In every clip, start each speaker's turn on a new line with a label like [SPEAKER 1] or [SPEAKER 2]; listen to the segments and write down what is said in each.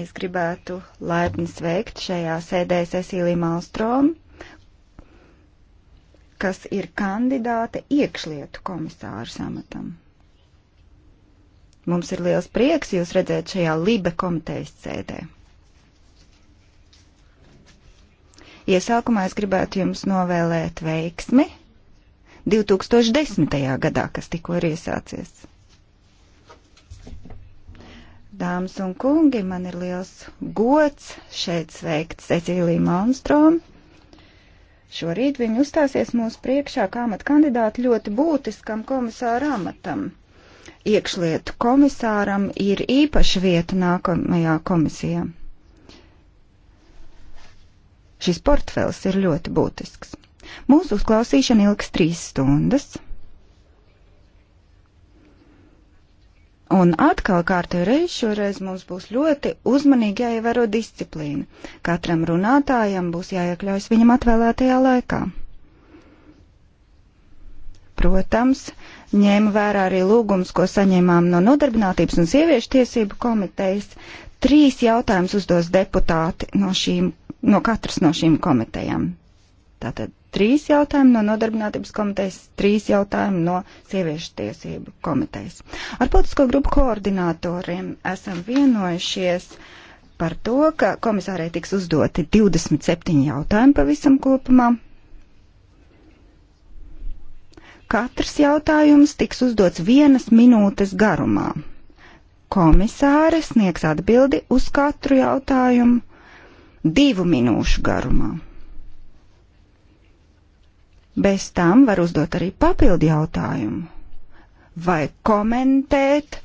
[SPEAKER 1] Es gribētu laipni sveikt šajā sēdē Cecīliju Malstromu, kas ir kandidāte iekšlietu komisāru samatam. Mums ir liels prieks jūs redzēt šajā Libe komitejas sēdē. Iesākumā es gribētu jums novēlēt veiksmi 2010. gadā, kas tikko ir iesācies. Dāmas un kungi, man ir liels gods šeit sveikt Cecīliju Malmstromu. Šorīt viņa uzstāsies mūsu priekšā kā amata kandidāti ļoti būtiskam komisāra amatam. Iekšlietu komisāram ir īpaša vieta nākamajā komisijā. Šis portfels ir ļoti būtisks. Mūsu uzklausīšana ilgs trīs stundas. Un atkal kārtējo reizi šoreiz mums būs ļoti uzmanīgi jāievēro disciplīna. Katram runātājam būs jāiekļaujas viņam atvēlētajā laikā. Protams, ņēma vērā arī lūgums, ko saņēmām no Nodarbinātības un sieviešu tiesību komitejas. Trīs jautājumus uzdos deputāti no, šīm, no katras no šīm komitejām. Tātad trīs jautājumi no nodarbinātības komitejas, trīs jautājumi no sieviešu tiesību komitejas. Ar politisko grupu koordinatoriem esam vienojušies par to, ka komisārai tiks uzdoti 27 jautājumi pavisam kopumā. Katrs jautājums tiks uzdots vienas minūtes garumā. Komisāre sniegs atbildi uz katru jautājumu divu minūšu garumā. Bez tam var uzdot arī papildu jautājumu vai komentēt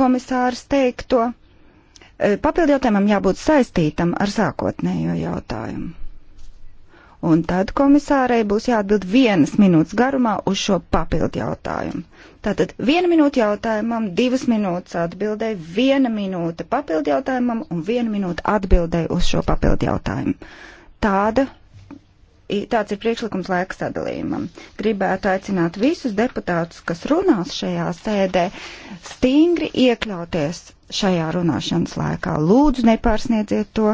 [SPEAKER 1] komisārs teikto. E, papildu jautājumam jābūt saistītam ar sākotnējo jautājumu. Un tad komisārei būs jāatbild vienas minūtes garumā uz šo papildu jautājumu. Tātad viena minūte jautājumam, divas minūtes atbildēji, viena minūte papildu jautājumam un viena minūte atbildēji uz šo papildu jautājumu. Tāda tāds ir priekšlikums laika sadalījumam. Gribētu aicināt visus deputātus, kas runās šajā sēdē, stingri iekļauties šajā runāšanas laikā. Lūdzu, nepārsniedziet to.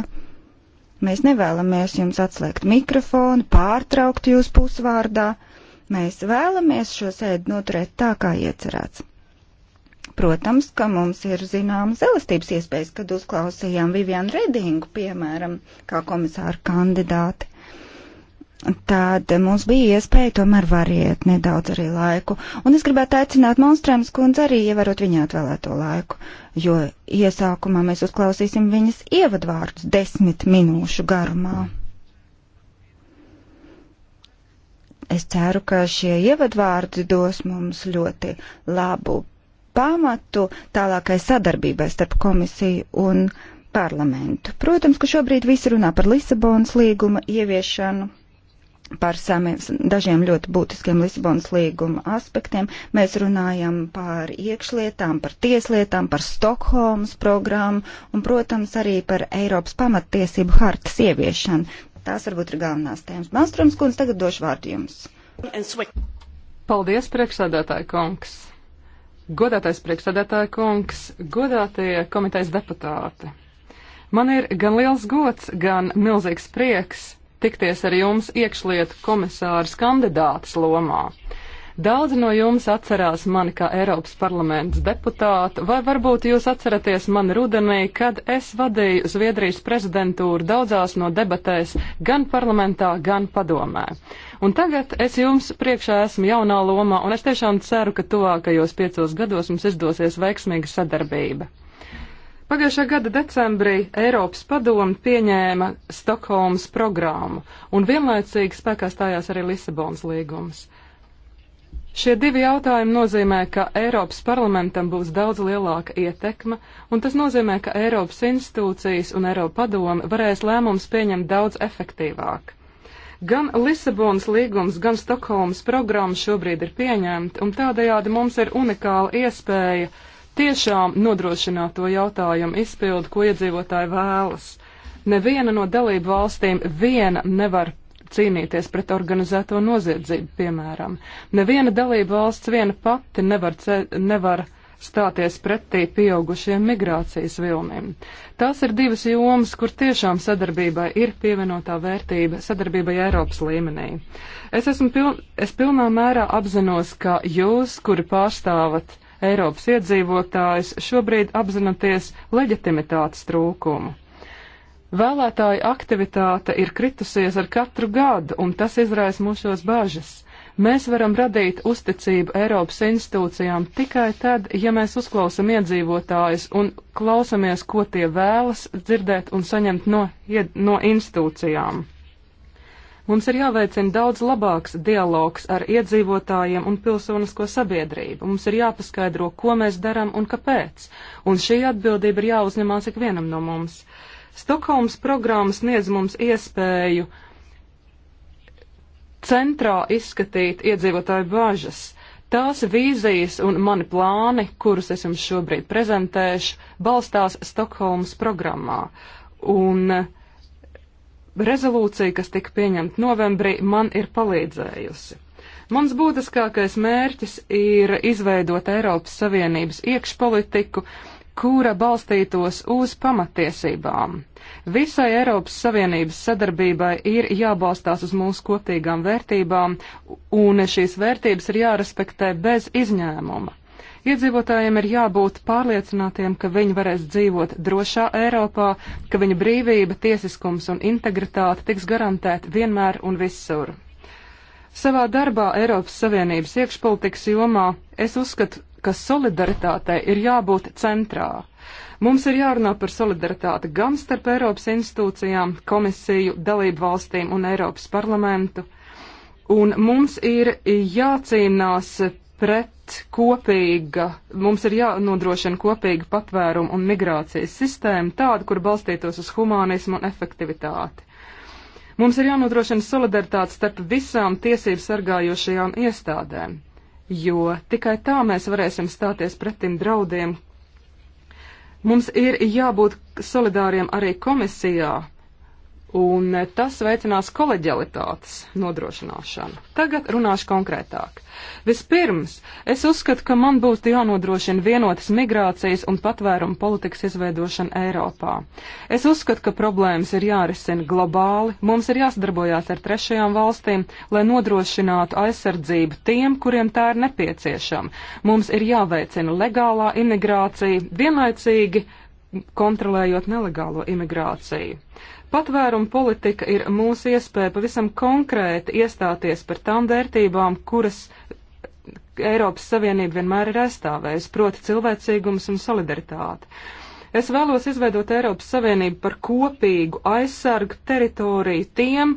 [SPEAKER 1] Mēs nevēlamies jums atslēgt mikrofonu, pārtraukt jūs pusvārdā. Mēs vēlamies šo sēdi noturēt tā, kā iecerēts. Protams, ka mums ir zināmas elastības iespējas, kad uzklausījām Vivianu Redingu, piemēram, kā komisāru kandidāti tad mums bija iespēja tomēr variet nedaudz arī laiku. Un es gribētu aicināt Monstrēmas kundzi arī ievarot viņā atvēlēto laiku, jo iesākumā mēs uzklausīsim viņas ievadvārdus desmit minūšu garumā. Es ceru, ka šie ievadvārdi dos mums ļoti labu pamatu tālākai sadarbībai starp komisiju un parlamentu. Protams, ka šobrīd visi runā par Lisabonas līguma ieviešanu par samiem, dažiem ļoti būtiskiem Lisabonas līguma aspektiem. Mēs runājam par iekšlietām, par tieslietām, par Stokholmas programmu un, protams, arī par Eiropas pamattiesību hartas ieviešanu. Tās varbūt ir galvenās tēmas. Malstroms kundze, tagad došu vārdu jums.
[SPEAKER 2] Paldies, priekšsādātāja kungs! Godātais priekšsādātāja kungs, godātie komitejas deputāti! Man ir gan liels gods, gan milzīgs prieks tikties ar jums iekšlietu komisāras kandidātas lomā. Daudzi no jums atcerās mani kā Eiropas parlaments deputātu, vai varbūt jūs atceraties mani rudenī, kad es vadīju Zviedrijas prezidentūru daudzās no debatēs gan parlamentā, gan padomē. Un tagad es jums priekšā esmu jaunā lomā, un es tiešām ceru, ka tuvākajos piecos gados mums izdosies veiksmīga sadarbība. Pagājušā gada decembrī Eiropas padomu pieņēma Stokholmas programmu un vienlaicīgi spēkā stājās arī Lisabonas līgums. Šie divi jautājumi nozīmē, ka Eiropas parlamentam būs daudz lielāka ietekme, un tas nozīmē, ka Eiropas institūcijas un Eiropa padome varēs lēmums pieņemt daudz efektīvāk. Gan Lisabonas līgums, gan Stokholmas programma šobrīd ir pieņemta, un tādējādi mums ir unikāla iespēja tiešām nodrošināt to jautājumu izpildu, ko iedzīvotāji vēlas. Neviena no dalību valstīm viena nevar cīnīties pret organizēto noziedzību, piemēram. Neviena dalība valsts viena pati nevar, ce, nevar stāties pretī pieaugušiem migrācijas vilnim. Tās ir divas jomas, kur tiešām sadarbībai ir pievienotā vērtība sadarbībai Eiropas līmenī. Es, esmu piln, es pilnā mērā apzinos, ka jūs, kuri pārstāvat Eiropas iedzīvotājus, šobrīd apzinoties leģitimitātes trūkumu. Vēlētāju aktivitāte ir kritusies ar katru gadu, un tas izraisa mūsos bažas. Mēs varam radīt uzticību Eiropas institūcijām tikai tad, ja mēs uzklausam iedzīvotājus un klausamies, ko tie vēlas dzirdēt un saņemt no, no institūcijām. Mums ir jāveicina daudz labāks dialogs ar iedzīvotājiem un pilsonisko sabiedrību. Mums ir jāpaskaidro, ko mēs darām un kāpēc. Un šī atbildība ir jāuzņemās ikvienam no mums. Stokholmas programma sniedz mums iespēju centrā izskatīt iedzīvotāju bāžas. Tās vīzijas un mani plāni, kurus es jums šobrīd prezentēšu, balstās Stokholmas programmā. Un uh, rezolūcija, kas tika pieņemta novembrī, man ir palīdzējusi. Mans būtiskākais mērķis ir izveidot Eiropas Savienības iekšpolitiku, kura balstītos uz pamatiesībām. Visai Eiropas Savienības sadarbībai ir jābalstās uz mūsu kopīgām vērtībām, un šīs vērtības ir jārespektē bez izņēmuma. Iedzīvotājiem ir jābūt pārliecinātiem, ka viņi varēs dzīvot drošā Eiropā, ka viņa brīvība, tiesiskums un integritāte tiks garantēta vienmēr un visur. Savā darbā Eiropas Savienības iekšpolitikas jomā es uzskatu, ka solidaritātei ir jābūt centrā. Mums ir jārunā par solidaritāti gan starp Eiropas institūcijām, komisiju, dalību valstīm un Eiropas parlamentu, un mums ir jācīnās pret kopīga, mums ir jānodrošina kopīga patvērumu un migrācijas sistēma, tāda, kur balstītos uz humanismu un efektivitāti. Mums ir jānodrošina solidaritāte starp visām tiesību sargājošajām iestādēm, jo tikai tā mēs varēsim stāties pretim draudiem. Mums ir jābūt solidāriem arī komisijā, un tas veicinās koleģialitātes nodrošināšanu. Tagad runāšu konkrētāk. Vispirms, es uzskatu, ka man būs jānodrošina vienotas migrācijas un patvērumu politikas izveidošana Eiropā. Es uzskatu, ka problēmas ir jārisina globāli, mums ir jāsadarbojās ar trešajām valstīm, lai nodrošinātu aizsardzību tiem, kuriem tā ir nepieciešama. Mums ir jāveicina legālā imigrācija, vienlaicīgi kontrolējot nelegālo imigrāciju. Patvērumu politika ir mūsu iespēja pavisam konkrēti iestāties par tām vērtībām, kuras Eiropas Savienība vienmēr ir aizstāvējusi, proti cilvēcīgums un solidaritāte. Es vēlos izveidot Eiropas Savienību par kopīgu aizsargu teritoriju tiem,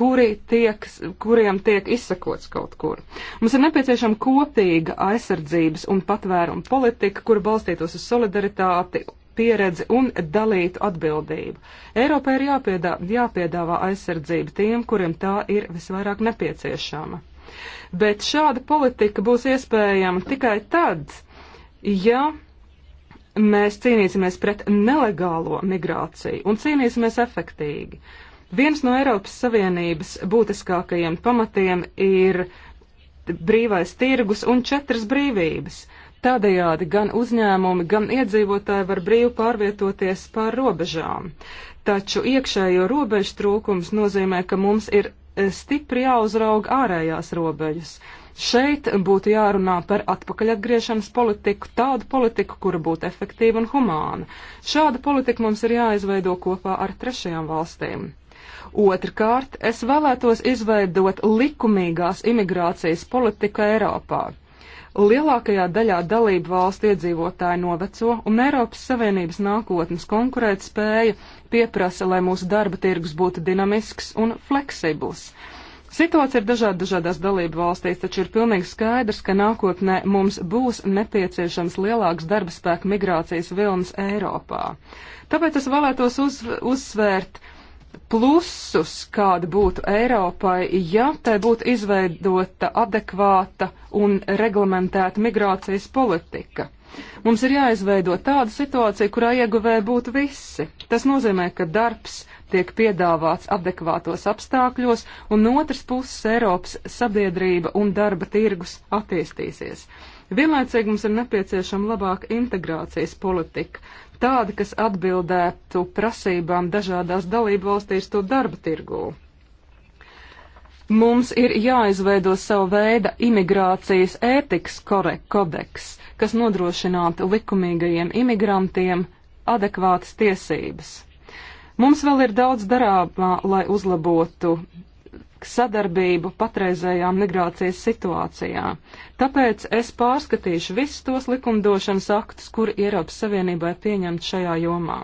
[SPEAKER 2] kuri tiek, kuriem tiek izsakots kaut kur. Mums ir nepieciešama kopīga aizsardzības un patvēruma politika, kura balstītos uz solidaritāti pieredzi un dalītu atbildību. Eiropai ir jāpiedā, jāpiedāvā aizsardzība tiem, kuriem tā ir visvairāk nepieciešama. Bet šāda politika būs iespējama tikai tad, ja mēs cīnīsimies pret nelegālo migrāciju un cīnīsimies efektīgi. Viens no Eiropas Savienības būtiskākajiem pamatiem ir brīvais tirgus un četras brīvības. Tādējādi gan uzņēmumi, gan iedzīvotāji var brīvi pārvietoties pār robežām. Taču iekšējo robežu trūkums nozīmē, ka mums ir e, stipri jāuzrauga ārējās robežas. Šeit būtu jārunā par atpakaļatgriešanas politiku, tādu politiku, kura būtu efektīva un humāna. Šāda politika mums ir jāizveido kopā ar trešajām valstīm. Otrkārt, es vēlētos izveidot likumīgās imigrācijas politiku Eiropā. Lielākajā daļā dalību valstu iedzīvotāji noveco, un Eiropas Savienības nākotnes konkurētspēja pieprasa, lai mūsu darba tirgus būtu dinamisks un fleksibls. Situācija ir dažāda dažādās dalību valstīs, taču ir pilnīgi skaidrs, ka nākotnē mums būs nepieciešams lielāks darba spēka migrācijas vilnis Eiropā. Tāpēc es vēlētos uz, uzsvērt plusus, kāda būtu Eiropai, ja tai būtu izveidota adekvāta un reglamentēta migrācijas politika. Mums ir jāizveido tāda situācija, kurā ieguvēji būtu visi. Tas nozīmē, ka darbs tiek piedāvāts adekvātos apstākļos, un no otras puses Eiropas sabiedrība un darba tirgus attīstīsies. Vienlaicīgi mums ir nepieciešama labāka integrācijas politika tāda, kas atbildētu prasībām dažādās dalību valstīs to darba tirgū. Mums ir jāizveido savu veidu imigrācijas ētikas kodeks, kas nodrošinātu likumīgajiem imigrantiem adekvātas tiesības. Mums vēl ir daudz darāmā, lai uzlabotu sadarbību patreizējā migrācijas situācijā. Tāpēc es pārskatīšu visus tos likumdošanas aktus, kuri Eiropas Savienībai pieņemt šajā jomā.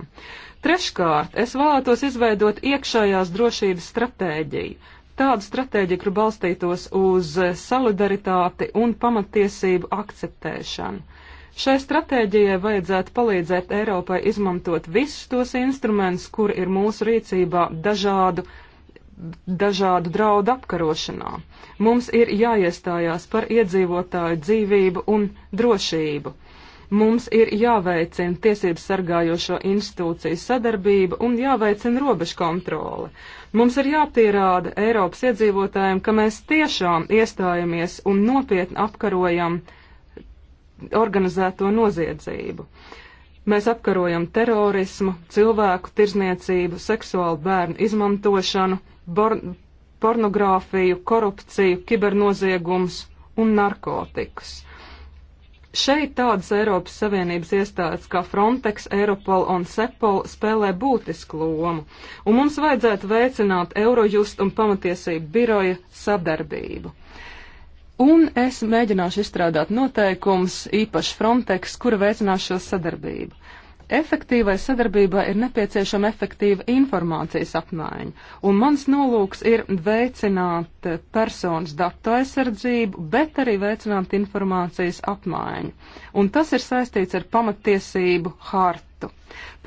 [SPEAKER 2] Treškārt, es vēlētos izveidot iekšējās drošības stratēģiju. Tādu stratēģiju, kur balstītos uz solidaritāti un pamatiesību akceptēšanu. Šai stratēģijai vajadzētu palīdzēt Eiropai izmantot visus tos instrumentus, kuri ir mūsu rīcībā dažādu dažādu draudu apkarošanā. Mums ir jāiestājās par iedzīvotāju dzīvību un drošību. Mums ir jāveicina tiesību sargājošo institūciju sadarbība un jāveicina robežu kontrole. Mums ir jāpierāda Eiropas iedzīvotājiem, ka mēs tiešām iestājamies un nopietni apkarojam organizēto noziedzību. Mēs apkarojam terorismu, cilvēku tirzniecību, seksuālu bērnu izmantošanu, pornogrāfiju, korupciju, kibernoziegumus un narkotikas. Šeit tādas Eiropas Savienības iestādes kā Frontex, Europol un Sepol spēlē būtisku lomu, un mums vajadzētu veicināt Eurojust un pamatiesību biroja sadarbību. Un es mēģināšu izstrādāt noteikums īpaši Frontex, kura veicinās šo sadarbību. Efektīvai sadarbībai ir nepieciešama efektīva informācijas apmaiņa, un mans nolūks ir veicināt personas datu aizsardzību, bet arī veicināt informācijas apmaiņu. Un tas ir saistīts ar pamatiesību hartu.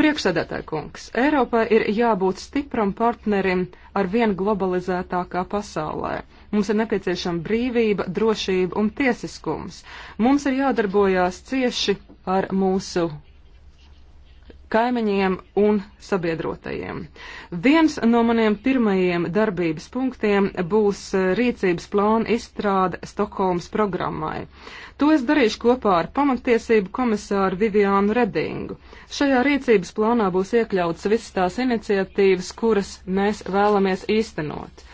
[SPEAKER 2] Priekšsēdētāji kungs, Eiropai ir jābūt stipram partnerim ar vien globalizētākā pasaulē. Mums ir nepieciešama brīvība, drošība un tiesiskums. Mums ir jādarbojās cieši ar mūsu kaimiņiem un sabiedrotajiem. Viens no maniem pirmajiem darbības punktiem būs eh, rīcības plāna izstrāde Stokholmas programmai. To es darīšu kopā ar pamatiesību komisāru Viviānu Redingu. Šajā rīcības plānā būs iekļauts visas tās iniciatīvas, kuras mēs vēlamies īstenot.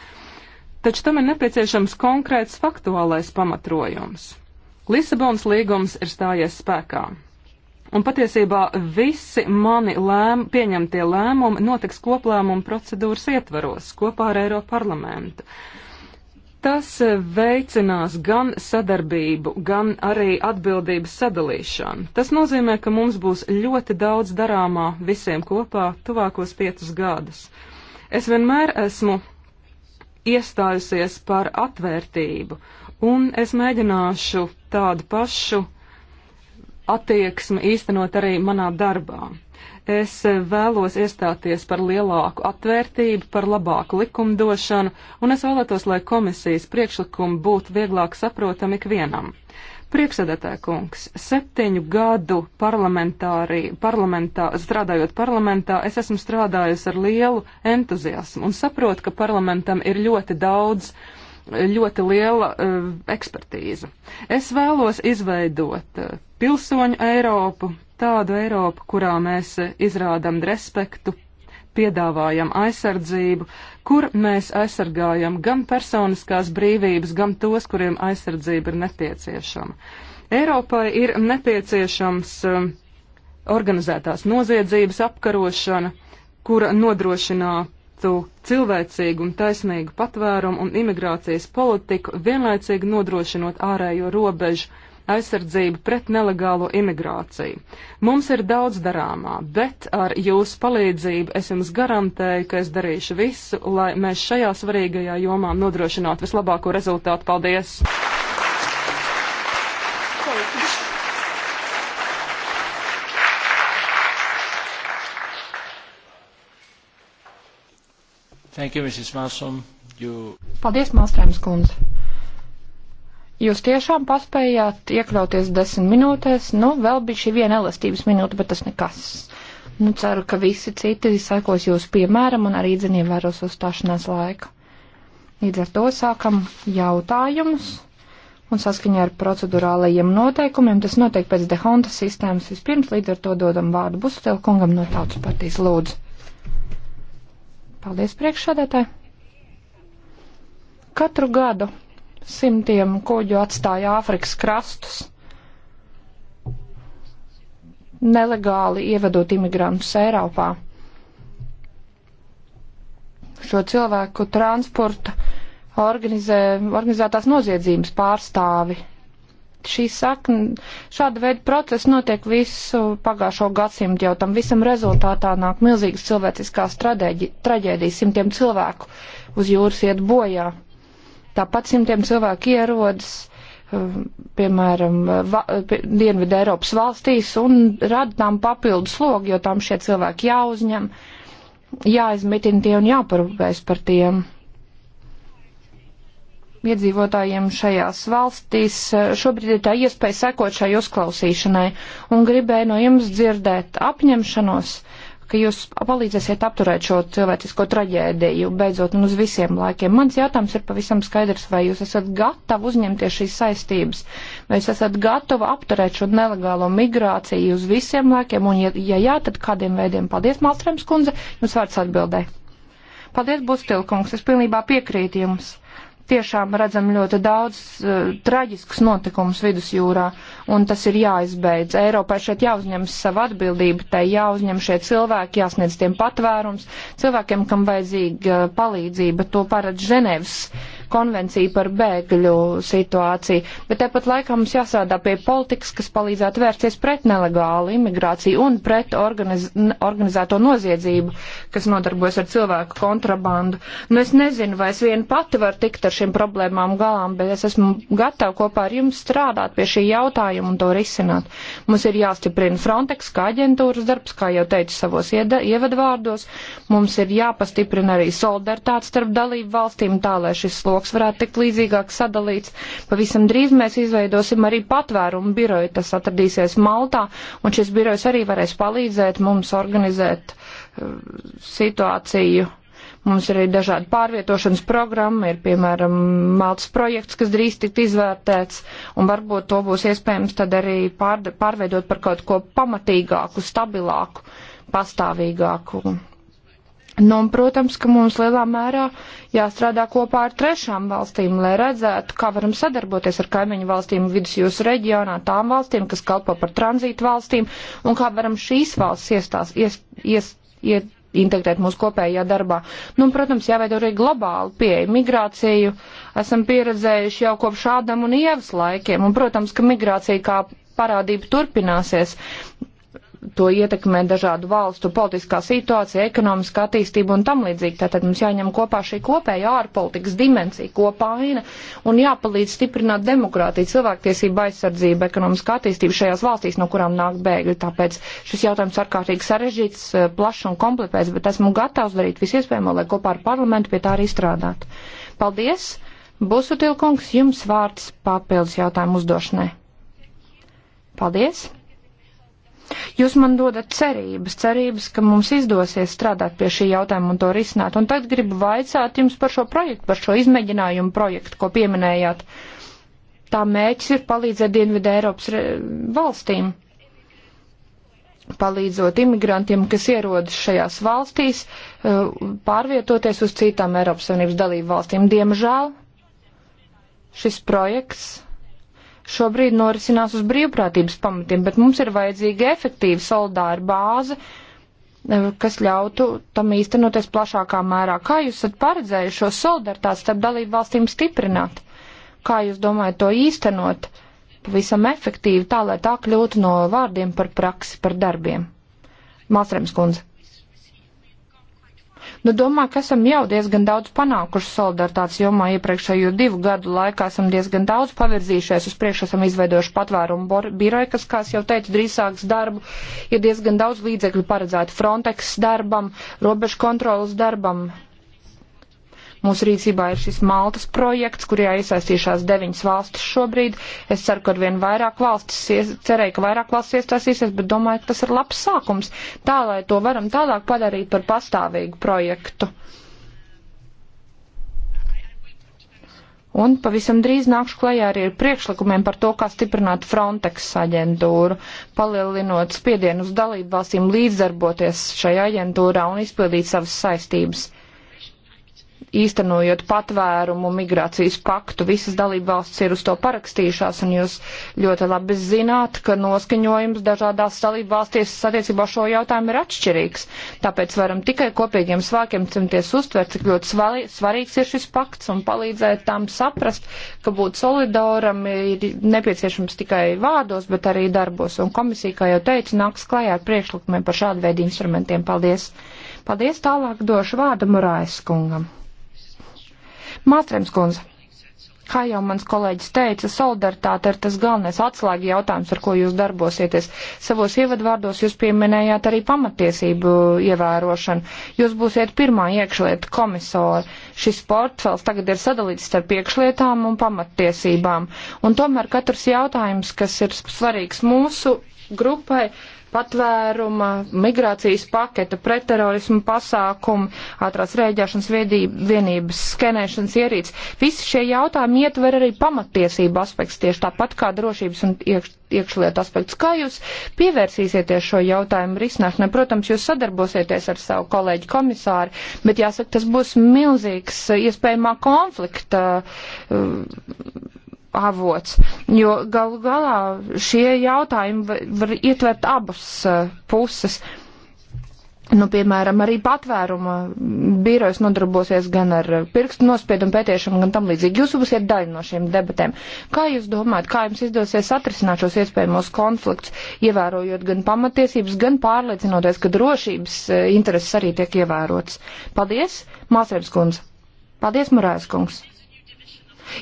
[SPEAKER 2] Taču tam ir nepieciešams konkrēts faktuālais pamatrojums. Lisabons līgums ir stājies spēkā. Un patiesībā visi mani lēm, pieņemtie lēmumi notiks koplēmumu procedūras ietvaros kopā ar Eiropu parlamentu. Tas e, veicinās gan sadarbību, gan arī atbildības sadalīšanu. Tas nozīmē, ka mums būs ļoti daudz darāmā visiem kopā tuvākos piecus gadus. Es vienmēr esmu iestājusies par atvērtību, un es mēģināšu tādu pašu attieksmi īstenot arī manā darbā. Es vēlos iestāties par lielāku atvērtību, par labāku likumdošanu, un es vēlētos, lai komisijas priekšlikumi būtu vieglāk saprotami ikvienam. Priekšsēdētāja kungs, septiņu gadu parlamentā, strādājot parlamentā, es esmu strādājusi ar lielu entuziasmu un saprotu, ka parlamentam ir ļoti daudz uh, ļoti liela uh, ekspertīze. Es vēlos izveidot uh, pilsoņu Eiropu, tādu Eiropu, kurā mēs uh, izrādam respektu, piedāvājam aizsardzību, kur mēs aizsargājam gan personiskās brīvības, gan tos, kuriem aizsardzība ir nepieciešama. Eiropai ir nepieciešams e, organizētās noziedzības apkarošana, kura nodrošinātu veiktu cilvēcīgu un taisnīgu patvērumu un imigrācijas politiku, vienlaicīgi nodrošinot ārējo robežu aizsardzību pret nelegālo imigrāciju. Mums ir daudz darāmā, bet ar jūsu palīdzību es jums garantēju, ka es darīšu visu, lai mēs šajā svarīgajā jomā nodrošinātu vislabāko rezultātu. Paldies!
[SPEAKER 1] Thank you, Mrs. Malsom. You...
[SPEAKER 3] Paldies, Malstrēms kundze. Jūs tiešām paspējāt iekļauties desmit minūtēs, nu, vēl bija šī viena elastības minūte, bet tas nekas. Nu, ceru, ka visi citi sekos jūsu piemēram un arī dziniem vēros uzstāšanās laika. Līdz ar to sākam jautājumus un saskaņā ar procedurālajiem noteikumiem. Tas notiek pēc dehonta sistēmas vispirms, līdz ar to dodam vārdu Busutēl kungam no tautas partijas lūdzu. Paldies, priekšsādātāji! Katru gadu simtiem kuģu atstāja Āfrikas krastus, nelegāli ievedot imigrantus Eiropā. Šo cilvēku transporta organizē, organizētās noziedzības pārstāvi šī sakna, šāda veida procesi notiek visu pagājušo gadsimtu jau tam visam rezultātā nāk milzīgas cilvēciskās traģēdijas, simtiem cilvēku uz jūras iet bojā. Tāpat simtiem cilvēku ierodas, um, piemēram, va, pie, Dienvidu Eiropas valstīs un rada tām papildu slogu, jo tām šie cilvēki jāuzņem, jāizmitina tie un jāparūpēs par tiem iedzīvotājiem šajās valstīs. Šobrīd ir tā iespēja sekot šai uzklausīšanai un gribēju no jums dzirdēt apņemšanos, ka jūs palīdzēsiet apturēt šo cilvēcisko traģēdiju beidzot un uz visiem laikiem. Mans jautājums ir pavisam skaidrs, vai jūs esat gatavi uzņemties šīs saistības, vai jūs esat gatavi apturēt šo nelegālo migrāciju uz visiem laikiem, un ja, ja jā, tad kādiem veidiem? Paldies, Malstrēms kundze, jums vārds atbildē. Paldies, Bustilkungs, es pilnībā piekrītu jums tiešām redzam ļoti daudz uh, traģiskus notikumus vidusjūrā, un tas ir jāizbeidz. Eiropai šeit jāuzņemas sava atbildība, tai jāuzņem šie cilvēki, jāsniedz tiem patvērums, cilvēkiem, kam vajadzīga palīdzība, to paredz Ženevas konvenciju par bēgļu situāciju, bet tāpat laikā mums jāsādā pie politikas, kas palīdzētu vērsties pret nelegālu imigrāciju un pret organiz organizēto noziedzību, kas nodarbojas ar cilvēku kontrabandu. Nu, es nezinu, vai es vien pati varu tikt ar šīm problēmām galām, bet es esmu gatava kopā ar jums strādāt pie šī jautājuma un to risināt. Mums ir jāstiprina Frontex kā aģentūras darbs, kā jau teicu savos ievadvārdos. Mums ir jāpastiprina arī solidaritāte starp dalību valstīm tā, lai šis sloks sloks varētu tikt līdzīgāk sadalīts. Pavisam drīz mēs izveidosim arī patvērumu biroju, tas atradīsies Maltā, un šis birojs arī varēs palīdzēt mums organizēt uh, situāciju. Mums ir arī dažādi pārvietošanas programma, ir piemēram Maltas projekts, kas drīz tikt izvērtēts, un varbūt to būs iespējams tad arī pār, pārveidot par kaut ko pamatīgāku, stabilāku, pastāvīgāku Nu, un, protams, ka mums lielā mērā jāstrādā kopā ar trešām valstīm, lai redzētu, kā varam sadarboties ar kaimiņu valstīm vidusjūras reģionā, tām valstīm, kas kalpo par tranzītu valstīm, un kā varam šīs valsts iestās, ies, ies, ies, integrēt mūsu kopējā darbā. Nu, un, protams, jāveido arī globāla pieeja. Migrāciju esam pieredzējuši jau kopš Ādam un Ievas laikiem, un, protams, ka migrācija kā parādība turpināsies to ietekmē dažādu valstu politiskā situācija, ekonomiskā attīstība un tam līdzīgi. Tātad mums jāņem kopā šī kopējā ārpolitikas dimensija, kopaina un jāpalīdz stiprināt demokrātiju, cilvēktiesību aizsardzību, ekonomiskā attīstību šajās valstīs, no kurām nāk bēgļi. Tāpēc šis jautājums ārkārtīgi sarežģīts, eh, plašs un komplicēts, bet esmu gatavs darīt visu iespējamo, lai kopā ar parlamentu pie tā arī strādātu. Paldies! Busutilkungs, jums vārds papildus jautājumu uzdošanai. Paldies! Jūs man dodat cerības, cerības, ka mums izdosies strādāt pie šī jautājuma un to risināt. Un tad gribu vaicāt jums par šo projektu, par šo izmēģinājumu projektu, ko pieminējāt. Tā mēķis ir palīdzēt Dienvidē Eiropas valstīm, palīdzot imigrantiem, kas ierodas šajās valstīs, eh, pārvietoties uz citām Eiropas Savienības dalību valstīm. Diemžēl šis projekts šobrīd norisinās uz brīvprātības pamatiem, bet mums ir vajadzīga efektīva solidāra bāze, eh, kas ļautu tam īstenoties plašākā mērā. Kā jūs esat paredzējuši šo solidaritāti starp dalību valstīm stiprināt? Kā jūs domājat to īstenot pavisam efektīvi, tā lai tā kļūtu no vārdiem par praksi, par darbiem? Māsrems kundze. Nu, domāju, ka esam jau diezgan daudz panākuši solidaritātes jomā iepriekšējo divu gadu laikā. Esam diezgan daudz pavirzījušies uz priekšu, esam izveidojuši patvērumu biroju, kas, kā jau teicu, drīz sāks darbu. Ir diezgan daudz līdzekļu paredzētu Frontex darbam, robežu kontrolas darbam, Mūsu rīcībā ir šis Maltas projekts, kurajā iesaistījušās deviņas valstis šobrīd. Es ceru, ka ar vien vairāk valstis, cerēju, ka vairāk valstis iestāsīsies, bet domāju, ka tas ir labs sākums. Tā, lai to varam tālāk padarīt par pastāvīgu projektu. Un pavisam drīz nākšu klajā arī ar priekšlikumiem par to, kā stiprināt Frontex aģentūru, palielinot spiedienu uz dalību valstīm līdzdarboties šajā aģentūrā un izpildīt savas saistības īstenojot patvērumu migrācijas paktu. Visas dalībvalstis ir uz to parakstījušās, un jūs ļoti labi zināt, ka noskaņojums dažādās dalībvalstīs attiecībā šo jautājumu ir atšķirīgs. Tāpēc varam tikai kopīgiem svākiem cimties uztvert, cik ļoti svarīgs ir šis pakts un palīdzēt tam saprast, ka būt solidoram ir nepieciešams tikai vārdos, bet arī darbos. Un komisija, kā jau teicu, nāks klajā ar priekšlikumiem par šādu veidu instrumentiem. Paldies! Paldies, tālāk došu vārdu Murājas kungam. Māstrēms kundze. Kā jau mans kolēģis teica, solidaritāte ir tas galvenais atslēga jautājums, ar ko jūs darbosieties. Savos ievadvārdos jūs pieminējāt arī pamatiesību ievērošanu. Jūs būsiet pirmā iekšlieta komisora. Šis portfels tagad ir sadalīts starp iekšlietām un pamatiesībām. Un tomēr katrs jautājums, kas ir svarīgs mūsu grupai, patvēruma, migrācijas paketa, pretterorismu pasākumu, ātrās rēģēšanas vienības, skenēšanas ierīces. Visi šie jautājumi ietver arī pamatiesību aspekts, tieši tāpat kā drošības un iekš, iekšlietu aspekts. Kā jūs pievērsīsieties šo jautājumu risināšanai? Protams, jūs sadarbosieties ar savu kolēģi komisāru, bet jāsaka, tas būs milzīgs iespējamā konflikta. Uh, avots, jo galu galā šie jautājumi var, var ietvert abas uh, puses. Nu, piemēram, arī patvēruma birojas nodarbosies gan ar pirkstu nospiedumu pētiešanu, gan tam līdzīgi. Jūs būsiet daļa no šiem debatēm. Kā jūs domājat, kā jums izdosies atrisināt šos iespējamos konfliktus, ievērojot gan pamatiesības, gan pārliecinoties, ka drošības eh, intereses arī tiek ievērotas? Paldies, Māsērs kundze! Paldies, Murājas kungs!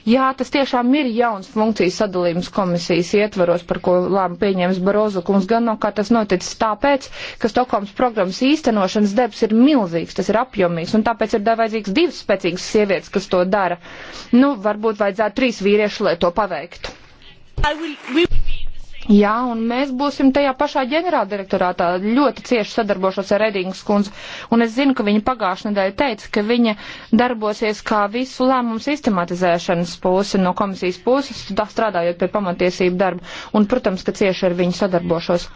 [SPEAKER 3] Jā, tas tiešām ir jauns funkcijas sadalījums komisijas ietvaros, par ko lēma pieņēmis Barozu kungs. Gan no kā tas noticis tāpēc, ka Stokholmas programmas īstenošanas debs ir milzīgs, tas ir apjomīgs, un tāpēc ir vajadzīgs divas spēcīgas sievietes, kas to dara. Nu, varbūt vajadzētu trīs vīrieši, lai to paveiktu. Jā, un mēs būsim tajā pašā ģenerāldirektorātā. Ļoti cieši sadarbošos ar Redingas kundzi, un es zinu, ka viņa pagājušajā nedēļā teica, ka viņa darbosies kā visu lēmumu sistematizēšanas puse no komisijas puses, strādājot pie pamatiesību darba, un, protams, ka cieši ar viņu sadarbošos.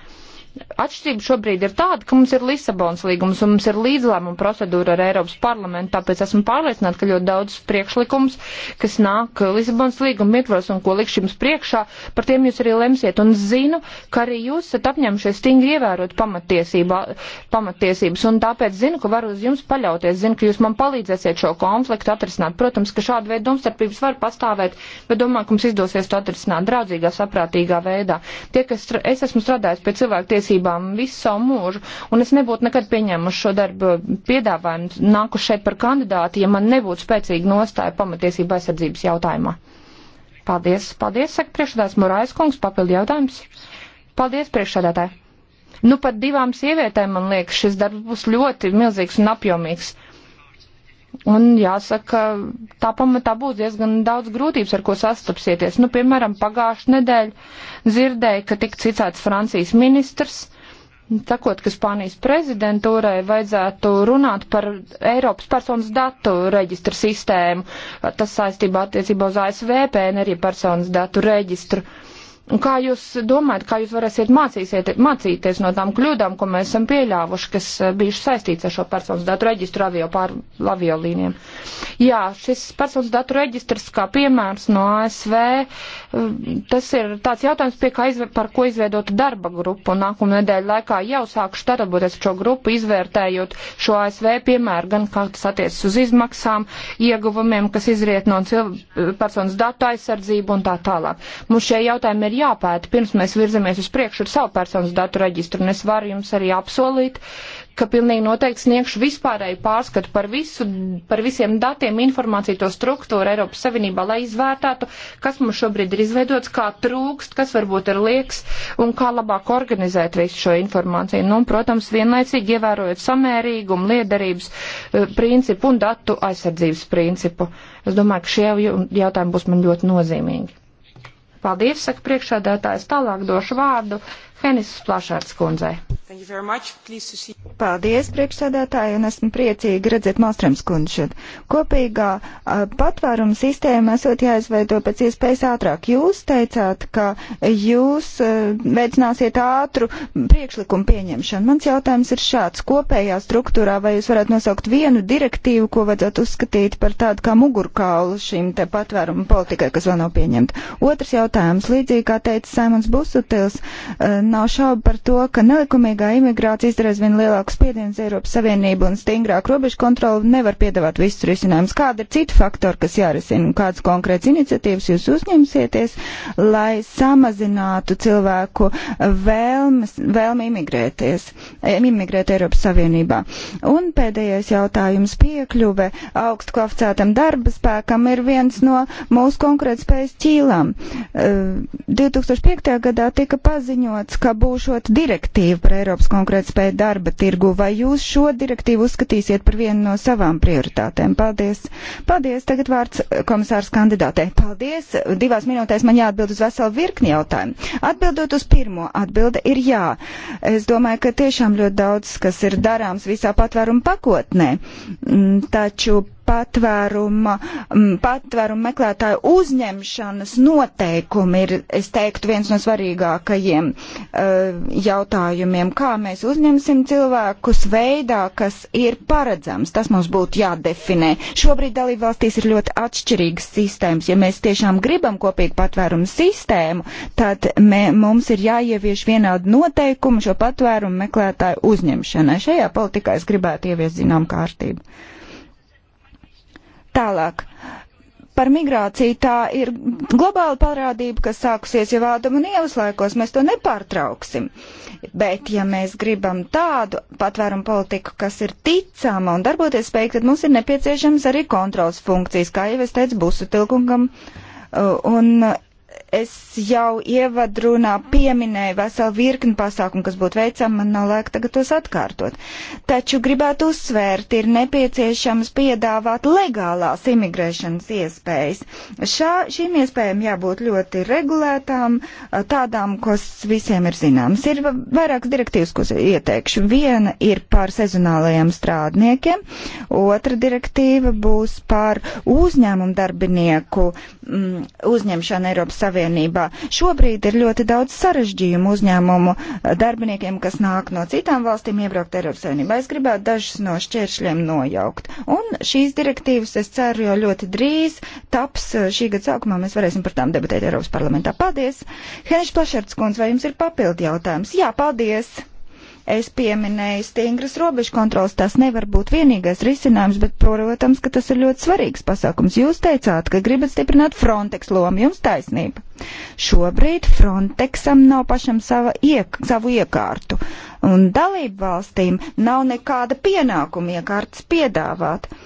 [SPEAKER 3] Atšķirība šobrīd ir tāda, ka mums ir Lisabonas līgums un mums ir līdzlēmuma procedūra ar Eiropas parlamentu, tāpēc esmu pārliecināta, ka ļoti daudz priekšlikums, kas nāk Lisabonas līguma ietvaros un ko likšu jums priekšā, par tiem jūs arī lemsiet. Un zinu, ka arī jūs esat apņemšies stingri ievērot pamatiesības, un tāpēc zinu, ka varu uz jums paļauties, zinu, ka jūs man palīdzēsiet šo konfliktu atrisināt. Protams, ka šāda veida domstarpības var pastāvēt, bet domāju, ka mums izdosies to atrisināt draudzīgā, saprātīgā veidā. Tie, kas es esmu strādājis pie cilvēku tiesību, tiesībām visu savu mūžu, un es nebūtu nekad pieņēmuši šo darbu piedāvājumu nāku šeit par kandidāti, ja man nebūtu spēcīga nostāja pamatiesība aizsardzības jautājumā. Paldies, paldies, saka priekšsēdētājs Morais kungs, papildu jautājums. Paldies, priekšsēdētāji. Nu, pat divām sievietēm, man liekas, šis darbs būs ļoti milzīgs un apjomīgs. Un jāsaka, tā pamatā būs diezgan daudz grūtības, ar ko sastapsieties. Nu, piemēram, pagājušajā nedēļā dzirdēju, ka tika cicēts Francijas ministrs, sakot, ka Spānijas prezidentūrai vajadzētu runāt par Eiropas personas datu reģistru sistēmu. Tas saistībā attiecībā uz ASV PNR, arī personas datu reģistru. Uh, Un kā jūs domājat, kā jūs varēsiet mācīties no tām kļūdām, ko mēs esam pieļāvuši, kas eh, bijuši saistīts ar šo personas datu reģistru avio pār aviolīniem? Jā, šis personas datu reģistrs, kā piemērs no ASV, eh, tas ir tāds jautājums, pie kā izve, par ko izveidot darba grupu. Un nākamā nedēļa laikā jau sākuši darboties ar šo grupu, izvērtējot šo ASV piemēru, gan kā tas attiecas uz izmaksām, ieguvumiem, kas izriet no personas datu aizsardzību un tā tālāk. Mums šie jautājumi ir jāpēta, pirms mēs virzamies uz priekšu ar savu personas datu reģistru, un es varu jums arī apsolīt, ka pilnīgi noteikti sniegšu vispārēju pārskatu par, visu, par visiem datiem, informāciju, to struktūru Eiropas Savienībā, lai izvērtātu, kas mums šobrīd ir izveidots, kā trūkst, kas varbūt ir liekas un kā labāk organizēt visu šo informāciju. Nu, un, protams, vienlaicīgi ievērojot samērīgumu, liederības eh, principu un datu aizsardzības principu. Es domāju, ka šie jautājumi būs man ļoti nozīmīgi. Paldies, saka priekšādātājs, tālāk došu vārdu Henis Plašārds kundzei.
[SPEAKER 1] Paldies, priekšsēdētāji, un esmu priecīgi redzēt Malstrams kundzi šeit. Kopīgā uh, patvēruma sistēma esot jāizveido pēc iespējas ātrāk. Jūs teicāt, ka jūs uh, veicināsiet ātru priekšlikumu pieņemšanu. Mans jautājums ir šāds. Kopējā struktūrā vai jūs varētu nosaukt vienu direktīvu, ko vajadzētu uzskatīt par tādu kā mugurkaulu šīm te patvērumu politikai, kas vēl nav pieņemta? Otrs jautājums, līdzīgi kā teica Saimons Busutils, uh, nav šaubu par to, ka nelikumīgā imigrācija izdara aizvien lielāku spiedienu uz Eiropas Savienību un stingrāku robežu kontroli nevar piedāvāt visus risinājumus. Kāda ir cita faktora, kas jārisina un kādas konkrētas iniciatīvas jūs uzņemsieties, lai samazinātu cilvēku vēlmes, vēlmi imigrēties, imigrēt Eiropas Savienībā? Un pēdējais jautājums piekļuve augstu kvalificētam darba spēkam ir viens no mūsu konkurētspējas ķīlām. 2005. Ehm, gadā tika paziņots, minēts, ka būšot direktīva par Eiropas konkurētspēju darba tirgu, vai jūs šo direktīvu uzskatīsiet par vienu no savām prioritātēm? Paldies. Paldies. Tagad vārds komisārs kandidātē. Paldies. Divās minūtēs man jāatbild uz veselu virkni jautājumu. Atbildot uz pirmo, atbilde ir jā. Es domāju, ka tiešām ļoti daudz, kas ir darāms visā patvērumu pakotnē. Mm, taču patvēruma, mm, patvēruma meklētāju uzņemšanas noteikumi ir, es teiktu, viens no svarīgākajiem uh, jautājumiem. Kā mēs uzņemsim cilvēkus veidā, kas ir paredzams? Tas mums būtu jādefinē. Šobrīd dalībvalstīs ir ļoti atšķirīgas sistēmas. Ja mēs tiešām gribam kopīgu patvērumu sistēmu, tad mē, mums ir jāievieš vienādi noteikumi šo patvērumu meklētāju uzņemšanai. Šajā politikā es gribētu ievies zinām kārtību. Tālāk. Par migrāciju tā ir globāla parādība, kas sākusies jau Ādama un Ievas laikos. Mēs to nepārtrauksim. Bet, ja mēs gribam tādu patvērumu politiku, kas ir ticama un darboties spēj, tad mums ir nepieciešams arī kontrols funkcijas, kā jau es teicu, busu tilkungam uh, un Es jau ievadrunā pieminēju veselu virkni pasākumu, kas būtu veicami, man nav laika tagad tos atkārtot. Taču gribētu uzsvērt, ir nepieciešams piedāvāt legālās imigrēšanas iespējas. Šā, šīm iespējām jābūt ļoti regulētām, tādām, kas visiem ir zināmas. Ir vairākas direktīvas, ko ieteikšu. Viena ir par sezonālajiem strādniekiem, otra direktīva būs par uzņēmumu darbinieku mm, uzņemšanu Eiropas Savienībā. Šobrīd ir ļoti daudz sarežģījumu uzņēmumu eh, darbiniekiem, kas nāk no citām valstīm iebraukt Eiropas Savienībā. Es gribētu dažus no šķēršļiem nojaukt. Un šīs direktīvas, es ceru, jau ļoti drīz taps eh, šī gada sākumā. Mēs varēsim par tām debatēt Eiropas parlamentā. Paldies! Henrišs Plašerts kundze, vai jums ir papildi jautājums? Jā, paldies! Es pieminēju stingras robežu kontrolas, tas nevar būt vienīgais risinājums, bet, protams, ka tas ir ļoti svarīgs pasākums. Jūs teicāt, ka gribat stiprināt Frontex lomu, jums taisnība. Šobrīd Frontexam nav pašam sava iek, savu iekārtu, un dalību valstīm nav nekāda pienākuma iekārtas piedāvāt. Uh,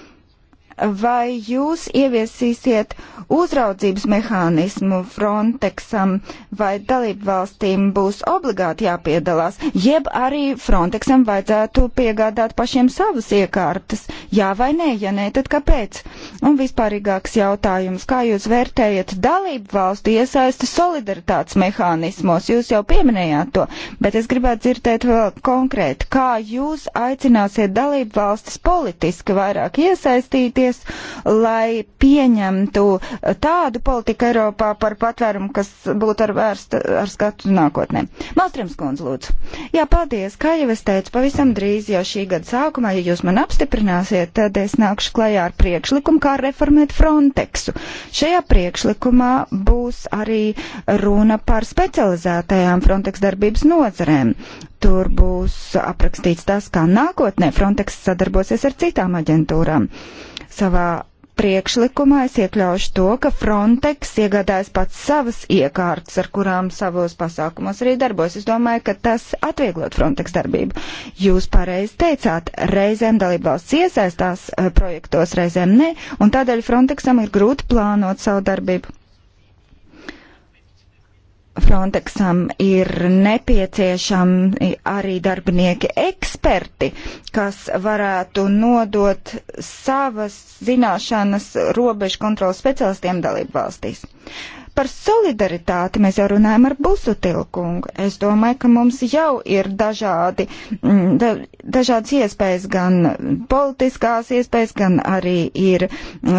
[SPEAKER 1] vai jūs ieviesīsiet uzraudzības mehānismu Frontexam, vai dalību valstīm būs obligāti jāpiedalās, jeb arī Frontexam vajadzētu piegādāt pašiem savas iekārtas? Jā vai nē, ja nē, tad kāpēc? Un vispārīgāks jautājums, kā jūs vērtējat dalību valstu iesaisti solidaritātes mehānismos? Jūs jau pieminējāt to, bet es gribētu dzirdēt vēl konkrēti, kā jūs aicināsiet dalību valstis politiski vairāk iesaistīties, darboties, lai pieņemtu tādu politiku Eiropā par patvērumu, kas būtu ar vērsta ar skatu nākotnē. Malstrēms kundze, lūdzu. Jā, paldies. Kā jau es teicu, pavisam drīz jau šī gada sākumā, ja jūs man apstiprināsiet, tad es nākušu klajā ar priekšlikumu, kā reformēt Frontexu. Šajā priekšlikumā būs arī runa par specializētajām Frontex darbības nozarēm. Tur būs aprakstīts tas, kā nākotnē Frontex sadarbosies ar citām aģentūrām. Uh, Savā priekšlikumā es iekļaušu to, ka Frontex iegādājas pats savas iekārtas, ar kurām savos pasākumos arī darbos. Es domāju, ka tas atvieglot Frontex darbību. Jūs pareizi teicāt, reizēm dalībvalsts iesaistās eh, projektos, reizēm ne, un tādēļ Frontexam ir grūti plānot savu darbību. Frontexam ir nepieciešami arī darbinieki eksperti, kas varētu nodot savas zināšanas robežu kontrolas specialistiem dalību valstīs. Par solidaritāti mēs jau runājam ar Busutilkungu. Es domāju, ka mums jau ir dažādi, mm, da, dažādas iespējas, gan politiskās iespējas, gan arī ir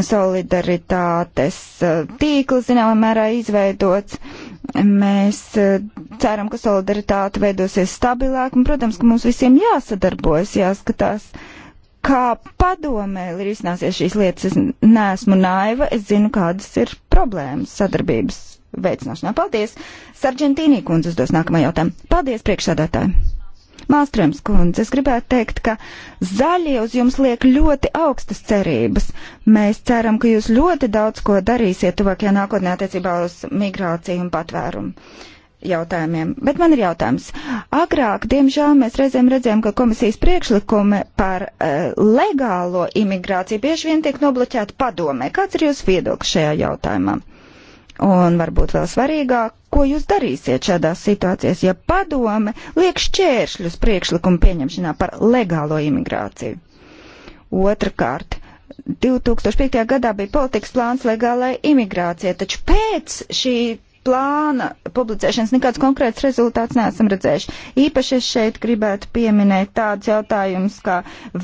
[SPEAKER 1] solidaritātes eh, tīkls, zināmā mērā, izveidots. Uh, Mēs eh, ceram, ka solidaritāte veidosies stabilāk, un, protams, ka mums visiem jāsadarbojas, jāskatās, kā padomē ir iznāsies šīs lietas. Es neesmu naiva, es zinu, kādas ir problēmas sadarbības veicināšanā. Paldies! Sargentīnī kundze uzdos nākamā jautājumu. Paldies, priekšsādātāji! Mālstrēms kundze, es gribētu teikt, ka zaļie uz jums liek ļoti augstas cerības. Mēs ceram, ka jūs ļoti daudz ko darīsiet tuvākajā nākotnē attiecībā uz migrāciju un patvērumu jautājumiem. Bet man ir jautājums. Agrāk, diemžēl, mēs reizēm redzējām, ka komisijas priekšlikumi par uh, legālo imigrāciju bieži vien tiek nobloķēti padomē. Kāds ir jūsu viedoklis šajā jautājumā? Un varbūt vēl svarīgāk, ko jūs darīsiet šādās situācijās, ja padome liek šķēršļus priekšlikumu pieņemšanā par legālo imigrāciju. Otrakārt, 2005. gadā bija politikas plāns legālai imigrācijai, taču pēc šī plāna publicēšanas nekāds konkrēts rezultāts neesam redzējuši. Īpaši es šeit gribētu pieminēt tādus jautājumus kā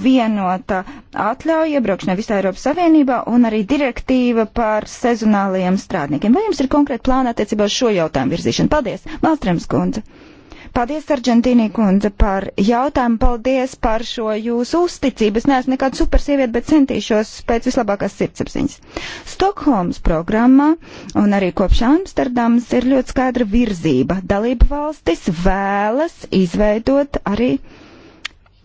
[SPEAKER 1] vienota atļauja iebraukšanai visā Eiropas Savienībā un arī direktīva par sezonālajiem strādniekiem. Vai jums ir konkrēti plāni attiecībā uz šo jautājumu virzīšanu? Paldies! Malstrēms kundze! Paldies, Argentīnī kundze, par jautājumu. Paldies par šo jūsu uzticību. Es neesmu nekāda supersieviete, bet centīšos pēc vislabākās sirdsapziņas. Stokholmas programmā un arī kopš Amsterdams ir ļoti skaidra virzība. Dalība valstis vēlas izveidot arī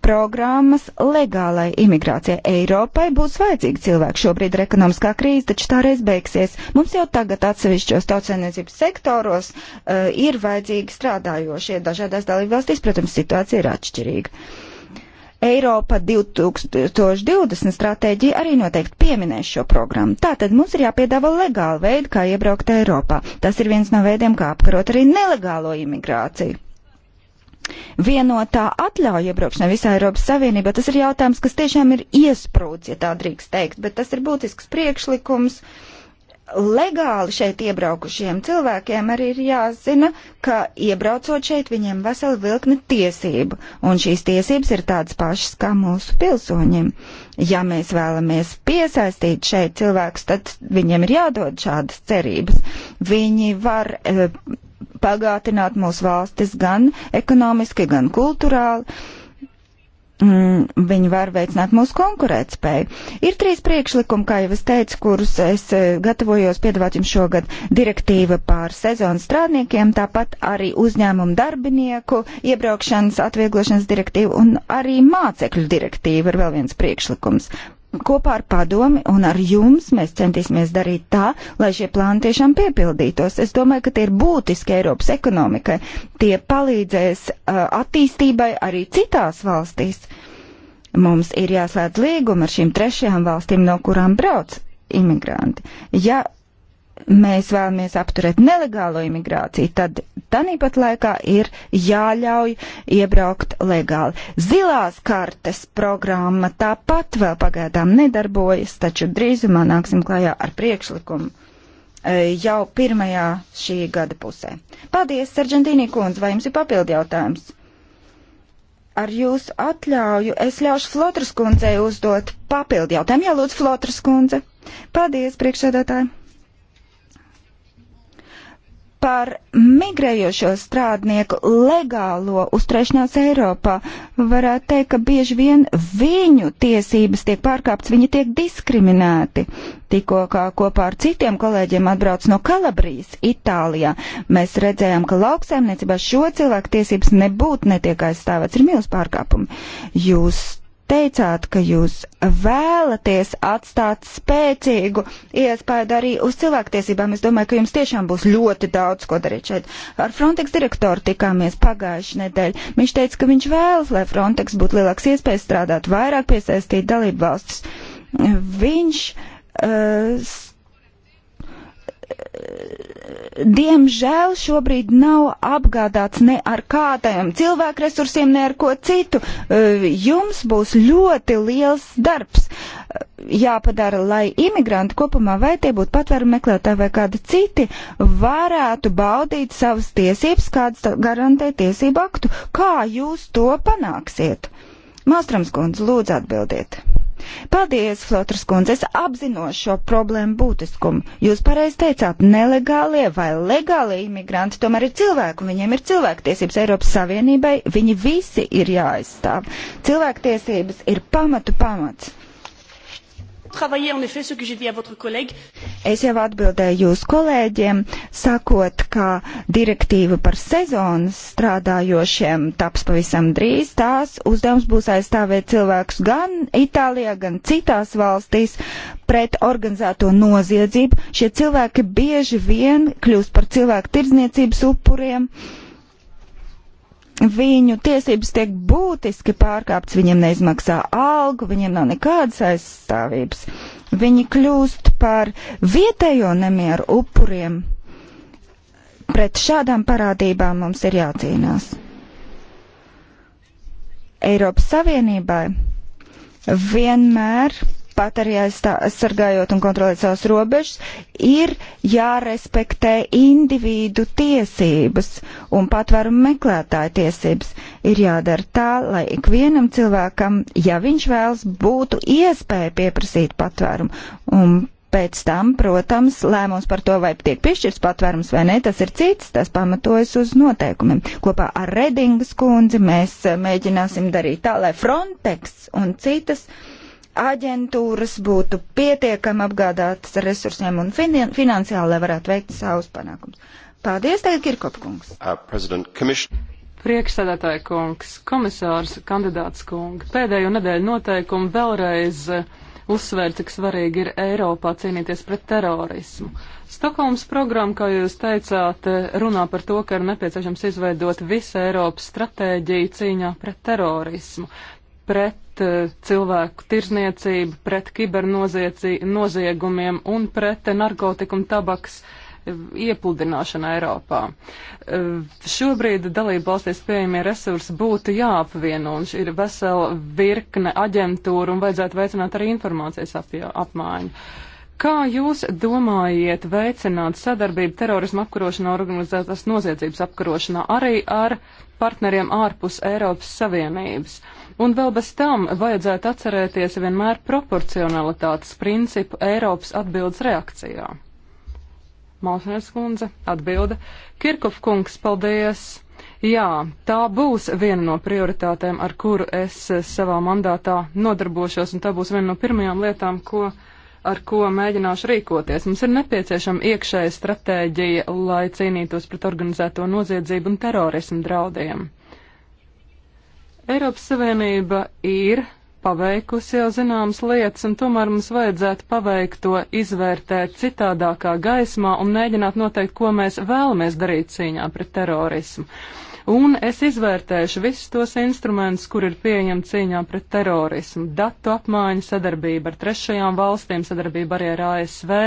[SPEAKER 1] programmas legālai imigrācijai. Eiropai būs vajadzīgi cilvēki. Šobrīd ir ekonomiskā krīze, taču tā reiz beigsies. Mums jau tagad atsevišķos tautsēmniecības sektoros uh, ir vajadzīgi strādājošie dažādās dalībvalstīs. Protams, situācija ir atšķirīga. Eiropa 2020 stratēģija arī noteikti pieminēs šo programmu. Tātad mums ir jāpiedāvā legāli veidi, kā iebraukt Eiropā. Tas ir viens no veidiem, kā apkarot arī nelegālo imigrāciju vienotā atļauja iebraukšanai visā Eiropas Savienībā, tas ir jautājums, kas tiešām ir iesprūds, ja tā drīkst teikt, bet tas ir būtisks priekšlikums. Legāli šeit iebraukušiem cilvēkiem arī ir jāzina, ka iebraucot šeit viņiem vesela vilkne tiesību, un šīs tiesības ir tādas pašas kā mūsu pilsoņiem. Ja mēs vēlamies piesaistīt šeit cilvēkus, tad viņiem ir jādod šādas cerības. Viņi var e, pagātināt mūsu valstis gan ekonomiski, gan kulturāli. Mm, viņi var veicināt mūsu konkurētspēju. Ir trīs priekšlikumi, kā jau es teicu, kurus es e, gatavojos piedāvāt jums šogad. Direktīva pār sezonas strādniekiem, tāpat arī uzņēmumu darbinieku iebraukšanas atvieglošanas direktīva un arī mācekļu direktīva ir vēl viens priekšlikums kopā ar padomi un ar jums mēs centīsimies darīt tā, lai šie plāni tiešām piepildītos. Es domāju, ka tie ir būtiski Eiropas ekonomikai. Tie palīdzēs uh, attīstībai arī citās valstīs. Mums ir jāslēdz līguma ar šīm trešajām valstīm, no kurām brauc imigranti. Ja mēs vēlamies apturēt nelegālo imigrāciju, tad tanīpat laikā ir jāļauj iebraukt legāli. Zilās kartes programma tāpat vēl pagaidām nedarbojas, taču drīzumā nāksim klajā ar priekšlikumu e, jau pirmajā šī gada pusē. Paldies, Sargentīnī kundze, vai jums ir papildi jautājums? Ar jūsu atļauju es ļaušu Flotras kundzei uzdot papildi jautājumu. Jā, lūdzu, Flotras kundze. Paldies, priekšsēdētāji par migrējošo strādnieku legālo uzturēšanos Eiropā. Varētu teikt, ka bieži vien viņu tiesības tiek pārkāptas, viņi tiek diskriminēti. Tikko kā kopā ar citiem kolēģiem atbrauc no Kalabrijas, Itālijā, mēs redzējām, ka lauksaimniecībā šo cilvēku tiesības nebūtu netiek aizstāvēts, ir milz pārkāpumi. Jūs teicāt, ka jūs vēlaties atstāt spēcīgu iespēju arī uz cilvēktiesībām. Es domāju, ka jums tiešām būs ļoti daudz, ko darīt šeit. Ar Frontex direktoru tikāmies pagājuši nedēļ. Viņš teica, ka viņš vēlas, lai Frontex būtu lielāks iespējas strādāt, vairāk piesaistīt dalību valstis. Viņš uh, diemžēl šobrīd nav apgādāts ne ar kādiem cilvēku resursiem, ne ar ko citu. E, jums būs ļoti liels darbs e, jāpadara, lai imigranti kopumā, vai tie būtu patvērumu meklētāji vai kādi citi, varētu baudīt savas tiesības, kādas garantē tiesību aktu. Kā jūs to panāksiet? Māstrams kundze, lūdzu atbildiet. Paldies, Flotras kundze, es apzinos šo problēmu būtiskumu. Jūs pareizi teicāt, nelegālie vai legālie imigranti tomēr ir cilvēki, un viņiem ir cilvēktiesības Eiropas Savienībai, viņi visi ir jāaizstāv. Cilvēktiesības ir pamatu pamats
[SPEAKER 3] travailler en effet ce que j'ai dit à votre collègue.
[SPEAKER 1] Es jau atbildēju jūsu kolēģiem, sakot, ka direktīva par sezonas strādājošiem taps pavisam drīz. Tās uzdevums būs aizstāvēt cilvēkus gan Itālijā, gan citās valstīs pret organizēto noziedzību. Šie cilvēki bieži vien kļūst par cilvēku tirdzniecības upuriem. Uh, viņu tiesības tiek būtiski pārkāptas, viņiem neizmaksā algu, viņiem nav nekādas aizstāvības. Viņi kļūst par vietējo nemieru upuriem. Pret šādām parādībām mums ir jācīnās. Eiropas Savienībai vienmēr pat arī aizsargājot un kontrolēt savas robežas, ir jārespektē individu tiesības un patvērumu meklētāju tiesības. Ir jādara tā, lai ikvienam cilvēkam, ja viņš vēlas, būtu iespēja pieprasīt patvērumu. Un pēc tam, protams, lēmums par to, vai tiek piešķirts patvērums vai nē, tas ir cits, tas pamatojas uz noteikumiem. Kopā ar Redingas kundzi mēs eh, mēģināsim darīt tā, lai Frontex un citas uh, aģentūras būtu pietiekami apgādātas ar resursiem un finansiāli, lai varētu veikt
[SPEAKER 2] savus panākumus. Paldies, tagad Kirkop kungs. Uh, Priekšsēdētāja kungs, komisārs, kandidāts kungi, pēdējo nedēļu noteikumu vēlreiz uh, uzsver, cik svarīgi ir Eiropā cīnīties pret terorismu. Stokholmas programma, kā jūs teicāt, uh, runā par to, ka ir nepieciešams izveidot visu Eiropas stratēģiju cīņā pret terorismu, pret pret eh, cilvēku tirzniecību, pret kibernoziegumiem un pret narkotiku un tabaks eh, iepludināšana Eiropā. Eh, šobrīd dalību valstīs pieejamie resursi būtu jāapvieno, un ir vesela virkne aģentūru, un vajadzētu veicināt arī informācijas apmaiņu. Kā jūs domājiet veicināt sadarbību terorismu apkarošanā, organizētās noziedzības apkarošanā, arī ar partneriem ārpus Eiropas Savienības? Uh, Un vēl bez tam vajadzētu atcerēties vienmēr proporcionalitātes principu Eiropas atbildes reakcijā. Malšanas kundze atbilda. Kirkov kungs, paldies! Jā, tā būs viena no prioritātēm, ar kuru es savā mandātā nodarbošos, un tā būs viena no pirmajām lietām, ko, ar ko mēģināšu rīkoties. Mums ir nepieciešama iekšēja stratēģija, lai cīnītos pret organizēto noziedzību un terorismu draudiem. Eiropas Savienība ir paveikusi jau zināmas lietas, un tomēr mums vajadzētu paveikt to izvērtēt citādākā gaismā un mēģināt noteikt, ko mēs vēlamies darīt cīņā pret terorismu un es izvērtēšu visus tos instrumentus, kur ir pieejami cīņā pret terorismu - datu apmaiņa, sadarbība ar trešajām valstīm, sadarbība arī ar ASV,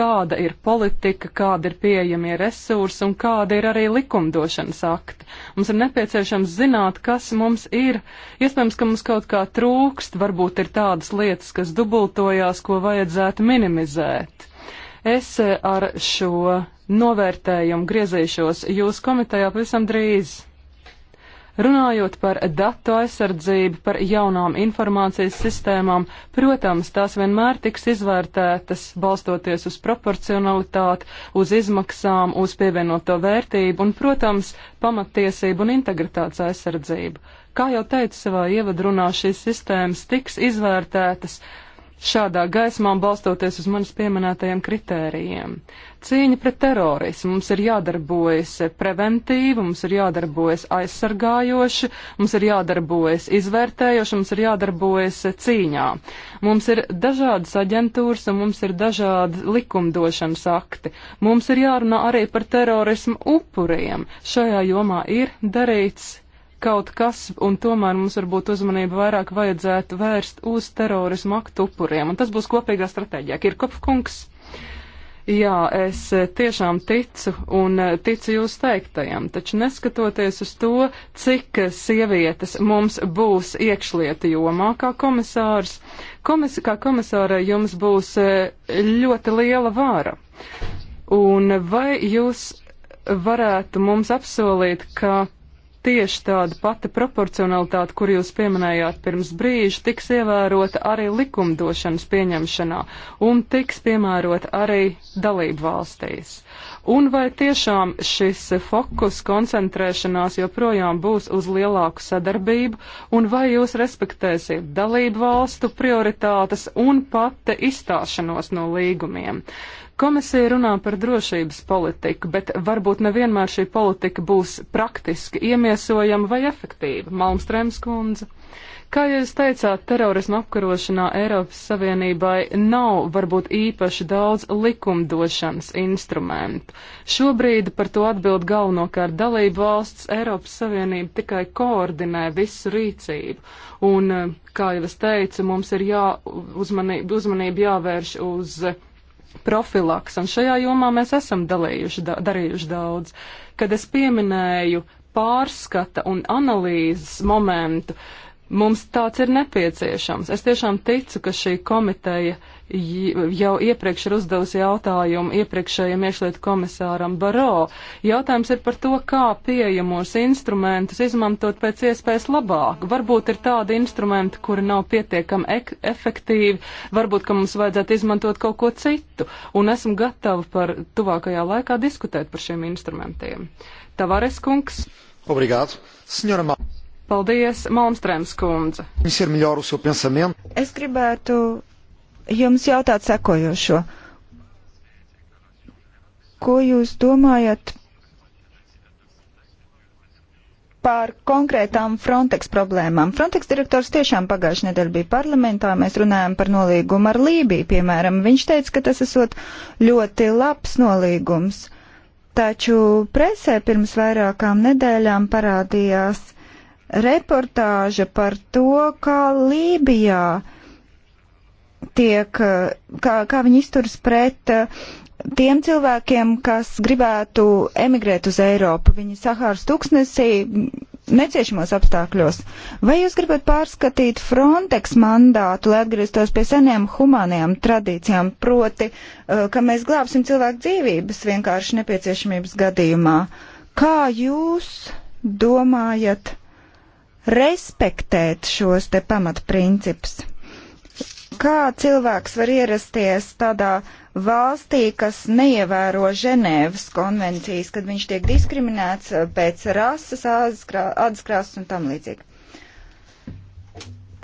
[SPEAKER 2] kāda ir politika, kāda ir pieejamie resursi un kāda ir arī likumdošanas akti. Mums ir nepieciešams zināt, kas mums ir. Iespējams, ka mums kaut kā trūkst, varbūt ir tādas lietas, kas dubultojās, ko vajadzētu minimizēt. Es ar šo novērtējumu griezīšos jūsu komitejā pavisam drīz. Runājot par datu aizsardzību, par jaunām informācijas sistēmām, protams, tās vienmēr tiks izvērtētas balstoties uz proporcionalitāti, uz izmaksām, uz pievienoto vērtību un, protams, pamattiesību un integritātes aizsardzību. Kā jau teicu savā ievadrunā, šīs sistēmas tiks izvērtētas šādā gaismā balstoties uz manis pieminētajiem kritērijiem cīņa pret terorismu. Mums ir jādarbojas preventīvi, mums ir jādarbojas aizsargājoši, mums ir jādarbojas izvērtējoši, mums ir jādarbojas cīņā. Mums ir dažādas aģentūras un mums ir dažādi likumdošanas akti. Mums ir jārunā arī par terorismu upuriem. Šajā jomā ir darīts kaut kas, un tomēr mums varbūt uzmanība vairāk vajadzētu vērst uz terorismu aktu upuriem, un tas būs kopīgā stratēģija. Kirkopkungs. Jā, es eh, tiešām ticu un eh, ticu jūs teiktajam, taču neskatoties uz to, cik eh, sievietes mums būs iekšlieta jomā kā komisārs, komis, kā komisārai jums būs ļoti liela vāra. Un vai jūs varētu mums apsolīt, ka tieši tāda pati proporcionalitāte, kur jūs pieminējāt pirms brīža, tiks ievērota arī likumdošanas pieņemšanā un tiks piemērota arī dalību valstīs. Un vai tiešām šis fokus koncentrēšanās joprojām būs uz lielāku sadarbību, un vai jūs respektēsiet dalību valstu prioritātes un pati izstāšanos no līgumiem? Komisija runā par drošības politiku, bet varbūt nevienmēr šī politika būs praktiski iemiesojama vai efektīva. Malmstrēms kundze. Kā jūs teicāt, terorisma apkarošanā Eiropas Savienībai nav varbūt īpaši daudz likumdošanas instrumentu. Šobrīd par to atbild galvenokārt dalību valsts Eiropas Savienība tikai koordinē visu rīcību. Un, eh, kā jau es teicu, mums ir jā, uzmanība, uzmanība jāvērš uz uh, profilaks, un šajā jomā mēs esam dalījuši, da, darījuši daudz. Kad es pieminēju pārskata un analīzes momentu, uh, Mums tāds ir nepieciešams. Es tiešām ticu, ka šī komiteja jau iepriekš ir uzdevusi jautājumu iepriekšējiem iekšlietu komisāram Baro. Jautājums ir par to, kā pieejamos instrumentus izmantot pēc iespējas labāk. Varbūt ir tādi instrumenti, kuri nav pietiekami e efektīvi, varbūt, ka mums vajadzētu izmantot kaut ko citu. Un esmu gatava par tuvākajā laikā diskutēt par šiem instrumentiem. Tavares kungs. Obrigāts. Senhora Mal. Paldies, Malmstrēms kundze. Es gribētu
[SPEAKER 1] jums jautāt sekojošo. Ko jūs domājat par konkrētām Frontex problēmām. Frontex direktors tiešām pagājušajā nedēļā bija parlamentā, mēs runājām par nolīgumu ar Lībiju, piemēram. Viņš teica, ka tas esot ļoti labs nolīgums. Taču presē pirms vairākām nedēļām parādījās reportāža par to, kā Lībijā tiek, eh, kā, kā viņi izturas pret eh, tiem cilvēkiem, kas gribētu emigrēt uz Eiropu. Viņi Sahāras tūkstnesī neciešamos apstākļos. Vai jūs gribat pārskatīt Frontex mandātu, lai atgrieztos pie seniem humānajām tradīcijām, proti, eh, ka mēs glābsim cilvēku dzīvības vienkārši nepieciešamības gadījumā? Kā jūs domājat? respektēt šos te pamatprincipus. Kā cilvēks var ierasties tādā valstī, kas neievēro Ženēvas konvencijas, kad viņš tiek diskriminēts pēc rases, atskrāsas un tam līdzīgi?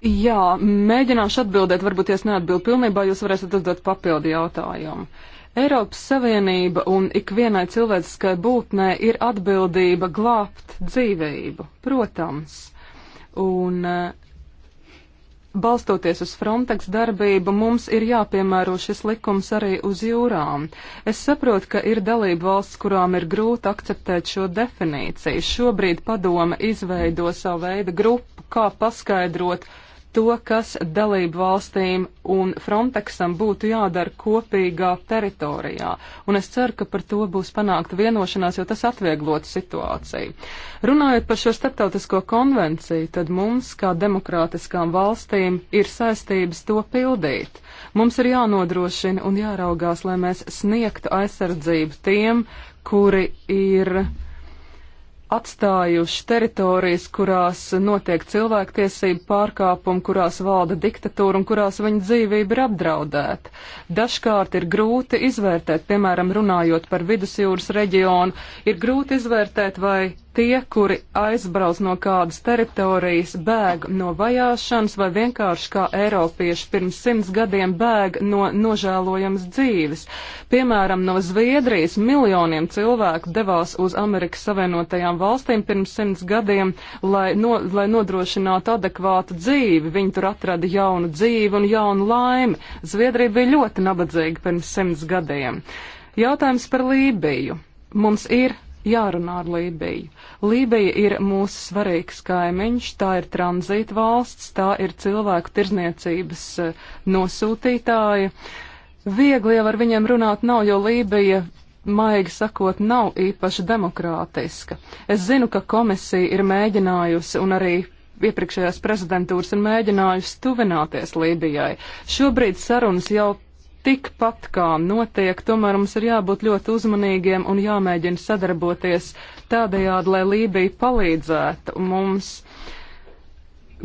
[SPEAKER 2] Jā, mēģināšu atbildēt, varbūt es neatbildu pilnībā, jūs varēsiet uzdot papildu jautājumu. Eiropas Savienība un ikvienai cilvēciskai būtnē ir atbildība glābt dzīvību, protams. Un eh, Balstoties uz Frontex darbību, mums ir jāpiemēro šis likums arī uz jūrām. Es saprotu, ka ir dalība valsts, kurām ir grūti akceptēt šo definīciju. Šobrīd padome izveido savu veidu grupu, kā paskaidrot, uh, to, kas dalību valstīm un Frontexam būtu jādara kopīgā teritorijā. Un es ceru, ka par to būs panākta vienošanās, jo tas atvieglotu situāciju. Runājot par šo starptautisko konvenciju, tad mums, kā demokrātiskām valstīm, ir saistības to pildīt. Mums ir jānodrošina un jāraugās, lai mēs sniegtu aizsardzību tiem, kuri ir atstājuši teritorijas, kurās notiek cilvēktiesību pārkāpumi, kurās valda diktatūra un kurās viņa dzīvība ir apdraudēta. Dažkārt ir grūti izvērtēt, piemēram, runājot par vidusjūras reģionu, ir grūti izvērtēt, vai tie, kuri aizbrauc no kādas teritorijas, bēg no vajāšanas vai vienkārši kā eiropieši pirms simts gadiem bēg no nožēlojams dzīves. Piemēram, no Zviedrijas miljoniem cilvēku devās uz Amerikas Savienotajām valstīm pirms simts gadiem, lai, no, lai nodrošinātu adekvātu dzīvi. Viņi tur atrada jaunu dzīvi un jaunu laimi. Zviedrija bija ļoti nabadzīga pirms simts gadiem. Jautājums par Lībiju. Mums ir jārunā ar Lībiju. Lībija ir mūsu svarīgs kaimiņš, tā ir tranzīta valsts, tā ir cilvēku tirzniecības eh, nosūtītāja. Viegli jau ar viņiem runāt nav, jo Lībija, maigi sakot, nav īpaši demokrātiska. Es zinu, ka komisija ir mēģinājusi un arī iepriekšējās prezidentūras ir mēģinājusi tuvināties Lībijai. Šobrīd sarunas jau tikpat kā notiek, tomēr mums ir jābūt ļoti uzmanīgiem un jāmēģina sadarboties tādējādi, lai Lībija palīdzētu mums.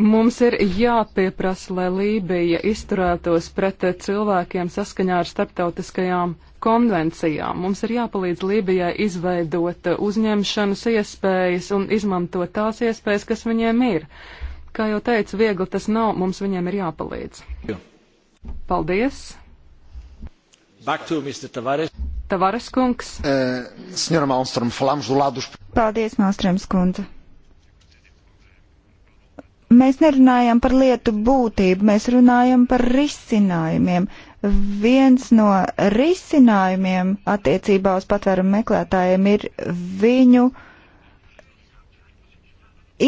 [SPEAKER 2] Mums ir jāpieprasa, lai Lībija izturētos pret cilvēkiem saskaņā ar starptautiskajām konvencijām. Mums ir jāpalīdz Lībijai izveidot uzņemšanas iespējas un izmantot tās iespējas, kas viņiem ir. Kā jau teicu, viegli tas nav, mums viņiem ir jāpalīdz. Jā. Paldies! Back to Mr. Tavares. Tavares kungs.
[SPEAKER 3] Uh, senhora Malmström, falamos do lado dos...
[SPEAKER 1] Paldies, Malmströms kundze mēs nerunājam par lietu būtību, mēs runājam par risinājumiem. Viens no risinājumiem attiecībā uz patvērumu meklētājiem ir viņu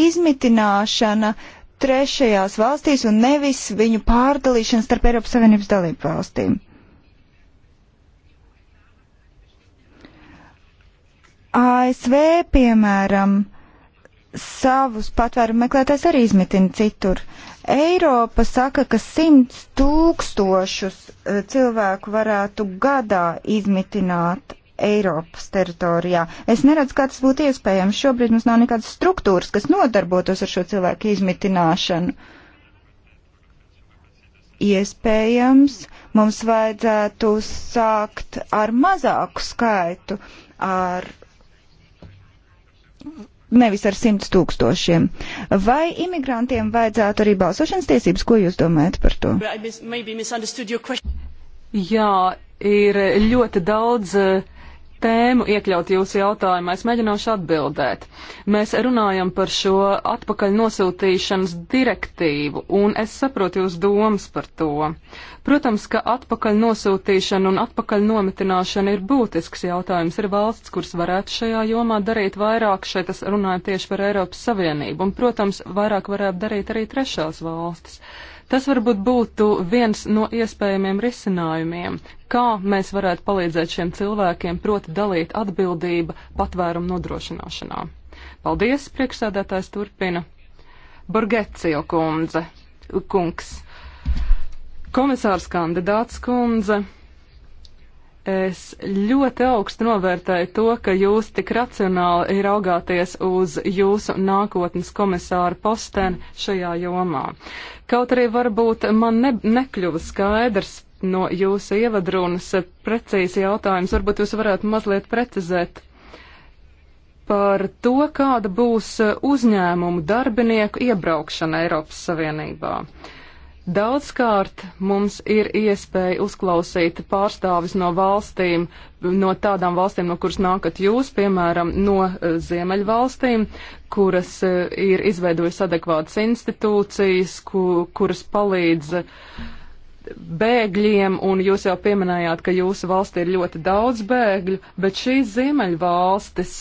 [SPEAKER 1] izmitināšana trešajās valstīs un nevis viņu pārdalīšana starp Eiropas Savienības dalību valstīm. ASV, piemēram, savus patvērumu meklētājs arī izmitina citur. Eiropa saka, ka simts tūkstošus e, cilvēku varētu gadā izmitināt Eiropas teritorijā. Es neredzu, kā tas būtu iespējams. Šobrīd mums nav nekādas struktūras, kas nodarbotos ar šo cilvēku izmitināšanu. Iespējams, mums vajadzētu sākt ar mazāku skaitu, ar nevis ar simts tūkstošiem. Vai imigrantiem vajadzētu arī balsošanas tiesības? Ko jūs domājat par to?
[SPEAKER 2] Jā, ir ļoti daudz uh, tēmu iekļaut jūsu jautājumā, es mēģināšu atbildēt. Mēs runājam par šo atpakaļ nosūtīšanas direktīvu, un es saprotu jūs domas par to. Protams, ka atpakaļ nosūtīšana un atpakaļ nometināšana ir būtisks jautājums. Ir valsts, kuras varētu šajā jomā darīt vairāk, šeit es runāju tieši par Eiropas Savienību, un, protams, vairāk varētu darīt arī trešās valstis. Tas varbūt būtu viens no iespējamiem risinājumiem, kā mēs varētu palīdzēt šiem cilvēkiem, proti dalīt atbildība patvērumu nodrošināšanā. Paldies, priekšsēdētājs turpina. Borgecijo kundze, kungs, komisārs kandidāts kundze. Es ļoti augstu novērtēju to, ka jūs tik racionāli ir augāties uz jūsu nākotnes komisāra posteni šajā jomā. Kaut arī varbūt man ne, nekļuva skaidrs no jūsu ievadrunas precīzi jautājums, varbūt jūs varētu mazliet precizēt par to, kāda būs uzņēmumu darbinieku iebraukšana Eiropas Savienībā. Uh, Daudzkārt mums ir iespēja uzklausīt pārstāvis no valstīm, no tādām valstīm, no kuras nākat jūs, piemēram, no eh, Ziemeļu valstīm, kuras eh, ir izveidojusi adekvātas institūcijas, ku, kuras palīdz bēgļiem, un jūs jau pieminējāt, ka jūsu valstī ir ļoti daudz bēgļu, bet šīs Ziemeļu valstis,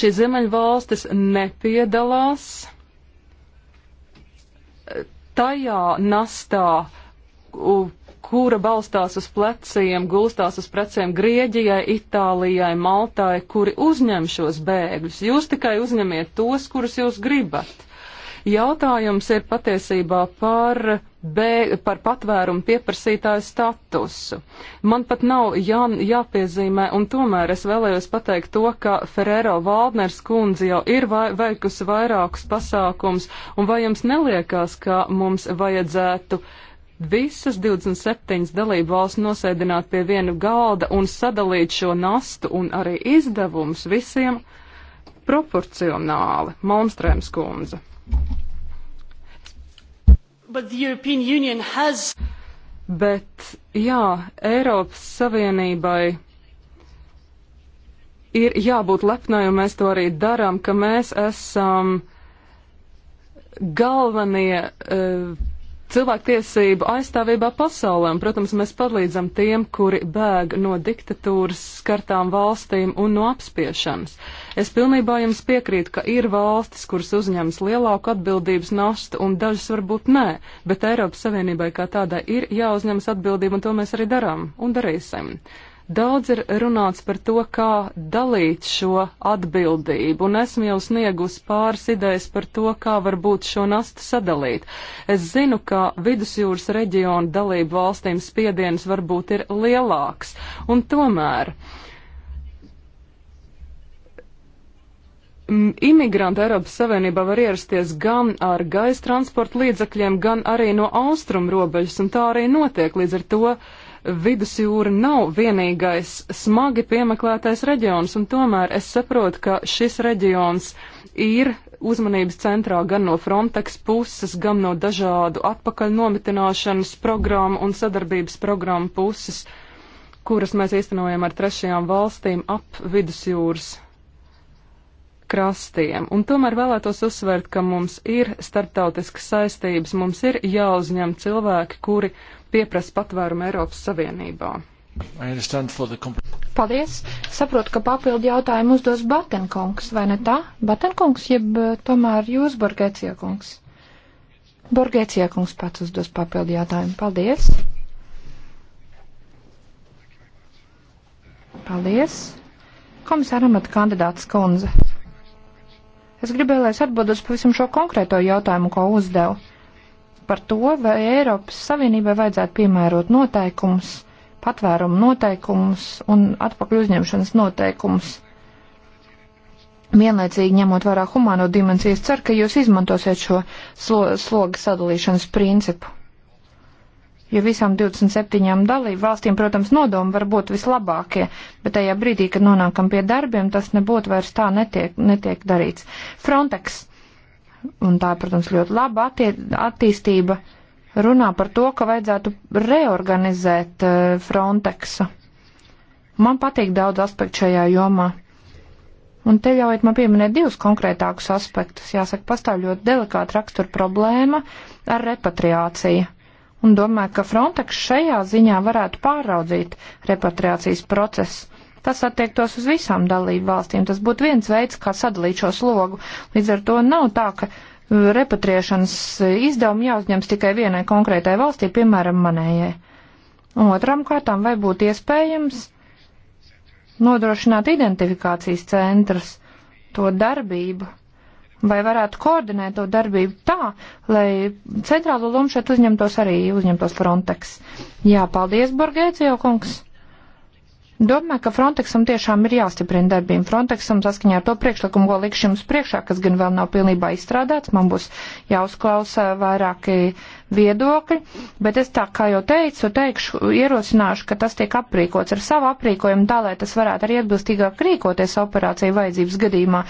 [SPEAKER 2] šīs Ziemeļu valstis nepiedalās tajā nastā, kura balstās uz pleciem, gulstās uz pleciem Grieģijai, Itālijai, Maltai, kuri uzņem šos bēgļus. Jūs tikai uzņemiet tos, kurus jūs gribat. Jautājums ir patiesībā par, B, par patvērumu pieprasītāju statusu. Man pat nav jā, jāpiezīmē, un tomēr es vēlējos pateikt to, ka Ferrero Valdners kundze jau ir vai, veikusi vairākus pasākums, un vai jums neliekās, ka mums vajadzētu visas 27 dalību valsts nosēdināt pie viena galda un sadalīt šo nastu un arī izdevumus visiem proporcionāli, Malmstrēms kundze. Has... Bet, jā, Eiropas Savienībai ir jābūt lepnai, un mēs to arī darām, ka mēs esam galvenie. Uh, cilvēktiesību aizstāvībā pasaulē. Protams, mēs palīdzam tiem, kuri bēg no diktatūras skartām valstīm un no apspiešanas. Es pilnībā jums piekrītu, ka ir valstis, kuras uzņemas lielāku atbildības nastu un dažas varbūt nē, bet Eiropas Savienībai kā tādai ir jāuzņemas atbildība un to mēs arī darām un darīsim. Daudz ir runāts par to, kā dalīt šo atbildību, un esmu jau sniegus pāris idejas par to, kā varbūt šo nastu sadalīt. Es zinu, ka vidusjūras reģionu dalību valstīm spiediens varbūt ir lielāks, un tomēr. Imigranti Eiropas Savienībā var ierasties gan ar gaisa transporta līdzakļiem, gan arī no austrumu robežas, un tā arī notiek. Līdz ar to vidusjūra nav vienīgais smagi piemeklētais reģions, un tomēr es saprotu, ka šis reģions ir uzmanības centrā gan no Frontex puses, gan no dažādu atpakaļ nomitināšanas programmu un sadarbības programmu puses, kuras mēs īstenojam ar trešajām valstīm ap vidusjūras krastiem. Un tomēr vēlētos uzsvērt, ka mums ir starptautiskas saistības, mums ir jāuzņem cilvēki, kuri pieprasa patvērumu Eiropas Savienībā.
[SPEAKER 3] Paldies. Saprotu, ka papildu jautājumu uzdos Batenkungs, vai ne tā? Batenkungs, jeb eh, tomēr jūs, Borgēciekungs? Borgēciekungs pats uzdos papildu jautājumu. Paldies. Paldies. Komisāra amata kandidāts Kunze. Es gribēju, lai es atbildos pavisam šo konkrēto jautājumu, ko uzdevu par to, vai Eiropas Savienībai vajadzētu piemērot noteikumus, patvērumu noteikumus un atpakaļ uzņemšanas noteikumus. Vienlaicīgi ņemot vērā humāno dimensiju, es ceru, ka jūs izmantosiet šo slo slogu sadalīšanas principu. Jo visām 27 dalību valstīm, protams, nodomi var būt vislabākie, bet tajā brīdī, kad nonākam pie darbiem, tas nebūtu vairs tā netiek, netiek darīts. Frontex un tā, protams, ļoti laba attie, attīstība, runā par to, ka vajadzētu reorganizēt uh, Frontexu. Man patīk daudz aspektu šajā jomā. Un te ļaujiet man pieminēt divus konkrētākus aspektus. Jāsaka, pastāv ļoti delikāta rakstura problēma ar repatriāciju. Un domāju, ka Frontex šajā ziņā varētu pāraudzīt repatriācijas procesu Tas attiektos uz visām dalību valstīm. Tas būtu viens veids, kā sadalīt šo slogu. Līdz ar to nav tā, ka uh, repatriešanas uh, izdevumi jāuzņems tikai vienai konkrētai valstī, piemēram, manējai. Un otram kārtām vai būtu iespējams nodrošināt identifikācijas centrus, to darbību, vai varētu koordinēt to darbību tā, lai centrālo lomu šeit uzņemtos arī uzņemtos Frontex. Jā, paldies, Borgēcijo kungs! Domāju, ka Frontexam tiešām ir jāstiprina darbība. Frontexam saskaņā ar to priekšlikumu, ko likšu jums priekšā, kas gan vēl nav pilnībā izstrādāts, man būs jāuzklausa vairāki viedokļi, bet es tā kā jau teicu, teikšu, ierosināšu, ka tas tiek aprīkots ar savu aprīkojumu tā, lai tas varētu arī atbilstīgāk rīkoties operāciju vajadzības gadījumā.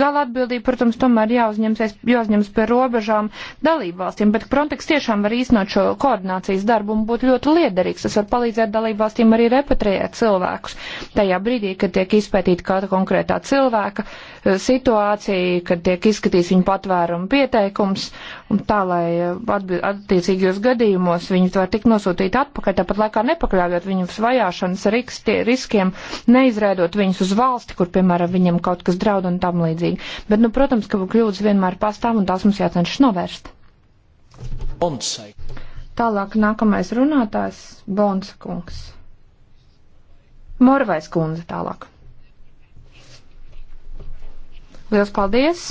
[SPEAKER 3] Gala atbildība, protams, tomēr jāuzņems pie robežām dalību valstīm, bet Frontex tiešām var īstenot šo koordinācijas darbu un būt ļoti liederīgs. Tas var palīdzēt dalību valstīm arī repatriēt cilvēkus tajā brīdī, kad tiek izpētīta kāda konkrētā cilvēka eh, situācija, kad tiek izskatīts viņa patvērumu pieteikums, un tā, lai eh, atbild, at, attiecīgos gadījumos viņus var tikt nosūtīt atpakaļ, tāpat laikā nepakļaujot viņus vajāšanas rikstie, riskiem, neizrēdot viņus uz valsti, kur, piemēram, viņiem kaut kas draud un tam līdzīgi. Bet, nu, protams, ka kļūdas vienmēr pastāv un tās mums jācenšas novērst. Bonsai. Tālāk nākamais runātājs - Bons kungs. Morvais kundze tālāk. Liels paldies!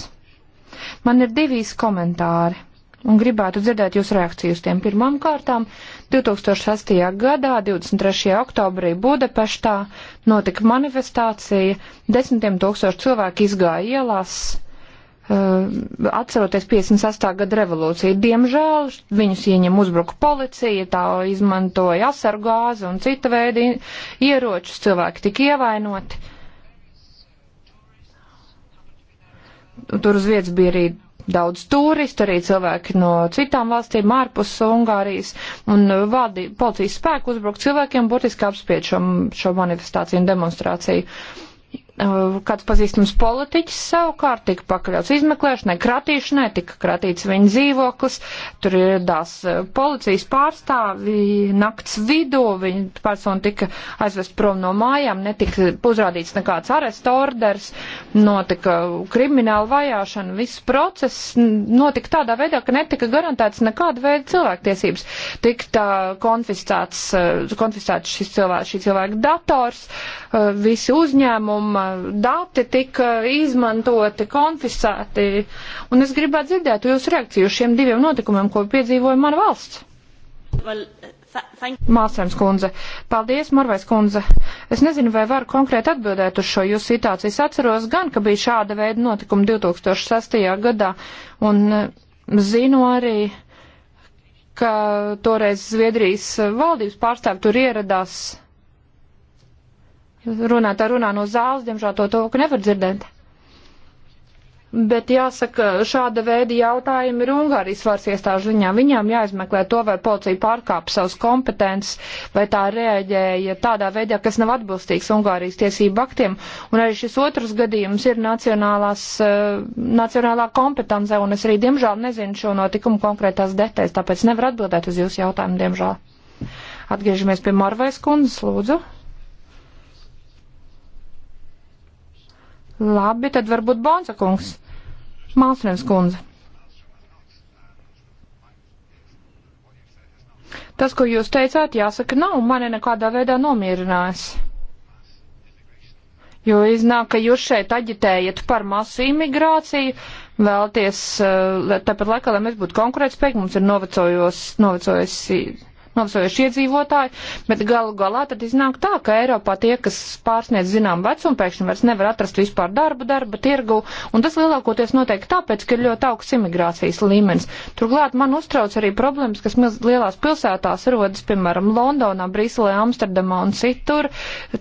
[SPEAKER 3] Man ir divīs komentāri un gribētu dzirdēt jūsu reakciju uz tiem. Pirmām kārtām 2008. gadā, 23. oktobrī Budapeštā notika manifestācija, desmitiem tūkstoši cilvēku izgāja ielās, uh, atceroties 58. gada revolūciju. Diemžēl viņus ieņem uzbruka policija, tā izmantoja asargāzi un cita veida ieročus, cilvēki tika ievainoti. Tur uz vietas bija arī daudz turistu, arī cilvēki no citām valstīm, ārpus Ungārijas, un vadi, policijas spēku uzbruk cilvēkiem, burtiski apspied šo, šo manifestāciju un demonstrāciju. Uh, kāds pazīstams politiķis savukārt tika pakļauts izmeklēšanai, kratīšanai, tika kratīts viņa dzīvoklis, tur ieradās uh, policijas pārstāvi nakts vidū, viņa persona tika aizvest prom no mājām, netika uzrādīts nekāds arest orders, notika krimināla vajāšana, viss process notika tādā veidā, ka netika garantēts nekāda veida cilvēktiesības. Tika konfiscēts, uh, konfiscēts šis cilvēks, šī cilvēka dators, visi uzņēmumi, dati tika izmantoti, konfiscēti, un es gribētu dzirdēt jūsu reakciju uz šiem diviem notikumiem, ko piedzīvoja mana valsts. Well, Mālsēms kundze. Paldies, Marvais kundze. Es nezinu, vai varu konkrēti atbildēt uz šo jūsu situāciju. Es atceros gan, ka bija šāda veida notikuma 2006. gadā, un eh, zinu arī, ka toreiz Zviedrijas eh, valdības pārstāvi tur ieradās Runātā runā no zāles, diemžēl to tūku nevar dzirdēt. Bet jāsaka, šāda veida jautājumi ir Ungārijas varas iestāžu ziņā. Viņām jāizmeklē to, vai policija pārkāpa savas kompetences, vai tā reaģēja tādā veidā, kas nav atbilstīgs Ungārijas tiesību aktiem. Un arī šis otrs gadījums ir nacionālās, uh, nacionālā kompetence, un es arī, diemžēl, nezinu šo notikumu konkrētās detaļas, tāpēc nevaru atbildēt uz jūsu jautājumu, diemžēl. Atgriežamies pie Marvais kundzes, lūdzu. Labi, tad varbūt Bonsa kungs. Mālsnēms kundze. Tas, ko jūs teicāt, jāsaka, nav mani nekādā veidā nomierinājis. Jo iznāk, ka jūs šeit aģitējat par masu imigrāciju, vēlties, eh, tāpat laikā, lai mēs būtu konkurētspējīgi, mums ir novecojos, novecojos novecojuši iedzīvotāji, bet galu galā tad iznāk tā, ka Eiropā tie, kas pārsniedz zinām vecumu, pēkšņi vairs nevar atrast vispār darbu, darba tirgu, un tas lielākoties notiek tāpēc, ka ir ļoti augsts imigrācijas līmenis. Turklāt man uztrauc arī problēmas, kas lielās pilsētās rodas, piemēram, Londonā, Brīselē, Amsterdamā un citur,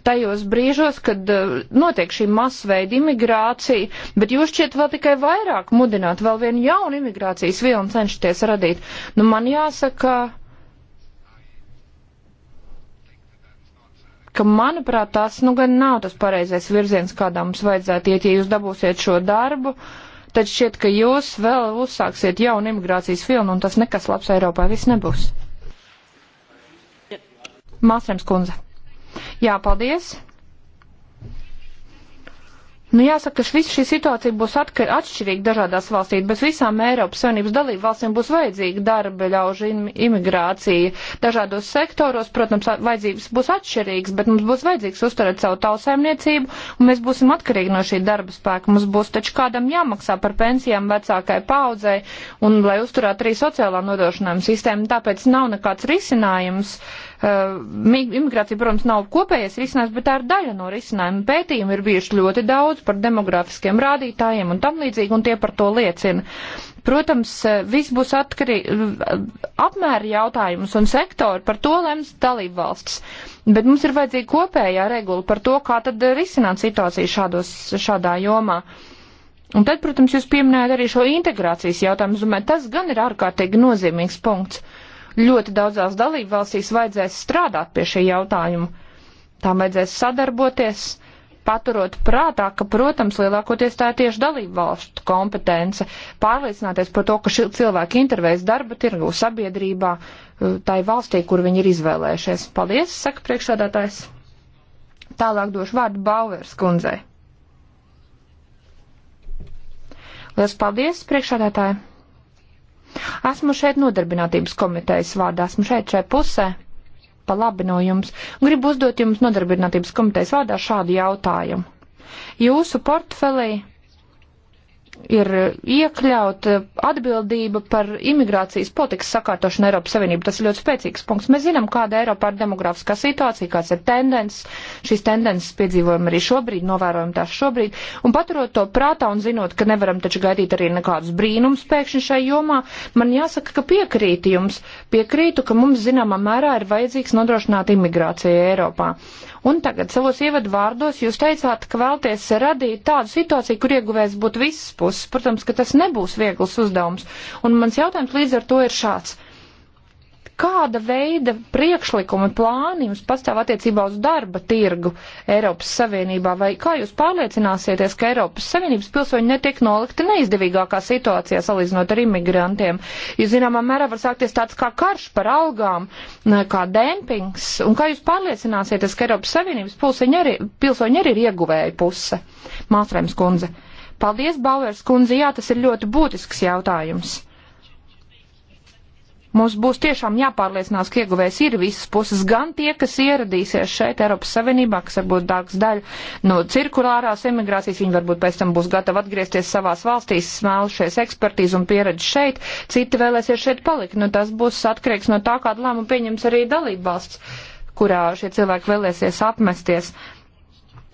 [SPEAKER 3] tajos brīžos, kad eh, notiek šī masveida imigrācija, bet jūs šķiet vēl tikai vairāk mudināt, vēl vienu jaunu imigrācijas vilnu cenšaties radīt. Nu, man jāsaka, ka, manuprāt, tas nu gan nav tas pareizais virziens, kādā mums vajadzētu iet, ja jūs dabūsiet šo darbu, tad šķiet, ka jūs vēl uzsāksiet jaunu imigrācijas filmu, un tas nekas labs Eiropā viss nebūs. Māsrems kundze. Jā, paldies. Nu, jāsaka, ka visa šī situācija būs atkar, atšķirīga dažādās valstīs, bet visām Eiropas Savienības dalību valstīm būs vajadzīga darba ļaužu imigrācija. Dažādos sektoros, protams, vajadzības būs atšķirīgas, bet mums būs vajadzīgs uzturēt savu tausaimniecību, un mēs būsim atkarīgi no šī darba spēka. Mums būs taču kādam jāmaksā par pensijām vecākai paudzei, un lai uzturētu arī sociālā nodošanājuma sistēmu, tāpēc nav nekāds risinājums. Uh, Eh, imigrācija, protams, nav kopējais risinājums, bet tā ir daļa no risinājuma. Pētījumi ir bijuši ļoti daudz par demografiskiem rādītājiem un tam līdzīgi, un tie par to liecina. Protams, eh, viss būs atkarīgs apmēra jautājums un sektori par to lems dalību valsts. Bet mums ir vajadzīga kopējā regula par to, kā tad risināt situāciju šādos, šādā jomā. Un tad, protams, jūs pieminējat arī šo integrācijas jautājumu. Es domāju, tas gan ir ārkārtīgi nozīmīgs punkts ļoti daudzās dalību valstīs vajadzēs strādāt pie šī jautājuma. Tām vajadzēs sadarboties, paturot prātā, ka, protams, lielākoties tā ir tieši dalību valstu kompetence, pārliecināties par to, ka šie cilvēki intervējas darba tirgu sabiedrībā, eh, tai valstī, kur viņi ir izvēlējušies. Paldies, saka priekšsādātājs. Tālāk došu vārdu Bauvers kundzei. Lielas paldies, priekšsādātāji! Esmu šeit nodarbinātības komitejas vārdā, esmu šeit šai pusē, pa labi no jums. Gribu uzdot jums nodarbinātības komitejas vārdā šādu jautājumu. Jūsu portfelī ir iekļaut atbildība par imigrācijas politikas sakārtošanu Eiropas Savienību. Tas ir ļoti spēcīgs punkts. Mēs zinām, kāda Eiropā ir demografiskā situācija, kāds ir tendences. Šīs tendences piedzīvojam arī šobrīd, novērojam tās šobrīd. Un paturot to prātā un zinot, ka nevaram taču gaidīt arī nekādus brīnums pēkšņi šai jomā, man jāsaka, ka piekrīti jums. Piekrītu, ka mums zināmā mērā ir vajadzīgs nodrošināt imigrāciju Eiropā. Un tagad savos ievadu vārdos jūs teicāt, ka vēlties radīt tādu situāciju, kur ieguvējs būtu visas puses. Protams, ka tas nebūs viegls uzdevums. Un mans jautājums līdz ar to ir šāds. Kāda veida priekšlikumi, plāni jums pastāv attiecībā uz darba tirgu Eiropas Savienībā? Vai kā jūs pārliecināsieties, ka Eiropas Savienības pilsoņi netiek nolikti neizdevīgākā situācijā salīdzinot ar imigrantiem? Jo zināmā mērā var sākties tāds kā karš par algām, kā dempings. Un kā jūs pārliecināsieties, ka Eiropas Savienības pilsoņi arī, pilsoņi arī ir ieguvēja puse? Māstrēms kundze. Paldies, Bauers kundze, jā, tas ir ļoti būtisks jautājums. Mums būs tiešām jāpārliecinās, ka ieguvējs ir visas puses, gan tie, kas ieradīsies šeit Eiropas Savienībā, kas varbūt dārgs daļa no cirkulārās emigrācijas, viņi varbūt pēc tam būs gatavi atgriezties savās valstīs, smēlušies ekspertīzu un pieredzi šeit, citi vēlēsies šeit palikt. Nu, tas būs atkarīgs no tā, kādu lēmumu pieņems arī dalībvalsts, kurā šie cilvēki vēlēsies apmesties. Uh,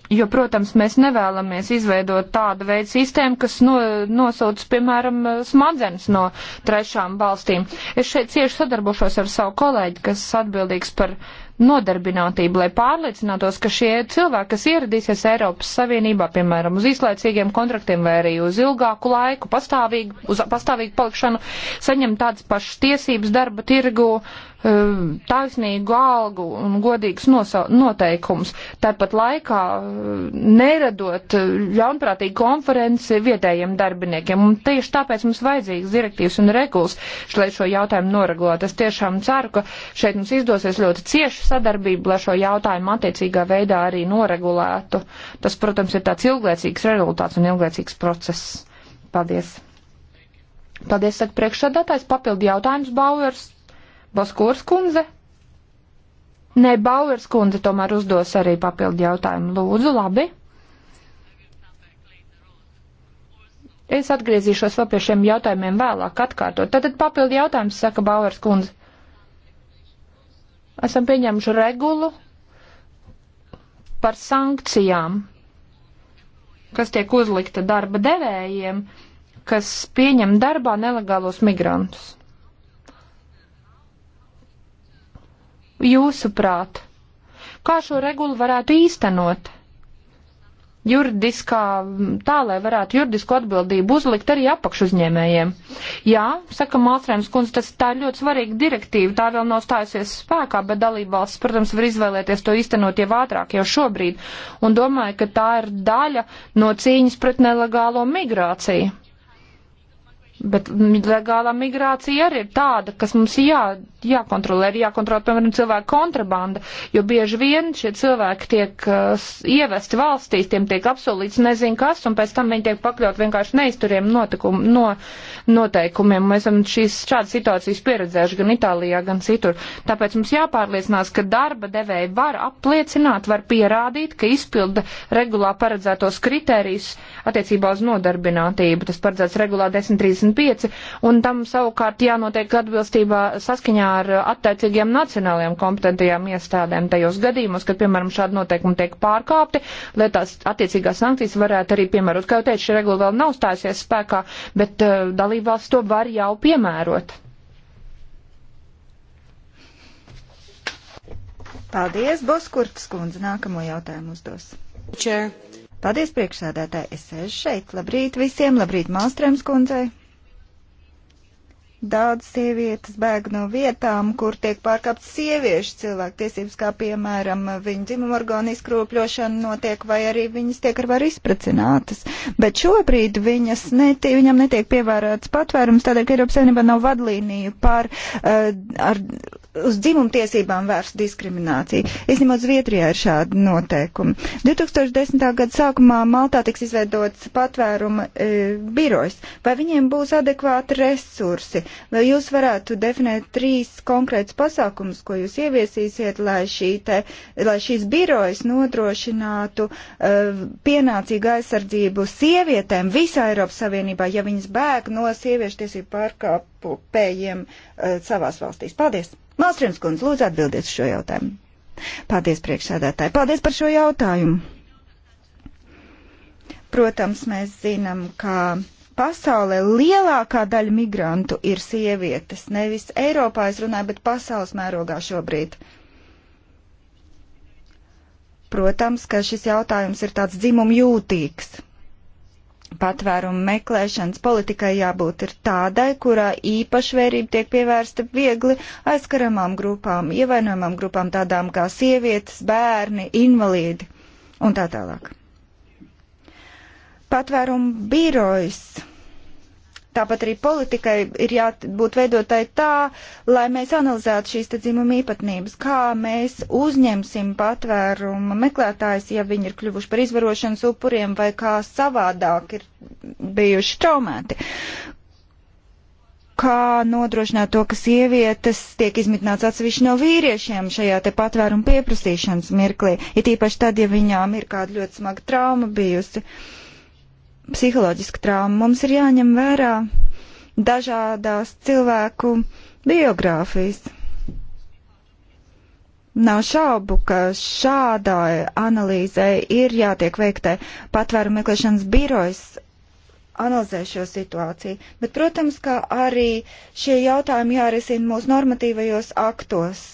[SPEAKER 3] Jo, protams, mēs nevēlamies izveidot tādu veidu sistēmu, kas no, nosauc, piemēram, smadzenes no trešām valstīm. Es šeit cieši sadarbošos ar savu kolēģi, kas atbildīgs par nodarbinātību, lai pārliecinātos, ka šie cilvēki, kas ieradīsies Eiropas Savienībā, piemēram, uz īslaicīgiem kontraktiem vai arī uz ilgāku laiku, pastāvīgi, uz pastāvīgu palikšanu, saņem tādas pašas tiesības darba tirgu, uh, Eh, taisnīgu algu un godīgus noteikumus, tāpat laikā eh, neradot eh, ļaunprātīgu konferenci vietējiem darbiniekiem. Un tieši tāpēc mums vajadzīgs direktīvas un regulas, lai šo jautājumu noregulētu. Es tiešām ceru, ka šeit mums izdosies ļoti cieša sadarbība, lai šo jautājumu attiecīgā veidā arī noregulētu. Tas, protams, ir tāds ilglaicīgs rezultāts un ilglaicīgs process. Paldies! Paldies, saka priekšsādātājs. Papildi jautājums, Bauers Boskūras kundze? Nē, Bauers kundze tomēr uzdos arī papildu jautājumu. Lūdzu, labi. Es atgriezīšos vēl pie šiem jautājumiem vēlāk atkārtot. Tātad papildu jautājums, saka Bauers kundze. Esam pieņēmuši regulu par sankcijām, kas tiek uzlikta darba devējiem, kas pieņem darbā nelegālos migrantus. jūsuprāt, kā šo regulu varētu īstenot? juridiskā, tā lai varētu juridisku atbildību uzlikt arī apakšuzņēmējiem. Jā, saka Mālstrēms kundze, tas tā ir ļoti svarīga direktīva, tā vēl nav stājusies spēkā, bet dalībvalsts, protams, var izvēlēties to īstenot jau ātrāk, jau šobrīd, un domāju, ka tā ir daļa no cīņas pret nelegālo migrāciju Bet legālā migrācija arī ir tāda, kas mums jā, jākontrolē, ir jākontrolē, piemēram, cilvēku kontrabanda, jo bieži vien šie cilvēki tiek uh, ievesti valstīs, tiem tiek apsolīts nezin kas, un pēc tam viņi tiek pakļaut vienkārši neizturiem notikumu, no, noteikumiem. Mēs esam šīs šādas situācijas pieredzējuši gan Itālijā, gan citur. Tāpēc mums jāpārliecinās, ka darba devēji var apliecināt, var pierādīt, ka izpilda regulā paredzētos kritērijus attiecībā uz nodarbinātību. Tas paredzēts regulā 1030. 135, un tam savukārt jānotiek atbilstībā saskaņā ar attiecīgiem nacionālajiem kompetentajām iestādēm tajos gadījumos, kad, piemēram, šādi noteikumi tiek pārkāpti, lai tās attiecīgās sankcijas varētu arī piemērot. Kā jau teicu, šī regula vēl nav stājusies spēkā, bet uh, dalībvalsts to var jau piemērot.
[SPEAKER 1] Paldies, Boskurts kundze, nākamo jautājumu uzdos. Čer. Paldies, priekšsādātāji, es sēžu šeit. Labrīt visiem, labrīt Malstrēms kundzei. Daudz sievietes bēg no vietām, kur tiek pārkāptas sieviešu cilvēktiesības, kā piemēram viņu dzimuma orgānu izkropļošana notiek, vai arī viņas tiek ar varu izpracinātas. Bet šobrīd viņas neti, viņam netiek pievērēts patvērums, tādēļ, ka Eiropas Savienībā nav vadlīniju par, uh, ar, uz dzimumtiesībām vērsta diskriminācija. Izņemot Zviedrijā ir šādi noteikumi. 2010. gada sākumā Maltā tiks izveidots patvēruma e, birojs. Vai viņiem būs adekvāti resursi? Vai jūs varētu definēt trīs konkrētus pasākumus, ko jūs ieviesīsiet, lai, šī te, lai šīs birojas nodrošinātu e, pienācīgu aizsardzību sievietēm visā Eiropas Savienībā, ja viņas bēg no sieviešu tiesību pārkāpējiem e, savās valstīs? Paldies! Malstrīms kundze, lūdzu atbildiet uz šo jautājumu. Paldies priekšsēdētāji. Paldies par šo jautājumu. Protams, mēs zinām, ka pasaulē lielākā daļa migrantu ir sievietes. Nevis Eiropā es runāju, bet pasaules mērogā šobrīd. Protams, ka šis jautājums ir tāds dzimumu jūtīgs patvērumu meklēšanas politikai jābūt ir tādai, kurā īpašvērība tiek pievērsta viegli aizskaramām grupām, ievainojamām grupām, tādām kā sievietes, bērni, invalīdi un tā tālāk. Patvērumu birojs Tāpat arī politikai ir jābūt veidotai tā, lai mēs analizētu šīs dzimuma īpatnības, kā mēs uzņemsim patvēruma meklētājs, ja viņi ir kļuvuši par izvarošanas upuriem vai kā savādāk ir bijuši traumēti kā nodrošināt to, ka sievietes tiek izmitināts atsevišķi no vīriešiem šajā te patvērumu pieprasīšanas mirklī, it īpaši tad, ja viņām ir kāda ļoti smaga trauma bijusi. Uh, psiholoģiska trauma. Mums ir jāņem vērā dažādās cilvēku biogrāfijas. Nav šaubu, ka šādai analīzei ir jātiek veiktai patvēru meklēšanas birojas analizē šo situāciju, bet, protams, ka arī šie jautājumi jārisina mūsu normatīvajos aktos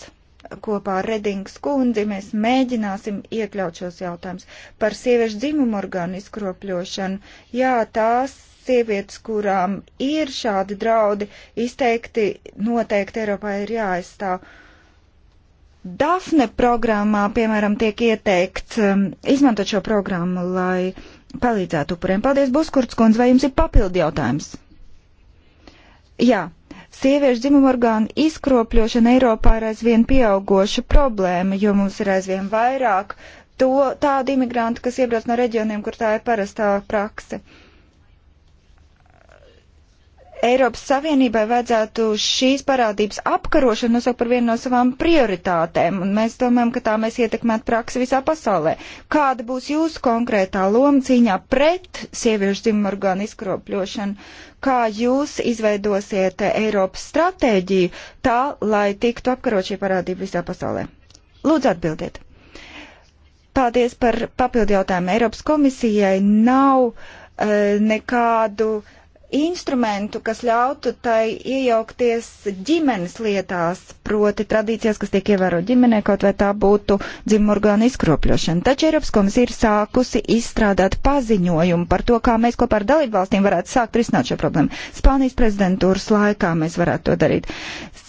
[SPEAKER 1] kopā ar Redings kundzi mēs mēģināsim iekļaut šos jautājumus par sieviešu dzimumu orgānu izkropļošanu. Jā, tās sievietes, kurām ir šādi draudi, izteikti noteikti Eiropā ir jāaizstāv. Dafne programmā, piemēram, tiek ieteikts um, izmantot šo programmu, lai palīdzētu upuriem. Paldies, Buskurts kundze, vai jums ir papildi jautājums? Jā sieviešu dzimumorgānu izkropļošana Eiropā ir aizvien pieaugoša problēma, jo mums ir aizvien vairāk to tādu imigrantu, kas iebrauc no reģioniem, kur tā ir parastā prakse. Uh, Eiropas Savienībai vajadzētu šīs parādības apkarošanu nosaukt par vienu no savām prioritātēm, un mēs domājam, ka tā mēs ietekmētu praksi visā pasaulē. Kāda būs jūsu konkrētā loma cīņā pret sieviešu dzimumorgānu izkropļošanu? Kā jūs izveidosiet Eiropas stratēģiju tā, lai tiktu apkarot šī parādība visā pasaulē? Lūdzu atbildiet. Paldies par papildu jautājumu. Eiropas komisijai nav uh, nekādu uh, instrumentu, kas ļautu tai iejaukties ģimenes lietās, proti tradīcijas, kas tiek ievērot ģimenē, kaut vai tā būtu dzimurgāna izkropļošana. Taču Eiropas komisija ir sākusi izstrādāt paziņojumu par to, kā mēs kopā ar dalību valstīm varētu sākt risināt šo problēmu. Spānijas prezidentūras laikā mēs varētu to darīt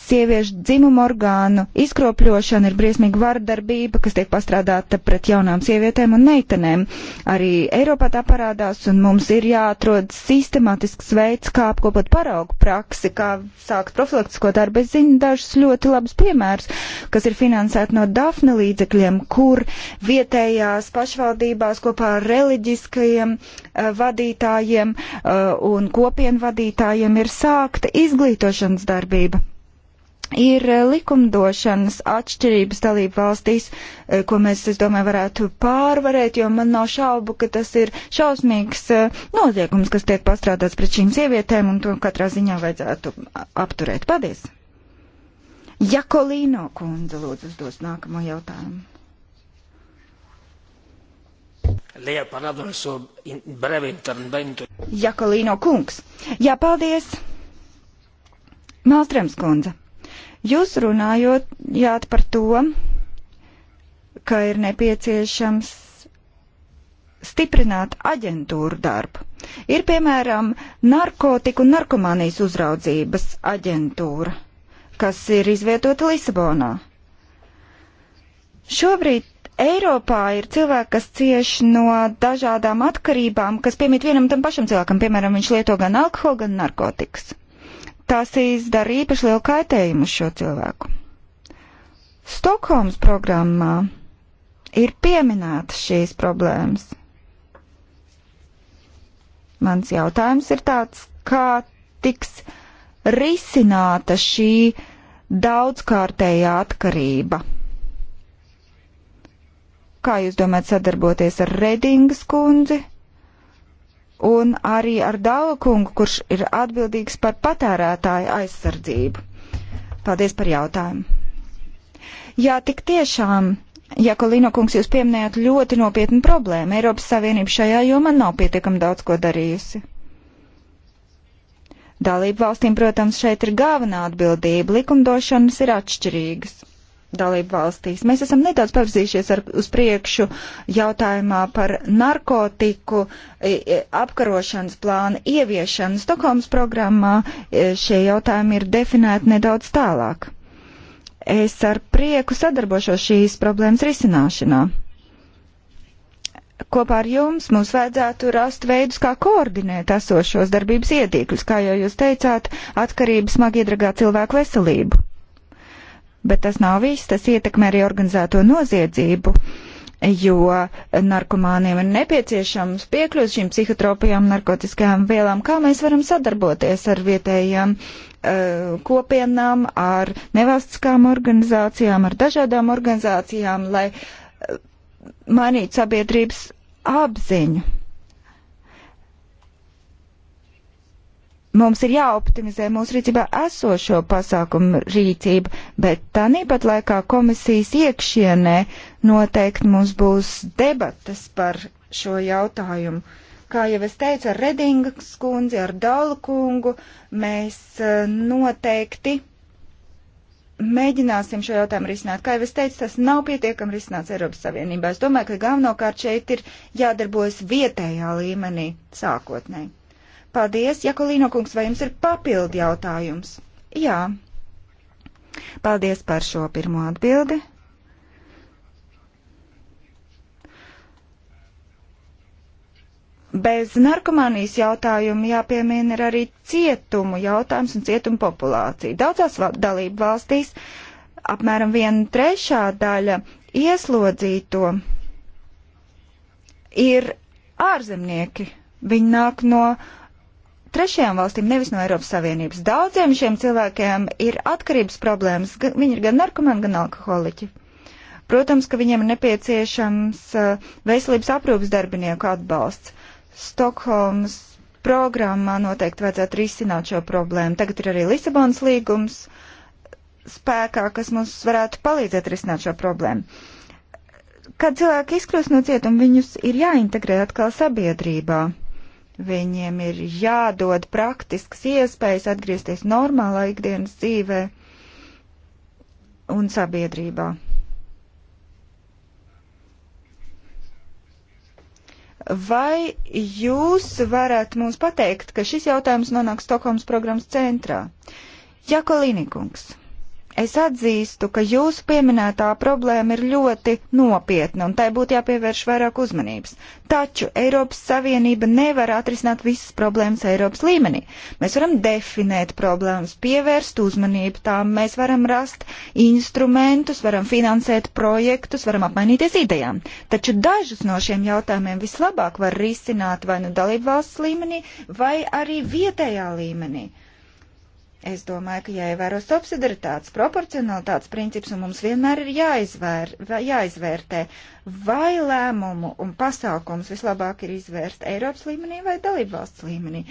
[SPEAKER 1] sieviešu dzimumu orgānu izkropļošana ir briesmīga vardarbība, kas tiek pastrādāta pret jaunām sievietēm un meitenēm. Arī Eiropā tā parādās, un mums ir jāatrod sistemātisks veids, kā apkopot paraugu praksi, kā sākt profilaktisko darbu. Es zinu dažus ļoti labus piemērus, kas ir finansēti no Dafne līdzekļiem, kur vietējās pašvaldībās kopā ar reliģiskajiem uh, vadītājiem uh, un kopienu vadītājiem ir sākta izglītošanas darbība ir eh, likumdošanas atšķirības dalību valstīs, eh, ko mēs, es domāju, varētu pārvarēt, jo man nav šaubu, ka tas ir šausmīgs eh, noziegums, kas tiek pastrādāts pret šīm sievietēm, un to katrā ziņā vajadzētu apturēt. Paldies! Jakolīno kundze lūdzu uzdos nākamo jautājumu. Jakolīno kungs. Jā, paldies! Malstrēms kundze. Jūs runājot par to, ka ir nepieciešams stiprināt aģentūru darbu. Ir piemēram narkotiku un narkomānijas uzraudzības aģentūra, kas ir izvietota Lisabonā. Šobrīd Eiropā ir cilvēki, kas cieš no dažādām atkarībām, kas piemīt vienam tam pašam cilvēkam, piemēram, viņš lieto gan alkoholu, gan narkotikas tās izdara īpaši lielu kaitējumu uz šo cilvēku. Stokholmas programmā ir pieminētas šīs problēmas. Mans jautājums ir tāds, kā tiks risināta šī daudzkārtējā atkarība? Kā jūs domājat sadarboties ar Redingas kundzi? un arī ar Dāla kungu, kurš ir atbildīgs par patērētāju aizsardzību. Paldies par jautājumu. Jā, tik tiešām Jakolino kungs, jūs pieminējāt ļoti nopietnu problēmu. Eiropas Savienība šajā jomā nav pietiekami daudz ko darījusi. Dalību valstīm, protams, šeit ir galvenā atbildība. Likumdošanas ir atšķirīgas dalību valstīs. Mēs esam nedaudz pavirzījušies ar, uz priekšu jautājumā par narkotiku apkarošanas plānu ieviešanu. Stokholmas programmā šie jautājumi ir definēti nedaudz tālāk. Es ar prieku sadarbošos šīs problēmas risināšanā. Kopā ar jums mums vajadzētu rast veidus, kā koordinēt esošos darbības ietīkļus, kā jau jūs teicāt, atkarības smagi iedragā cilvēku veselību Bet tas nav viss, tas ietekmē arī organizēto noziedzību jo narkomāniem ir nepieciešams piekļūt šīm psihotropajām narkotiskajām vielām. Kā mēs varam sadarboties ar vietējām uh, kopienām, ar nevalstiskām organizācijām, ar dažādām organizācijām, lai uh, mainītu sabiedrības apziņu? Mums ir jāoptimizē mūsu rīcībā esošo pasākumu rīcība, bet tāpat laikā komisijas iekšienē noteikti mums būs debatas par šo jautājumu. Kā jau es teicu, ar Redingas kundzi, ar Dalu kungu mēs e, noteikti mēģināsim šo jautājumu risināt. Kā jau es teicu, tas nav pietiekami risināts Eiropas Savienībā. Es domāju, ka galvenokārt šeit ir jādarbojas vietējā līmenī sākotnēji. Paldies, Jakolīno kungs, vai jums ir papildi jautājums? Jā. Paldies par šo pirmo atbildi. Bez narkomānijas jautājuma jāpiemina ir arī cietumu jautājums un cietumu populācija. Daudzās dalību valstīs apmēram viena trešā daļa ieslodzīto ir ārzemnieki. Viņi nāk no uh, trešajām valstīm, nevis no Eiropas Savienības. Daudziem šiem cilvēkiem ir atkarības problēmas. Viņi ir gan narkomāni, gan alkoholiķi. Protams, ka viņiem ir nepieciešams eh, veselības aprūpas darbinieku atbalsts. Stokholmas programmā noteikti vajadzētu risināt šo problēmu. Tagad ir arī Lisabonas līgums spēkā, kas mums varētu palīdzēt risināt šo problēmu. Kad cilvēki izkļūst no cietuma, viņus ir jāintegrē atkal sabiedrībā. Viņiem ir jādod praktisks iespējas atgriezties normālā ikdienas dzīvē un sabiedrībā. Vai jūs varat mums pateikt, ka šis jautājums nonāk Stokholmas programmas centrā? Jakolīnikungs. kungs. Es atzīstu, ka jūsu pieminētā problēma ir ļoti nopietna un tai būtu jāpievērš vairāk uzmanības. Taču Eiropas Savienība nevar atrisināt visas problēmas Eiropas līmenī. Mēs varam definēt problēmas, pievērst uzmanību tām, mēs varam rast instrumentus, varam finansēt projektus, varam apmainīties idejām. Taču dažus no šiem jautājumiem vislabāk var risināt vai nu dalību valsts līmenī, vai arī vietējā līmenī. Es domāju, ka jāievēro subsidaritātes, proporcionalitātes princips, un mums vienmēr ir jāizvēr, jāizvērtē, vai lēmumu un pasākums vislabāk ir izvērst Eiropas līmenī vai dalībvalsts līmenī.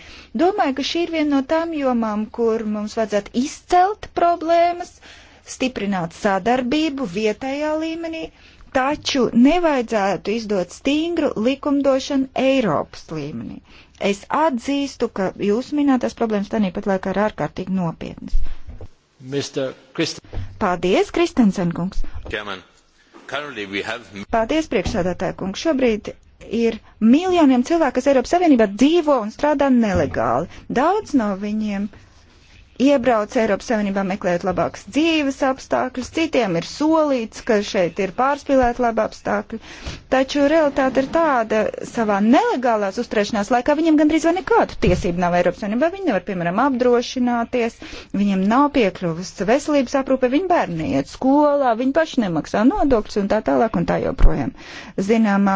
[SPEAKER 1] Domāju, ka šī ir viena no tām jomām, kur mums vajadzētu izcelt problēmas, stiprināt sadarbību vietējā līmenī, taču nevajadzētu izdot stingru likumdošanu Eiropas līmenī es atzīstu, ka jūsu minētās problēmas tā nīpat laikā ir ārkārtīgi nopietnas. Christ Paldies, Kristensen kungs! Have... Paldies, priekšsādātāja kungs! Šobrīd ir miljoniem cilvēku, kas Eiropas Savienībā dzīvo un strādā nelegāli. Daudz no viņiem uh, iebrauc Eiropas Savienībā meklēt labākas dzīves apstākļus, citiem ir solīts, ka šeit ir pārspīlēti labi apstākļi, taču realitāte ir tāda savā nelegālās uzturēšanās laikā viņiem gandrīz vai nekādu tiesību nav Eiropas Savienībā, viņi nevar, piemēram, apdrošināties, viņiem nav piekļuvis veselības aprūpe, viņi bērni iet skolā, viņi paši nemaksā nodokļus un tā tālāk un tā joprojām. Zināmā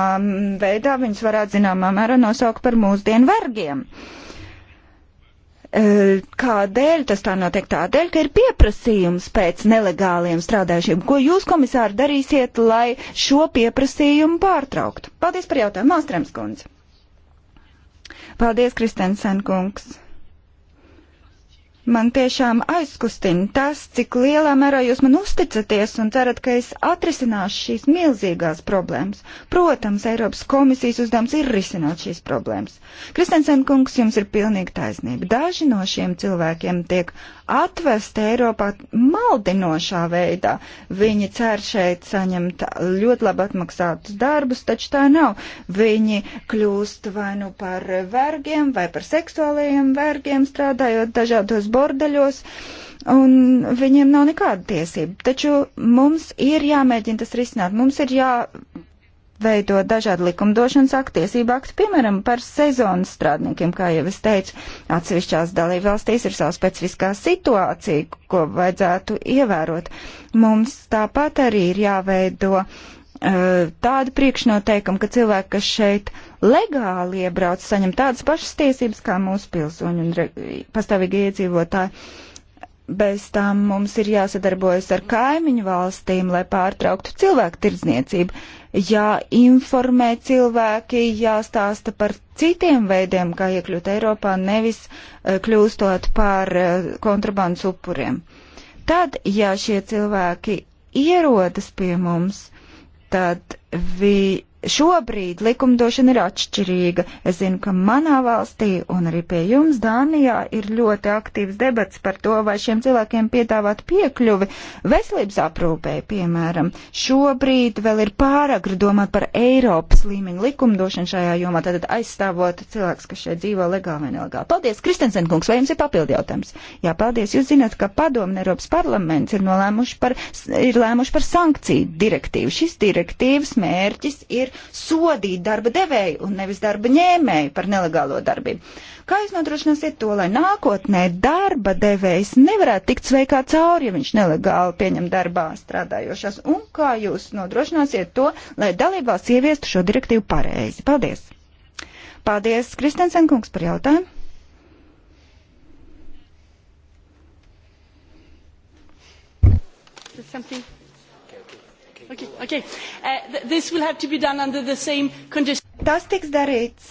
[SPEAKER 1] veidā viņus varētu zināmā mērā nosaukt par mūsdienu vergiem. Uh, Eh, kādēļ tas tā notiek? Tādēļ, ka ir pieprasījums pēc nelegāliem strādājušiem. Ko jūs, komisāri, darīsiet, lai šo pieprasījumu pārtrauktu? Paldies par jautājumu, Māstrēms kundze. Paldies, Kristensen kungs. Man tiešām aizkustina tas, cik lielā mērā jūs man uzticaties un cerat, ka es atrisināšu šīs milzīgās problēmas. Protams, Eiropas komisijas uzdevums ir risināt šīs problēmas. Kristensen kungs, jums ir pilnīgi taisnība. Daži no šiem cilvēkiem tiek atvesti Eiropā maldinošā veidā. Viņi cer šeit saņemt ļoti labi atmaksātus darbus, taču tā nav. Viņi kļūst vai nu par vergiem vai par seksuālajiem vergiem strādājot dažādos bordeļos, un viņiem nav nekāda tiesība. Taču mums ir jāmēģina tas risināt, mums ir jā veidot dažādu likumdošanas aktu, tiesību aktu, piemēram, par sezonas strādniekiem, kā jau es teicu, atsevišķās dalībvalstīs ir savu specifiskā situācija, ko vajadzētu ievērot. Mums tāpat arī ir jāveido Eh, tādu priekšnoteikumu, ka cilvēki, kas šeit legāli iebrauc, saņem tādas pašas tiesības kā mūsu pilsoņi un pastāvīgi iedzīvotāji. Bez tam mums ir jāsadarbojas ar kaimiņu valstīm, lai pārtrauktu cilvēku tirdzniecību. Jāinformē cilvēki, jāstāsta par citiem veidiem, kā iekļūt Eiropā, nevis eh, kļūstot par eh, kontrabandas upuriem. Tad, ja šie cilvēki ierodas pie mums, tad vi Šobrīd likumdošana ir atšķirīga. Es zinu, ka manā valstī un arī pie jums Dānijā ir ļoti aktīvs debats par to, vai šiem cilvēkiem piedāvāt piekļuvi veselības aprūpē, piemēram. Šobrīd vēl ir pāragri domāt par Eiropas līmeņa likumdošanu šajā jomā, tātad aizstāvot cilvēks, kas šeit dzīvo legāli vai nelegāli. Paldies, Kristensen kungs, vai jums ir papildi jautājums? Jā, paldies. Jūs zināt, ka padomu Eiropas parlaments ir, lēmuši par, ir lēmuši par sankciju direktīvu. Šis direktīvas mērķis ir ir sodīt darba devēju un nevis darba ņēmēju par nelegālo darbību. Kā jūs nodrošināsiet to, lai nākotnē darba devējs nevarētu tikt sveikā cauri, ja viņš nelegāli pieņem darbā strādājošās? Un kā jūs nodrošināsiet to, lai dalībvalsts ieviestu šo direktīvu pareizi? Paldies! Paldies, Kristensen kungs, par jautājumu!
[SPEAKER 2] something? Okay, okay.
[SPEAKER 1] Uh, this will have to be done under the same condition. Tas tiks darīts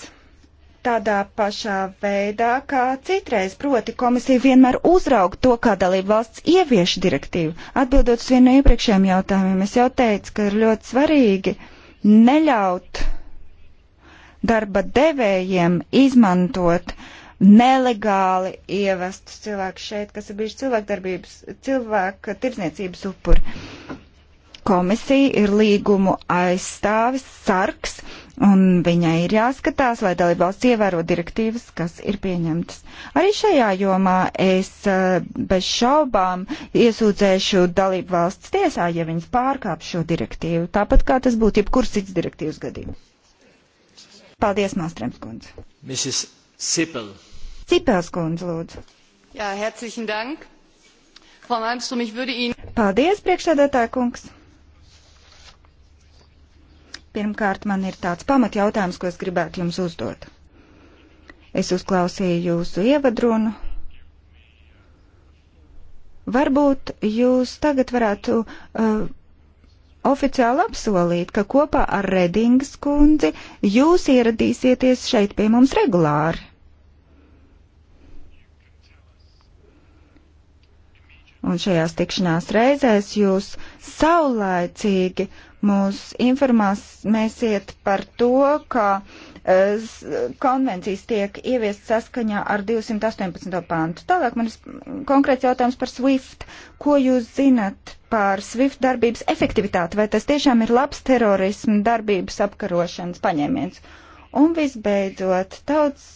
[SPEAKER 1] tādā pašā veidā, kā citreiz, proti komisija vienmēr uzraug to, kā dalība valsts ievieš direktīvu. Atbildot uz vienu no iepriekšējiem jautājumiem, es jau teicu, ka ir ļoti svarīgi neļaut darba devējiem izmantot nelegāli ievestus cilvēkus šeit, kas ir bijuši cilvēkdarbības, cilvēka tirdzniecības upuri. Komisija ir līgumu aizstāvis, sargs, un viņai ir jāskatās, lai dalībvalsts ievēro direktīvas, kas ir pieņemtas. Arī šajā jomā es eh, bez šaubām iesūdzēšu dalībvalsts tiesā, ja viņas pārkāp šo direktīvu, tāpat kā tas būtu jebkurs cits direktīvas gadījums. Paldies, Māstrēms kundze.
[SPEAKER 3] Mrs. Sipel.
[SPEAKER 1] Cipels kundze, lūdzu.
[SPEAKER 3] Jā, herzlichen dank.
[SPEAKER 2] Frau Malmström, ich würde Ihnen.
[SPEAKER 1] Paldies, priekšsēdētāja kungs. Pirmkārt, man ir tāds pamatjautājums, ko es gribētu jums uzdot. Es uzklausīju jūsu ievadrunu. Varbūt jūs tagad varētu uh, oficiāli apsolīt, ka kopā ar Redingas kundzi jūs ieradīsieties šeit pie mums regulāri. Un šajās tikšanās reizēs jūs saulēcīgi uh, Mūs informāsiet par to, ka uh, konvencijas tiek ieviest saskaņā ar 218. pāntu. Tālāk man ir konkrēts jautājums par SWIFT. Ko jūs zinat par SWIFT darbības efektivitāti? Vai tas tiešām ir labs terorismu darbības apkarošanas paņēmiens? Un visbeidzot, tauts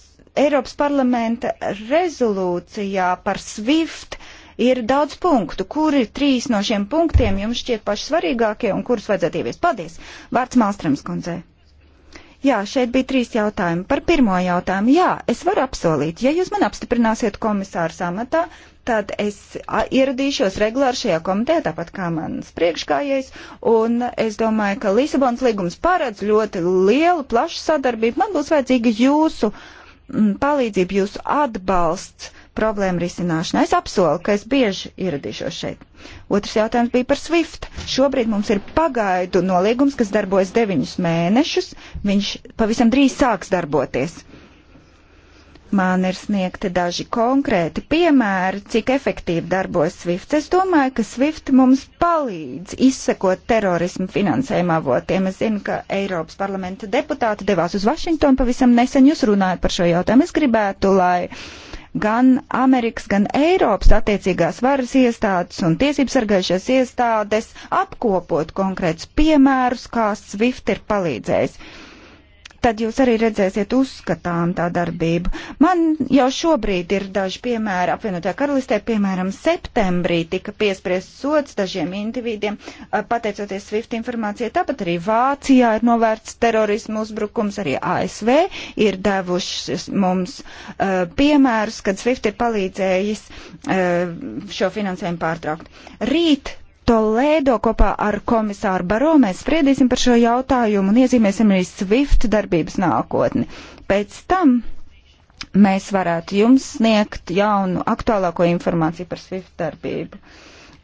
[SPEAKER 1] Eiropas parlamenta rezolūcijā par SWIFT ir daudz punktu. Kuri trīs no šiem punktiem jums šķiet paši svarīgākie un kurus vajadzētu ieviest? Paldies! Vārds Mālstrams kundzei. Jā, šeit bija trīs jautājumi. Par pirmo jautājumu, jā, es varu apsolīt, ja jūs man apstiprināsiet komisāru samatā, tad es ieradīšos regulāri šajā komitē, tāpat kā mans priekškājais, un es domāju, ka Lisabons līgums paredz ļoti lielu, plašu sadarbību. Man būs vajadzīga jūsu palīdzība, jūsu atbalsts problēmu risināšanā. Es apsolu, ka es bieži ieradīšos šeit. Otrs jautājums bija par SWIFT. Šobrīd mums ir pagaidu noliegums, kas darbojas deviņus mēnešus. Viņš pavisam drīz sāks darboties. Man ir sniegti daži konkrēti piemēri, cik efektīvi darbojas SWIFT. Es domāju, ka SWIFT mums palīdz izsekot terorismu finansējuma avotiem. Es zinu, ka Eiropas parlamenta deputāti devās uz Vašingtonu pavisam nesen. Jūs runājat par šo jautājumu. Es gribētu, lai gan Amerikas, gan Eiropas attiecīgās varas iestādes un tiesības sargājušās iestādes apkopot konkrētus piemērus, kā SWIFT ir palīdzējis tad jūs arī redzēsiet uzskatām tā darbību. Man jau šobrīd ir daži piemēri, apvienotajā karalistē, piemēram, septembrī tika piespriests sots dažiem individiem, pateicoties SWIFT informācijai. Tāpat arī Vācijā ir novērts terorismu uzbrukums, arī ASV ir devušas mums uh, piemērus, kad SWIFT ir palīdzējis uh, šo finansējumu pārtraukt. Rīt Toledo kopā ar komisāru Baro mēs spriedīsim par šo jautājumu un iezīmēsim arī SWIFT darbības nākotni. Pēc tam mēs varētu jums sniegt jaunu, aktuālāko informāciju par SWIFT darbību.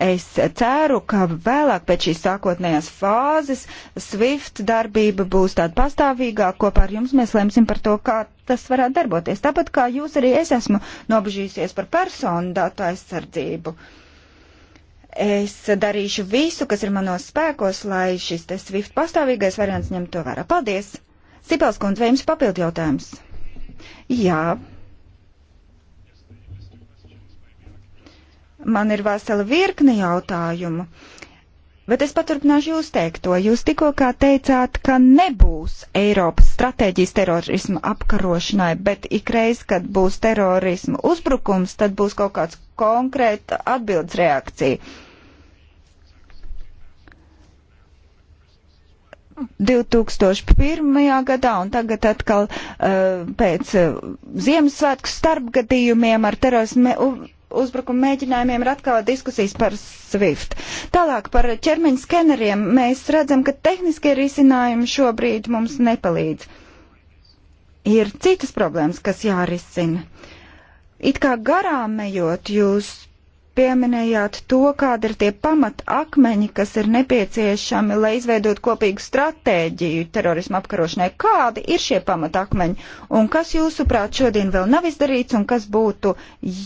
[SPEAKER 1] Es ceru, ka vēlāk pēc šīs sākotnējās fāzes SWIFT darbība būs tāda pastāvīgāka. Kopā ar jums mēs lemsim par to, kā tas varētu darboties. Tāpat kā jūs arī es esmu nobežījusies par personu datu aizsardzību. Uh, Es darīšu visu, kas ir manos spēkos, lai šis te Swift pastāvīgais variants ņemtu to vērā. Paldies! Sipels kundze, vai jums papildu jautājums? Jā. Man ir vesela virkne jautājumu. Uh, Bet es paturpināšu jūs teikto. Jūs tikko kā teicāt, ka nebūs Eiropas stratēģijas terorismu apkarošanai, bet ikreiz, kad būs terorismu uzbrukums, tad būs kaut kāds konkrēta atbildes reakcija. 2001. gadā un tagad atkal uh, pēc uh, Ziemassvētku starpgadījumiem ar terorismu uzbrukumu mēģinājumiem ir atkal diskusijas par SWIFT. Tālāk par ķermeņa skeneriem mēs redzam, ka tehniskie risinājumi šobrīd mums nepalīdz. Ir citas problēmas, kas jārisina. It kā garām ejot, jūs pieminējāt to, kāda ir tie pamatakmeņi, kas ir nepieciešami, lai izveidot kopīgu stratēģiju terorismu apkarošanai. Kādi ir šie pamatakmeņi un kas jūsuprāt šodien vēl nav izdarīts un kas būtu,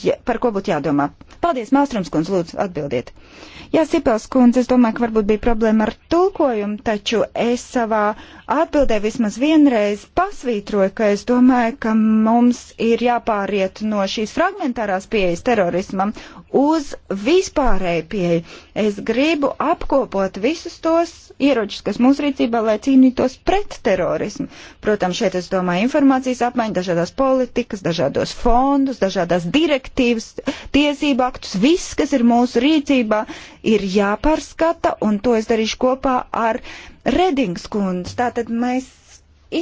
[SPEAKER 1] ja, par ko būtu jādomā? Paldies, Mālstrums kundz, lūdzu atbildiet. Jā, Sipels kundz, es domāju, ka varbūt bija problēma ar tulkojumu, taču es savā atbildē vismaz vienreiz pasvītroju, ka es domāju, ka mums ir jāpāriet no šīs fragmentārās pieejas terorismam uz uz vispārēju pieeju. Es gribu apkopot visus tos ieročus, kas mūsu rīcībā, lai cīnītos pret terorismu. Protams, šeit es domāju informācijas apmaiņu, dažādās politikas, dažādos fondus, dažādās direktīvas, tiesību aktus. Viss, kas ir mūsu rīcībā, ir jāpārskata, un to es darīšu kopā ar Redings kundzi. Tātad mēs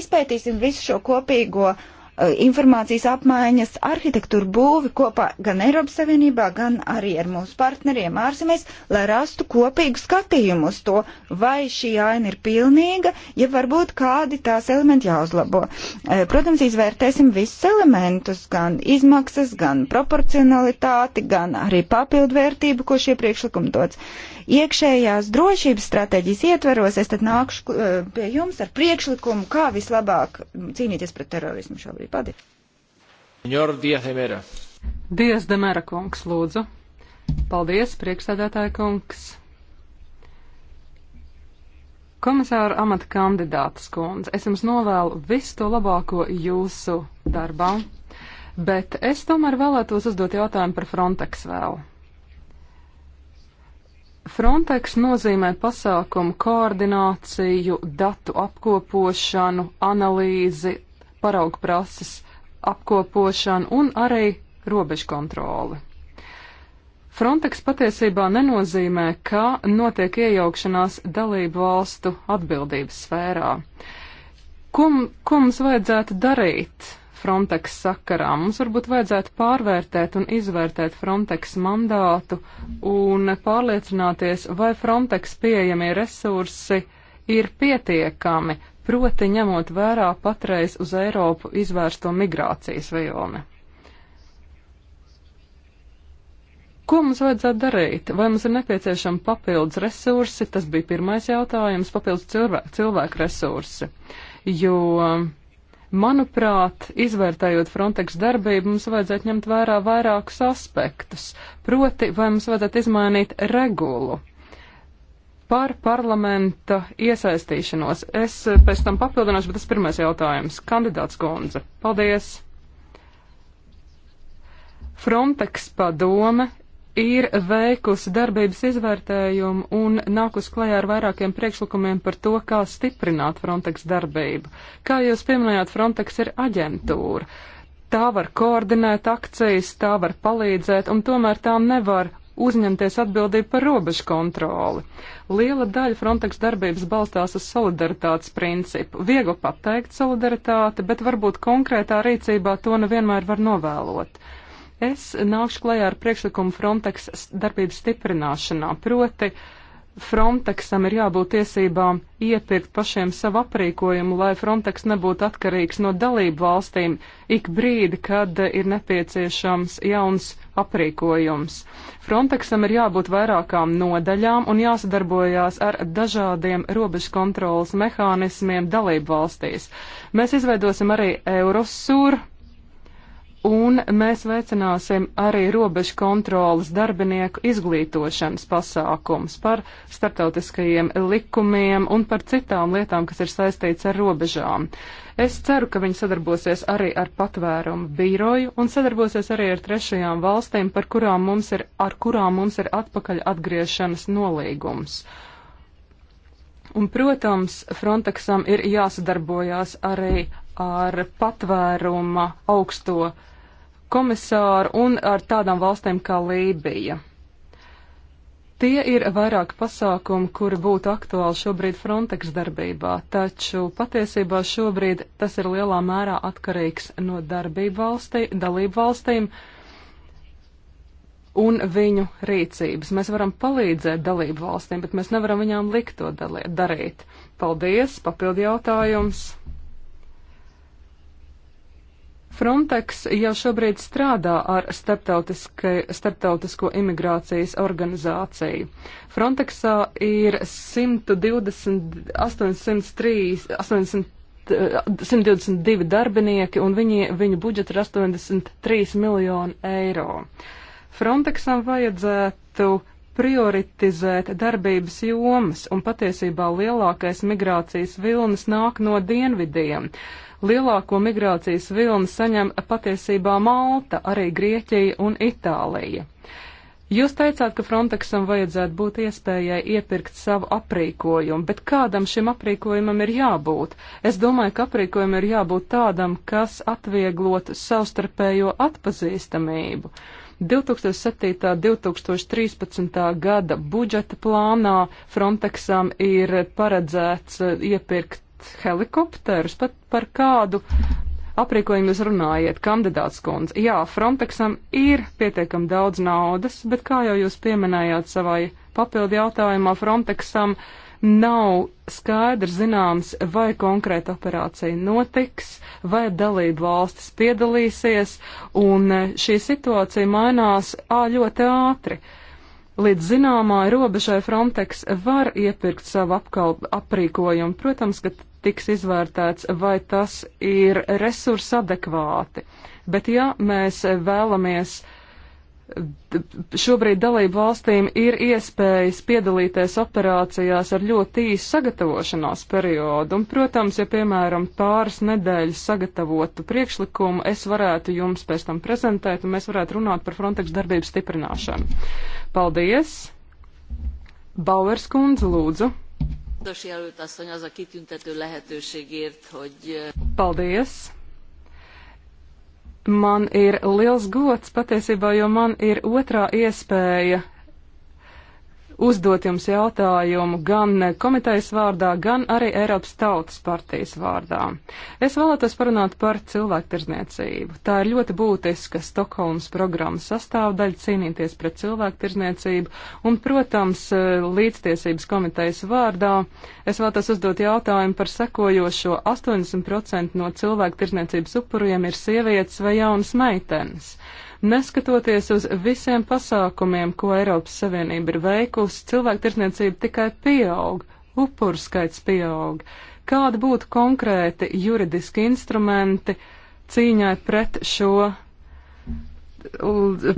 [SPEAKER 1] izpētīsim visu šo kopīgo Eh, informācijas apmaiņas arhitektūru būvi kopā gan Eiropas Savienībā, gan arī ar mūsu partneriem ārzemēs, lai rastu kopīgu skatījumu uz to, vai šī aina ir pilnīga, ja varbūt kādi tās elementi jāuzlabo. Eh, protams, izvērtēsim visus elementus, gan izmaksas, gan proporcionalitāti, gan arī papildvērtību, ko šie priekšlikumi dots iekšējās drošības stratēģijas ietveros, es tad nākšu eh, pie jums ar priekšlikumu, kā vislabāk cīnīties pret terorismu šobrīd. Paldies!
[SPEAKER 3] Senor Dias de Mera.
[SPEAKER 2] Dias de Mera kungs, lūdzu. Paldies, priekšsēdētāja kungs. Komisāra amata kandidātas kundze, es jums novēlu visu to labāko jūsu darbā, bet es tomēr vēlētos uzdot jautājumu par Frontex vēl. Frontex nozīmē pasākumu koordināciju, datu apkopošanu, analīzi, paraugu prases apkopošanu un arī robežu kontroli. Frontex patiesībā nenozīmē, ka notiek iejaukšanās dalību valstu atbildības sfērā. Ko, ko mums vajadzētu darīt? Frontex sakarā. Mums varbūt vajadzētu pārvērtēt un izvērtēt Frontex mandātu un pārliecināties, vai Frontex pieejamie resursi ir pietiekami, proti ņemot vērā patreiz uz Eiropu izvērsto migrācijas vajoni. Ko mums vajadzētu darīt? Vai mums ir nepieciešama papildus resursi? Tas bija pirmais jautājums - papildus cilvēku, cilvēku resursi. Jo uh, Manuprāt, izvērtējot Frontex darbību, mums vajadzētu ņemt vērā vairākus aspektus. Proti, vai mums vajadzētu izmainīt regulu par parlamenta iesaistīšanos. Es pēc tam papildināšu, bet tas pirmais jautājums. Kandidāts Gonze, paldies! Frontex padome ir veikusi darbības izvērtējumu un nākus klajā ar vairākiem priekšlikumiem par to, kā stiprināt Frontex darbību. Kā jūs pieminējāt, Frontex ir aģentūra. Tā var koordinēt akcijas, tā var palīdzēt, un tomēr tā nevar uzņemties atbildību par robežu kontroli. Liela daļa Frontex darbības balstās uz solidaritātes principu. Viegli pateikt solidaritāti, bet varbūt konkrētā rīcībā to nevienmēr var novēlot. Es nākšu klajā ar priekšlikumu Frontex darbības stiprināšanā, proti Frontexam ir jābūt tiesībām iepirkt pašiem savu aprīkojumu, lai Frontex nebūtu atkarīgs no dalību valstīm ik brīdi, kad ir nepieciešams jauns aprīkojums. Frontexam ir jābūt vairākām nodaļām un jāsadarbojās ar dažādiem robežu kontrolas mehānismiem dalību valstīs. Mēs izveidosim arī Eurosur un mēs veicināsim arī robežu kontrolas darbinieku izglītošanas pasākums par starptautiskajiem likumiem un par citām lietām, kas ir saistīts ar robežām. Es ceru, ka viņi sadarbosies arī ar patvērumu bīroju un sadarbosies arī ar trešajām valstīm, par kurām mums ir, ar kurām mums ir atpakaļ atgriešanas nolīgums. Un, protams, Frontexam ir jāsadarbojās arī ar patvēruma augsto uh, komisāru un ar tādām valstīm kā Lībija. Tie ir vairāk pasākumi, kuri būtu aktuāli šobrīd Frontex darbībā, taču patiesībā šobrīd tas ir lielā mērā atkarīgs no darbību valstī, dalību valstīm un viņu rīcības. Mēs varam palīdzēt dalību valstīm, bet mēs nevaram viņām likt to dalīt, darīt. Paldies, papildi jautājums. Frontex jau šobrīd strādā ar starptautisko imigrācijas organizāciju. Frontexā ir 120, 803, 800, 122 darbinieki un viņi, viņu budžeta ir 83 miljoni eiro. Frontexam vajadzētu prioritizēt darbības jomas, un patiesībā lielākais migrācijas vilnis nāk no dienvidiem. Uh, Lielāko migrācijas vilni saņem patiesībā Malta, arī Grieķija un Itālija. Jūs teicāt, ka Frontexam vajadzētu būt iespējai iepirkt savu aprīkojumu, bet kādam šim aprīkojumam ir jābūt? Es domāju, ka aprīkojumam ir jābūt tādam, kas atvieglot savstarpējo atpazīstamību. 2007. 2013. gada budžeta plānā Frontexam ir paredzēts iepirkt helikopterus, pat par kādu aprīkojumu jūs runājat, kandidāts kundze. Jā, Frontexam ir pietiekam daudz naudas, bet kā jau jūs pieminējāt savai papildu jautājumā, Frontexam nav skaidrs zināms, vai konkrēta operācija notiks, vai dalību valstis piedalīsies, un šī situācija mainās ā, ļoti ātri. Līdz zināmai robežai Frontex var iepirkt savu apkalp, aprīkojumu. Protams, ka tiks izvērtēts, vai tas ir resursi adekvāti. Bet ja mēs vēlamies, šobrīd dalību valstīm ir iespējas piedalīties operācijās ar ļoti īsu sagatavošanās periodu, un, protams, ja, piemēram, pāris nedēļas sagatavotu priekšlikumu, es varētu jums pēc tam prezentēt, un mēs varētu runāt par Frontex darbības stiprināšanu. Paldies! Bauerskundze, lūdzu!
[SPEAKER 1] Biztos jelölt asszony az a kitüntető lehetőségért, hogy...
[SPEAKER 2] Paldies! Man ir liels gods patiesībā, jo man ir otrā iespēja uzdot jums jautājumu gan komitejas vārdā, gan arī Eiropas Tautas partijas vārdā. Es vēlētos parunāt par cilvēktirzniecību. Tā ir ļoti būtiska Stokholmas programmas sastāvdaļa cīnīties pret cilvēktirzniecību, un, protams, līdztiesības komitejas vārdā es vēlētos uzdot jautājumu par sekojošo 80% no cilvēktirzniecības upuriem ir sievietes vai jaunas meitenes. Neskatoties uz visiem pasākumiem, ko Eiropas Savienība ir veikusi, cilvēktirdzniecība tikai pieaug, upuru skaits pieaug. Kādi būtu konkrēti juridiski instrumenti cīņai pret šo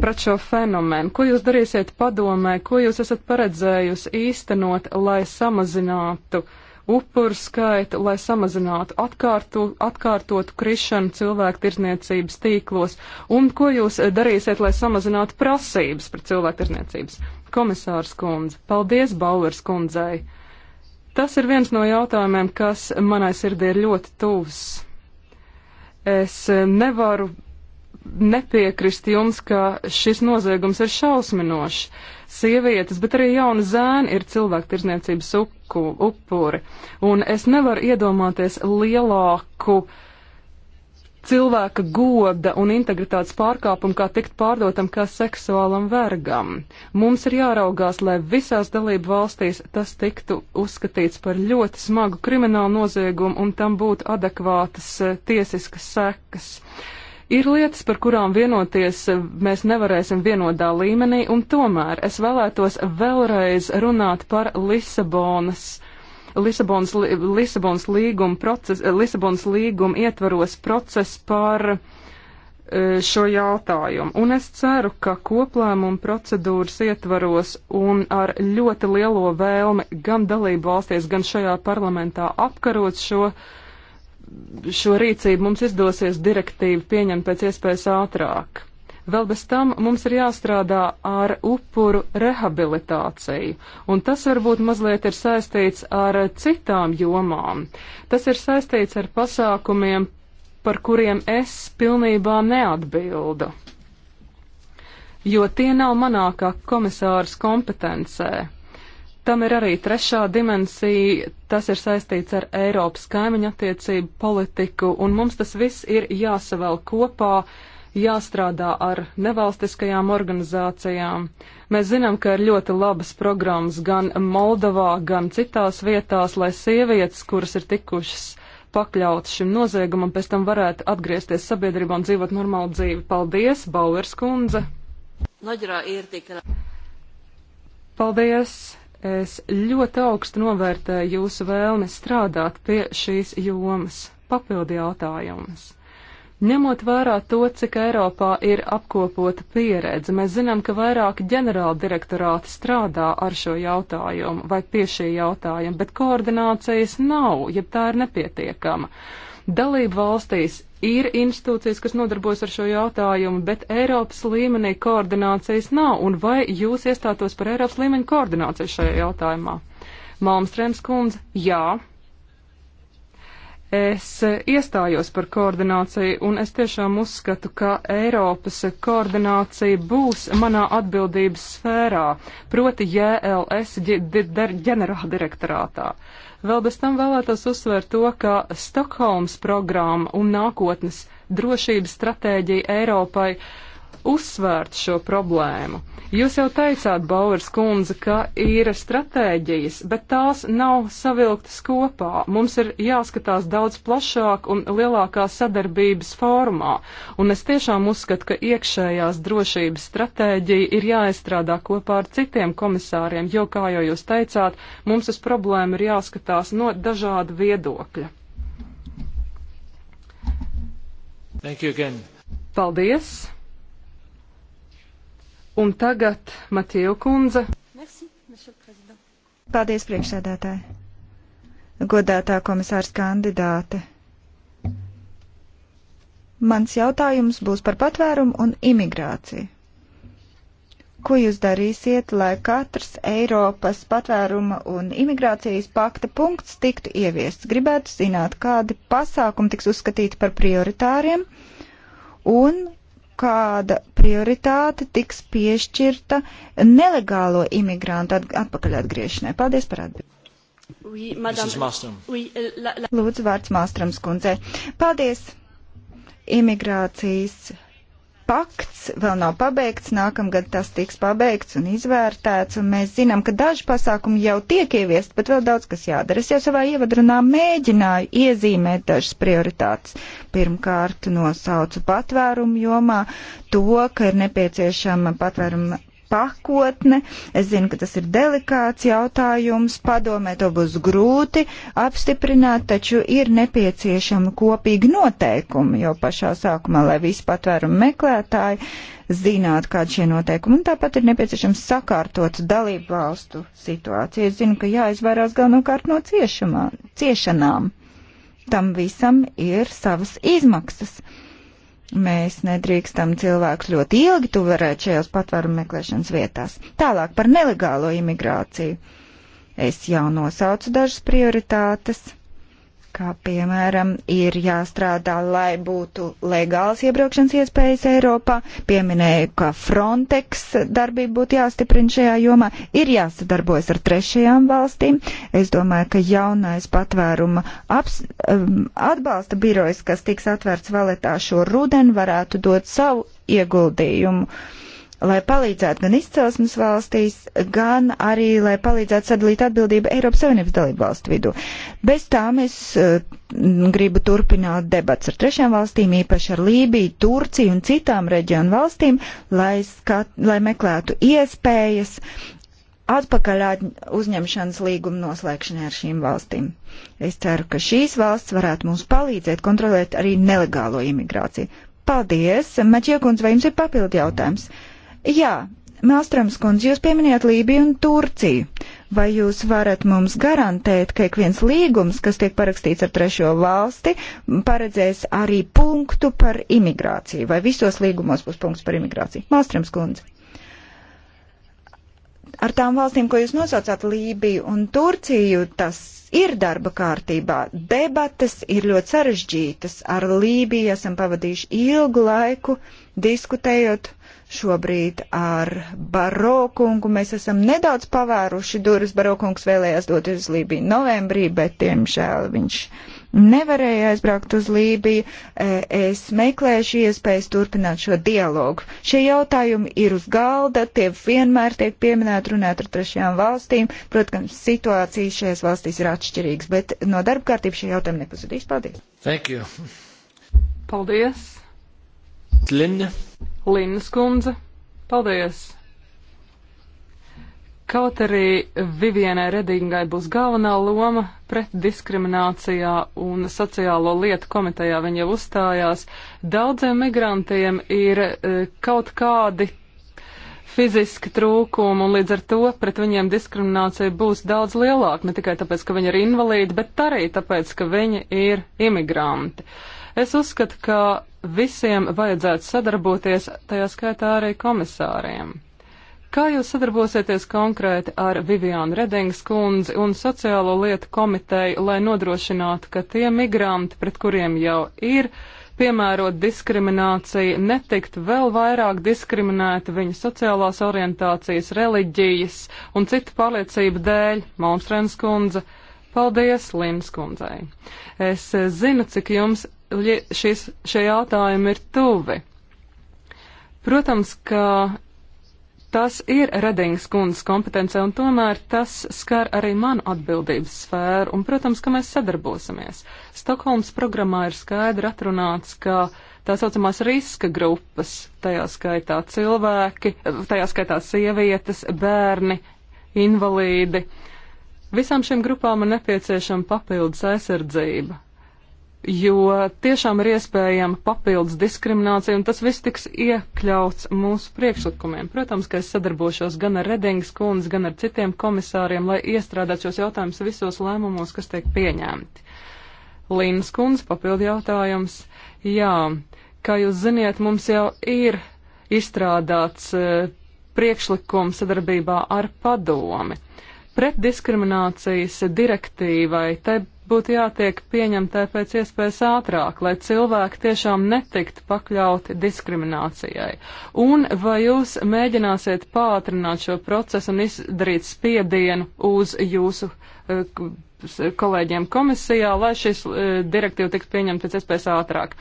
[SPEAKER 2] pret šo fenomenu? Ko jūs darīsiet padomē, ko jūs esat paredzējusi īstenot, lai samazinātu upuru skaitu, lai samazinātu atkārtu, atkārtotu krišanu cilvēku tirzniecības tīklos, un ko jūs darīsiet, lai samazinātu prasības par cilvēku tirzniecības. Komisārs kundze, paldies Bauers kundzei. Tas ir viens no jautājumiem, kas manai sirdī ir ļoti tuvs. Es nevaru nepiekrist jums, ka šis noziegums ir šausminošs. Sievietes, bet arī jauni zēni ir cilvēktirzniecības upuri. Un es nevaru iedomāties lielāku cilvēka goda un integritātes pārkāpumu, kā tikt pārdotam kā seksuālam vergam. Mums ir jāraugās, lai visās dalību valstīs tas tiktu uzskatīts par ļoti smagu kriminālu noziegumu un tam būtu adekvātas eh, tiesiskas sekas. Uh, Ir lietas, par kurām vienoties eh, mēs nevarēsim vienotā līmenī, un tomēr es vēlētos vēlreiz runāt par Lisabonas. Lisabonas, Lisabonas, līguma, proces, eh, Lisabonas līguma ietvaros procesu par eh, šo jautājumu. Un es ceru, ka koplēmuma procedūras ietvaros un ar ļoti lielo vēlmi gan dalību valstīs, gan šajā parlamentā apkarot šo jautājumu šo rīcību mums izdosies direktīvu pieņemt pēc iespējas ātrāk. Vēl bez tam mums ir jāstrādā ar upuru rehabilitāciju, un tas varbūt mazliet ir saistīts ar citām jomām. Tas ir saistīts ar pasākumiem, par kuriem es pilnībā neatbildu, jo tie nav manākā komisāras kompetencē. Tam ir arī trešā dimensija, tas ir saistīts ar Eiropas kaimiņu attiecību politiku, un mums tas viss ir jāsavēl kopā, jāstrādā ar nevalstiskajām organizācijām. Mēs zinām, ka ir ļoti labas programmas gan Moldovā, gan citās vietās, lai sievietes, kuras ir tikušas pakļautas šim noziegumam, pēc tam varētu atgriezties sabiedrībā un dzīvot normālu dzīvi. Paldies, Bauers kundze! Paldies! Es ļoti augstu novērtēju jūsu vēlmi strādāt pie šīs jomas. Papildi jautājums. Ņemot vērā to, cik Eiropā ir apkopota pieredze, mēs zinām, ka vairāki ģenerāla direktorāti strādā ar šo jautājumu vai pie šī jautājuma, bet koordinācijas nav, ja tā ir nepietiekama. Dalību valstīs ir institūcijas, kas nodarbojas ar šo jautājumu, bet Eiropas līmenī koordinācijas nav. Un vai jūs iestātos par Eiropas līmeņa koordināciju šajā jautājumā? Malmstrēms kundze, jā. Es iestājos par koordināciju, un es tiešām uzskatu, ka Eiropas koordinācija būs manā atbildības sfērā, proti JLS ģenerāldirektorātā. Vēl bez tam vēlētos uzsvērt to, ka Stokholmas programma un nākotnes drošības stratēģija Eiropai uh, uzsvērt šo problēmu. Jūs jau teicāt, Bauers kundze, ka ir stratēģijas, bet tās nav savilktas kopā. Mums ir jāskatās daudz plašāk un lielākā sadarbības formā. Un es tiešām uzskatu, ka iekšējās drošības stratēģija ir jāizstrādā kopā ar citiem komisāriem, jo, kā jau jūs teicāt, mums uz problēmu ir jāskatās no dažāda viedokļa. Thank you again. Paldies! Un tagad Matiju kundze. Merci, Paldies, priekšsēdētāji. Godētā
[SPEAKER 1] komisārs kandidāte. Mans jautājums būs par patvērumu un imigrāciju. Ko jūs darīsiet, lai katrs Eiropas patvēruma un imigrācijas pakta punkts tiktu ieviests? Gribētu zināt, kādi pasākumi tiks uzskatīti par prioritāriem un kāda prioritāte tiks piešķirta nelegālo imigrantu atpakaļ atgriešanai? Paldies par atbildi. Oui, oui, euh, la... Lūdzu, vārds Māstrams kundzei. Paldies! Imigrācijas pakts vēl nav pabeigts, nākamgad tas tiks pabeigts un izvērtēts, un mēs zinām, ka daži pasākumi jau tiek ieviest, bet vēl daudz kas jādara. Es jau savā ievadrunā mēģināju iezīmēt dažas prioritātes. Pirmkārt, nosaucu patvērumu jomā to, ka ir nepieciešama patvērumu pakotne. Es zinu, ka tas ir delikāts jautājums, padomē to būs grūti apstiprināt, taču ir nepieciešama kopīga noteikuma, jo pašā sākumā, lai visi patvērumu meklētāji zinātu, kāda šie noteikumi, un tāpat ir nepieciešams sakārtot dalību valstu situāciju. Es zinu, ka jāizvairās galvenokārt no ciešamā, ciešanām. Tam visam ir savas izmaksas. Mēs nedrīkstam cilvēkus ļoti ilgi tuvarēt šajās patvērumu meklēšanas vietās. Tālāk par nelegālo imigrāciju. Es jau nosaucu dažas prioritātes kā piemēram ir jāstrādā, lai būtu legāls iebraukšanas iespējas Eiropā. Pieminēju, ka Frontex darbība būtu jāstiprina šajā jomā, ir jāsadarbojas ar trešajām valstīm. Es domāju, ka jaunais patvēruma aps, um, atbalsta birojs, kas tiks atvērts valetā šo rudenu, varētu dot savu ieguldījumu. Uh, lai palīdzētu gan izcelsmes valstīs, gan arī, lai palīdzētu sadalīt atbildību Eiropas Savienības dalību valstu vidū. Bez tām es uh, gribu turpināt debats ar trešām valstīm, īpaši ar Lībiju, Turciju un citām reģionu valstīm, lai, skat, lai meklētu iespējas atpakaļ uzņemšanas līguma noslēgšanai ar šīm valstīm. Es ceru, ka šīs valsts varētu mums palīdzēt kontrolēt arī nelegālo imigrāciju. Paldies! Mačiekundz, vai jums ir papildi jautājums? Mm. Jā, Melstrams kundze, jūs pieminējāt Lībiju un Turciju. Vai jūs varat mums garantēt, ka ik viens līgums, kas tiek parakstīts ar trešo valsti, paredzēs arī punktu par imigrāciju? Vai visos līgumos būs punkts par imigrāciju? Melstrams kundze. Ar tām valstīm, ko jūs nosaucāt Lībiju un Turciju, tas ir darba kārtībā. Debates ir ļoti sarežģītas. Ar Lībiju esam pavadījuši ilgu laiku diskutējot Šobrīd ar Barokungu mēs esam nedaudz pavēruši durvis. Barokungs vēlējās doties uz Lībiju novembrī, bet, diemžēl, viņš nevarēja aizbraukt uz Lībiju. E, es meklēšu iespējas turpināt šo dialogu. Šie jautājumi ir uz galda, tie vienmēr tiek pieminēti runāt ar trešajām valstīm. Protams, situācijas šajās valstīs ir atšķirīgas, bet no darba kārtības
[SPEAKER 2] šie jautājumi nepazudīs. Paldies! Thank you. Paldies! Linda. Linnas kundze, paldies! Kaut arī Vivienai Redingai būs galvenā loma pret diskriminācijā un sociālo lietu komitejā viņa jau uzstājās, daudziem migrantiem ir e, kaut kādi fiziski trūkumi, un līdz ar to pret viņiem diskriminācija būs daudz lielāka, ne tikai tāpēc, ka viņi ir invalīdi, bet arī tāpēc, ka viņi ir imigranti. Es uzskatu, ka visiem vajadzētu sadarboties, tajā skaitā arī komisāriem. Kā jūs sadarbosieties konkrēti ar Viviānu Redings kundzi un sociālo lietu komiteju, lai nodrošinātu, ka tie migranti, pret kuriem jau ir piemērot diskrimināciju, netikt vēl vairāk diskriminēti viņa sociālās orientācijas, reliģijas un citu pārliecību dēļ, Malmstrēns kundze? Paldies, Lins kundzei! Es zinu, cik jums šis, šie jautājumi ir tuvi. Protams, ka tas ir Redingas kundzes kompetence, un tomēr tas skar arī manu atbildības sfēru, un, protams, ka mēs sadarbosimies. Stokholmas programmā ir skaidri atrunāts, ka tā saucamās riska grupas, tajā skaitā cilvēki, tajā skaitā sievietes, bērni, invalīdi, visām šīm grupām ir nepieciešama papildus aizsardzība jo tiešām ir iespējama papildus diskriminācija, un tas viss tiks iekļauts mūsu priekšlikumiem. Protams, ka es sadarbošos gan ar Redingas kundzi, gan ar citiem komisāriem, lai iestrādāt šos jautājumus visos lēmumos, kas tiek pieņemti. Līnas kundze, papildu jautājums. Jā, kā jūs ziniet, mums jau ir izstrādāts uh, priekšlikums sadarbībā ar padomi. Pretdiskriminācijas direktīvai te būtu jātiek pieņemtai pēc iespējas ātrāk, lai cilvēki tiešām netiktu pakļauti diskriminācijai? Un vai jūs mēģināsiet pātrināt šo procesu un izdarīt spiedienu uz jūsu uh, kolēģiem komisijā, lai šis uh, direktīva tiks pieņemta pēc iespējas ātrāk.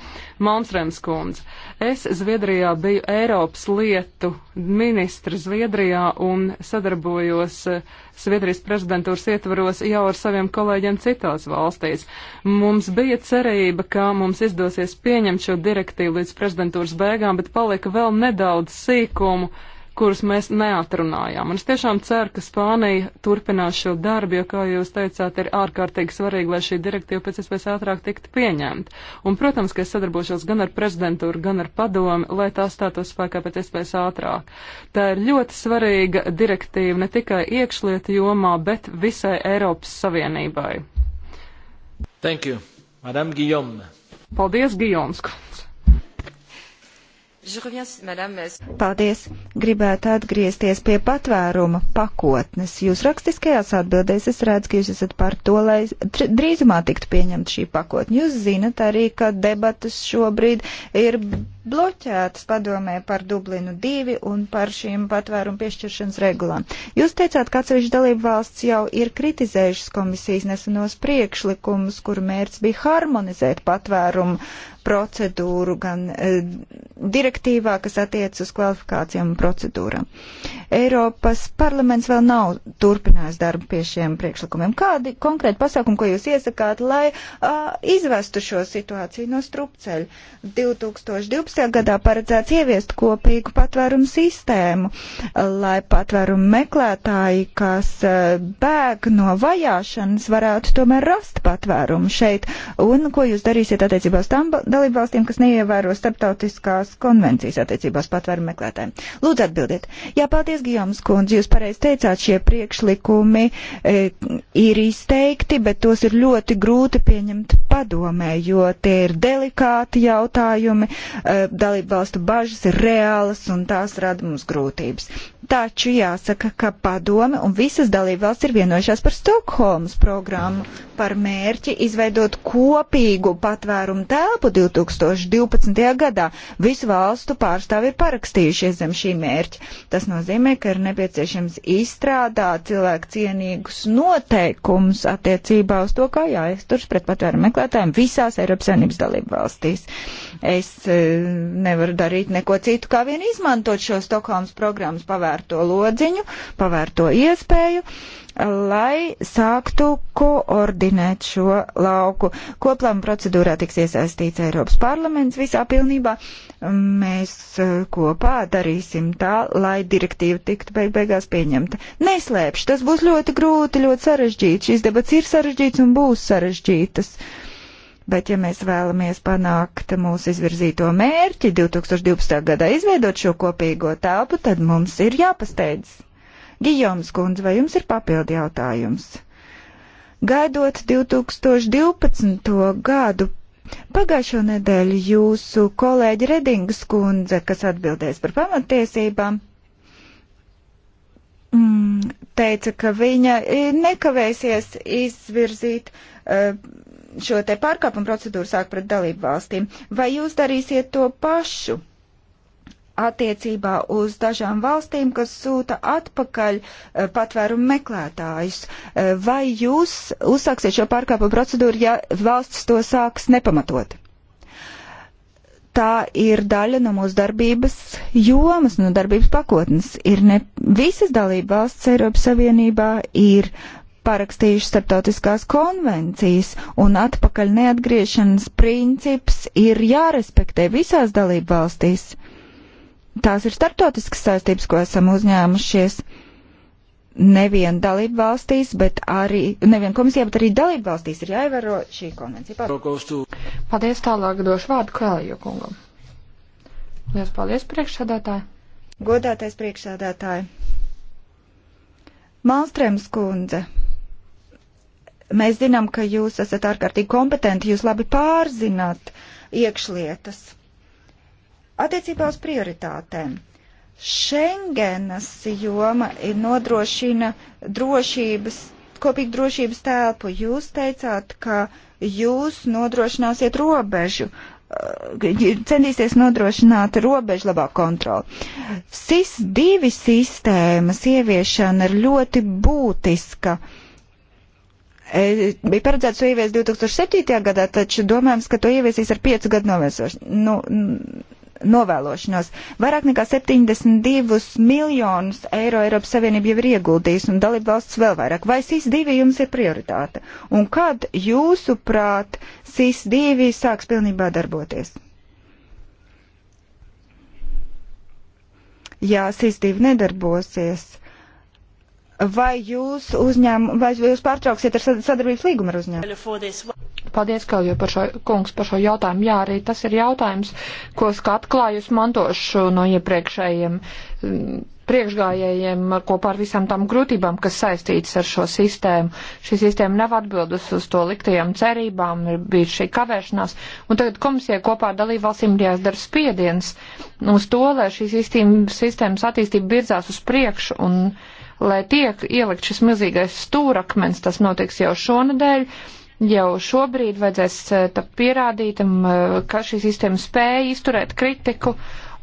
[SPEAKER 2] Malmstrēms kundze, es Zviedrijā biju Eiropas lietu ministra Zviedrijā un sadarbojos uh, Zviedrijas prezidentūras ietvaros jau ar saviem kolēģiem citās valstīs. Mums bija cerība, ka mums izdosies pieņemt šo direktīvu līdz prezidentūras beigām, bet palika vēl nedaudz sīkumu. Uh, kurus mēs neatrunājām. Un es tiešām ceru, ka Spānija turpinās šo darbu, jo, kā jūs teicāt, ir ārkārtīgi svarīgi, lai šī direktīva pēc iespējas ātrāk tiktu pieņemta. Un, protams, ka es sadarbošos gan ar prezidentūru, gan ar padomi, lai tā stātos spēkā pēc iespējas ātrāk. Tā ir ļoti svarīga direktīva ne tikai iekšlietu jomā, bet visai Eiropas Savienībai. Thank you. Madame Guillaume. Paldies, Gijonskundze.
[SPEAKER 1] Paldies! Gribētu atgriezties pie patvēruma pakotnes. Jūs rakstiskajās atbildēs es redzu, ka jūs esat par to, lai drīzumā tiktu pieņemta šī pakotne. Jūs zinat arī, ka debatas šobrīd ir bloķētas padomē par Dublinu 2 un par šīm patvērumu piešķiršanas regulām. Jūs teicāt, ka atsevišķi dalību valsts jau ir kritizējušas komisijas nesenos priekšlikumus, kuru mērķis bija harmonizēt patvērumu procedūru gan e, direktīvā, kas attiec uz kvalifikācijām un procedūram. Eiropas parlaments vēl nav turpinājis darbu pie šiem priekšlikumiem. Kādi konkrēti pasākumi, ko jūs iesakāt, lai a, izvestu šo situāciju no strupceļa? 2012 2012. gadā paredzēts ieviest kopīgu patvērumu sistēmu, lai patvērumu meklētāji, kas e, bēg no vajāšanas, varētu tomēr rast patvērumu šeit. Un ko jūs darīsiet attiecībā uz tām dalībvalstīm, kas neievēro starptautiskās konvencijas attiecībās patvērumu meklētājiem? Lūdzu atbildiet. Jā, paldies, Gijoms kundze, jūs pareizi teicāt, šie priekšlikumi e, ir izteikti, bet tos ir ļoti grūti pieņemt padomē, jo tie ir delikāti jautājumi, eh, dalību valstu bažas ir reālas un tās rada mums grūtības. Taču jāsaka, ka padome un visas dalību valsts ir vienojušās par Stokholmas programmu, par mērķi izveidot kopīgu patvērumu telpu 2012. gadā. Visu valstu pārstāvi ir parakstījušies zem šī mērķa. Tas nozīmē, ka ir nepieciešams izstrādāt cilvēku cienīgus noteikumus attiecībā uz to, kā jāizturas pret patvērumu meklēšanu spēlētājiem visās Eiropas Savienības dalību valstīs. Es e, nevaru darīt neko citu, kā vien izmantot šo Stokholmas programmas pavērto lodziņu, pavērto iespēju lai sāktu koordinēt šo lauku. Koplāma procedūrā tiks iesaistīts Eiropas parlaments visā pilnībā. Mēs e, kopā darīsim tā, lai direktīva tiktu beig beigās pieņemta. Neslēpšu, tas būs ļoti grūti, ļoti sarežģīti. Šīs debats ir sarežģīts un būs sarežģītas. Uh, Bet, ja mēs vēlamies panākt mūsu izvirzīto mērķi 2012. gadā izveidot šo kopīgo telpu, tad mums ir jāpasteidz. Gijoms kundze, vai jums ir papildi jautājums? Gaidot 2012. gadu, pagājušo nedēļu jūsu kolēģi Redingas kundze, kas atbildēs par pamatiesībām, mm, teica, ka viņa eh, nekavēsies izvirzīt uh, šo te pārkāpumu procedūru sāk pret dalību valstīm. Vai jūs darīsiet to pašu? attiecībā uz dažām valstīm, kas sūta atpakaļ eh, patvērumu meklētājus. Eh, vai jūs uzsāksiet šo pārkāpumu procedūru, ja valsts to sāks nepamatot? Tā ir daļa no mūsu darbības jomas, no darbības pakotnes. Ir ne visas dalība valsts Eiropas Savienībā ir parakstījuši starptautiskās konvencijas, un atpakaļ neatgriešanas princips ir jārespektē visās dalību valstīs. Tās ir starptautiskas saistības, ko esam uzņēmušies nevien dalību valstīs, bet arī, nevien komisijā, bet arī dalību valstīs ir jāievēro šī konvencija. Paldies,
[SPEAKER 3] paldies tālāk došu vārdu Kalju kungam. Lielas paldies priekšsādātāji. Godātais
[SPEAKER 1] priekšsādātāji. Malstrēms kundze Mēs zinām, ka jūs esat ārkārtīgi kompetenti, jūs labi pārzināt iekšlietas. Attiecībā uz prioritātēm. Šengenas joma ir nodrošina drošības, kopīgi drošības telpu. Jūs teicāt, ka jūs nodrošināsiet robežu uh, centīsies nodrošināt robežu labāku kontroli. SIS divi sistēmas ieviešana ir ļoti būtiska. Uh, E, bija paredzēts to ieviest 2007. gadā, taču domājams, ka to ieviesīs ar 5 gadu nu, novēlošanos. Vairāk nekā 72 miljonus eiro Eiropas Savienība jau ir ieguldījusi un dalība valsts vēl vairāk. Vai SIS-2 jums ir prioritāte? Un kad jūsuprāt SIS-2 sāks pilnībā darboties? Ja SIS-2 nedarbosies vai jūs, uzņēm, vai jūs pārtrauksiet ar sadarbības līgumu ar uzņēmumu?
[SPEAKER 3] Paldies, Kalju, par šo, kungs, par šo jautājumu. Jā, arī tas ir jautājums, ko skatklājus mantošu no iepriekšējiem mm, priekšgājējiem kopā ar visām tām grūtībām, kas saistītas ar šo sistēmu. Šī sistēma nav atbildus uz to liktajām cerībām, ir bijusi šī kavēšanās, un tagad komisija kopā ar dalībvalstīm jāizdara spiediens uz to, lai šī sistēmas attīstība virzās uz priekšu un. Uh, lai tiek ielikt šis milzīgais stūrakmens, tas notiks jau šonadēļ. Jau šobrīd vajadzēs eh, pierādīt, mm, eh, ka šī sistēma spēja izturēt kritiku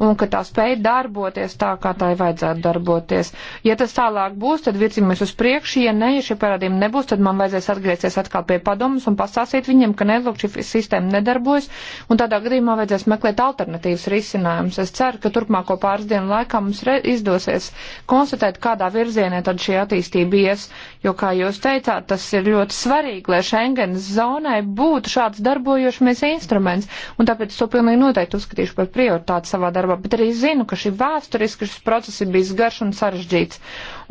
[SPEAKER 3] un ka tā spēja darboties tā, kā tai vajadzētu darboties. Ja tas tālāk būs, tad virzīsimies uz priekšu, ja ne, ja šie parādījumi nebūs, tad man vajadzēs atgriezties atkal pie padomus un pastāstīt viņiem, ka nelūk, šī sistēma nedarbojas, un tādā gadījumā vajadzēs meklēt alternatīvas risinājumus. Es ceru, ka turpmāko pāris dienu laikā mums izdosies konstatēt, kādā virzienē tad šī attīstība ies, jo, kā jūs teicāt, tas ir ļoti svarīgi, lai Schengens zonai būtu šāds darbojošamies instruments, un tāpēc to pilnīgi noteikti uzskatīšu par prioritāti savā darbā darbā, bet arī zinu, ka šī vēsturiski šis process ir bijis garš un sarežģīts.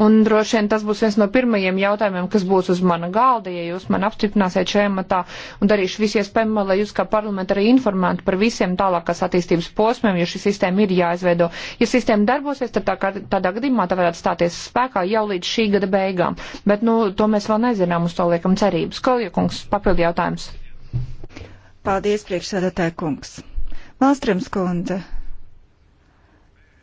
[SPEAKER 3] Un droši vien tas būs viens no pirmajiem jautājumiem, kas būs uz mana galda, ja jūs man apstiprināsiet šajā matā un darīšu visu iespējamo, lai jūs kā parlamenta arī informētu par visiem tālākās attīstības posmiem, jo šī sistēma ir jāizveido. Ja sistēma darbosies, tad tā, tādā gadījumā tā varētu stāties spēkā jau līdz šī gada beigām. Bet, nu, to mēs vēl nezinām, uz to liekam cerības. Koliekungs, papildi jautājums.
[SPEAKER 1] Paldies, priekšsēdētāji
[SPEAKER 3] kungs. Valstrēms kundze,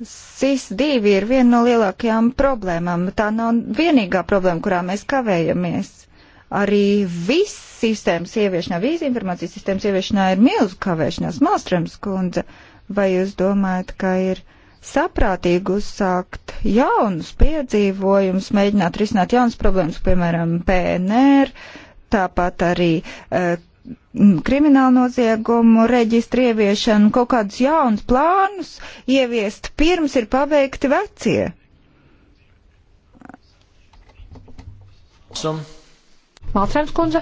[SPEAKER 1] SIS-2 ir viena no lielākajām problēmām. Tā nav vienīgā problēma, kurā mēs kavējamies. Arī viss sistēmas ieviešanā, vīzi informācijas sistēmas ieviešanā ir milzu kavēšanās. Malstrams kundze, vai jūs domājat, ka ir saprātīgi uzsākt jaunus piedzīvojumus, mēģināt risināt jaunas problēmas, piemēram, PNR, tāpat arī uh, Mm, kriminālu noziegumu reģistru ieviešanu, kaut kādus jaunus plānus ieviest pirms ir pabeigti vecie.
[SPEAKER 3] Maltrēms kundze.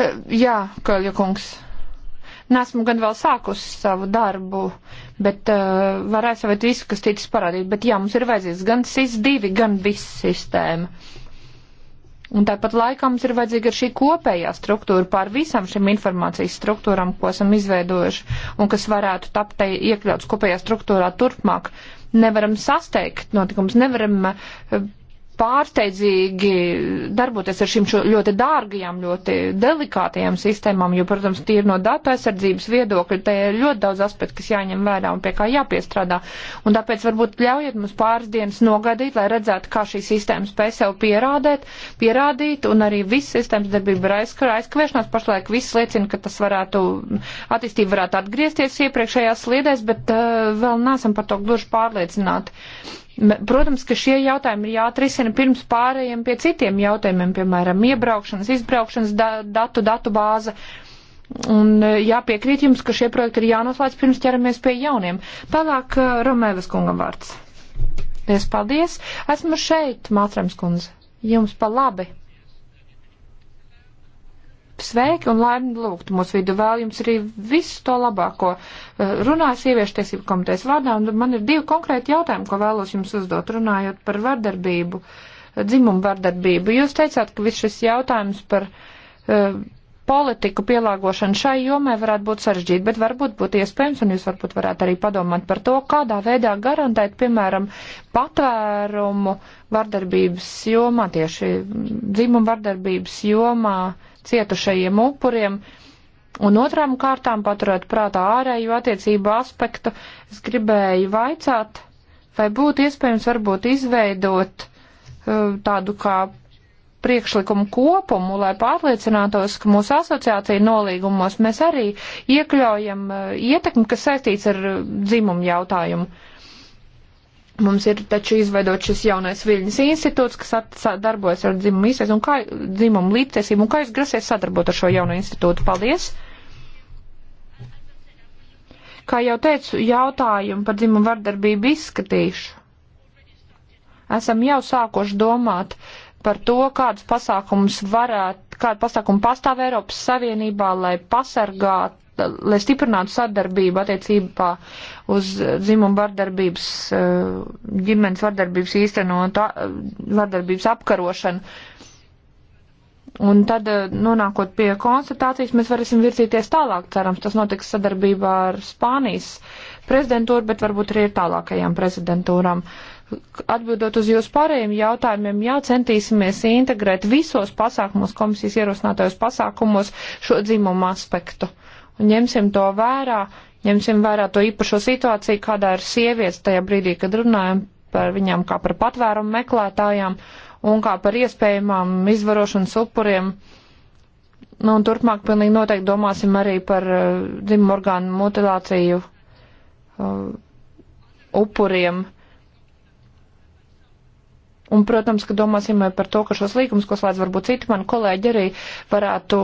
[SPEAKER 3] E, jā, Kaļa kungs. Nesmu gan vēl sākusi savu darbu, bet uh, var aizsavēt visu, kas ticis parādīt. Bet jā, mums ir vajadzīgs gan SIS-2, gan viss sistēma. Uh, Un tāpat laikā mums ir vajadzīga šī kopējā struktūra pār visam šim informācijas struktūram, ko esam izveidojuši un kas varētu tapt iekļauts kopējā struktūrā turpmāk. Nevaram sasteigt notikums, nevaram eh, pārsteidzīgi darboties ar šīm ļoti dārgajām, ļoti delikātajām sistēmām, jo, protams, tīri no datu aizsardzības viedokļa, te ir ļoti daudz aspektu, kas jāņem vērā un pie kā jāpiestrādā. Un tāpēc varbūt ļaujiet mums pāris dienas nogadīt, lai redzētu, kā šī sistēma spēj sev pierādēt, pierādīt, un arī viss sistēmas darbība ir aizkavēšanās. Pašlaik viss liecina, ka tas varētu, attīstība varētu atgriezties iepriekšējās sliedēs, bet uh, vēl nesam par to gluži pārliecināti. Uh, Protams, ka šie jautājumi ir jāatrisina pirms pārējiem pie citiem jautājumiem, piemēram, iebraukšanas, izbraukšanas da datu, datu bāze. Un e, jāpiekrīt jums, ka šie projekti ir jānoslēdz pirms ķeramies pie jauniem. Tālāk e, Romēvas kungam vārds. Es paldies. Esmu šeit, Mātrams kundze. Jums pa labi sveiki un laimīgi lūgt mūsu vidu. Vēl jums arī visu to labāko. Eh, runāju sieviešu tiesību komitejas vārdā, un man ir divi konkrēti jautājumi, ko vēlos jums uzdot, runājot par vardarbību, dzimumu vardarbību. Jūs teicāt, ka viss šis jautājums par uh, politiku pielāgošanu šai jomai varētu būt sarežģīti, bet varbūt būtu iespējams, un jūs varbūt varētu arī padomāt par to, kādā veidā garantēt, piemēram, patvērumu vardarbības jomā, tieši mm, dzimumu vardarbības jomā. Uh, cietušajiem upuriem. Un otrām kārtām paturēt prātā ārēju attiecību aspektu, es gribēju vaicāt, vai būtu iespējams varbūt izveidot uh, tādu kā priekšlikumu kopumu, lai pārliecinātos, ka mūsu asociācija nolīgumos mēs arī iekļaujam uh, ietekmi, kas saistīts ar uh, dzimumu jautājumu. Mums ir taču izveidot šis jaunais viļņas institūts, kas darbojas ar dzimumu īstais un kā dzimumu līdztiesību. Un kā jūs grasiet sadarbot ar šo jauno institūtu? Paldies! Kā jau teicu, jautājumu par dzimumu vardarbību izskatīšu. Esam jau sākuši domāt par to, kādus pasākumus varētu, kādu pasākumu pastāv Eiropas Savienībā, lai pasargātu lai stiprinātu sadarbību attiecībā uz dzimumu vardarbības, eh, ģimenes vardarbības īstenot, vardarbības apkarošanu. Un tad, eh, nonākot pie konstatācijas, mēs varēsim virzīties tālāk, cerams, tas notiks sadarbībā ar Spānijas prezidentūru, bet varbūt arī ar tālākajām prezidentūrām. Atbildot uz jūsu pārējiem jautājumiem, jā, centīsimies integrēt visos pasākumos, komisijas ierosinātajos pasākumos šo dzimumu aspektu un ņemsim to vērā, ņemsim vērā to īpašo situāciju, kādā ir sievietes tajā brīdī, kad runājam par viņām kā par patvērumu meklētājām un kā par iespējamām izvarošanas upuriem. Nu, un turpmāk pilnīgi noteikti domāsim arī par uh, dzimumu orgānu mutilāciju uh, upuriem. Un, protams, ka domāsim par to, ka šos līgumus, ko slēdz varbūt citi mani kolēģi, arī varētu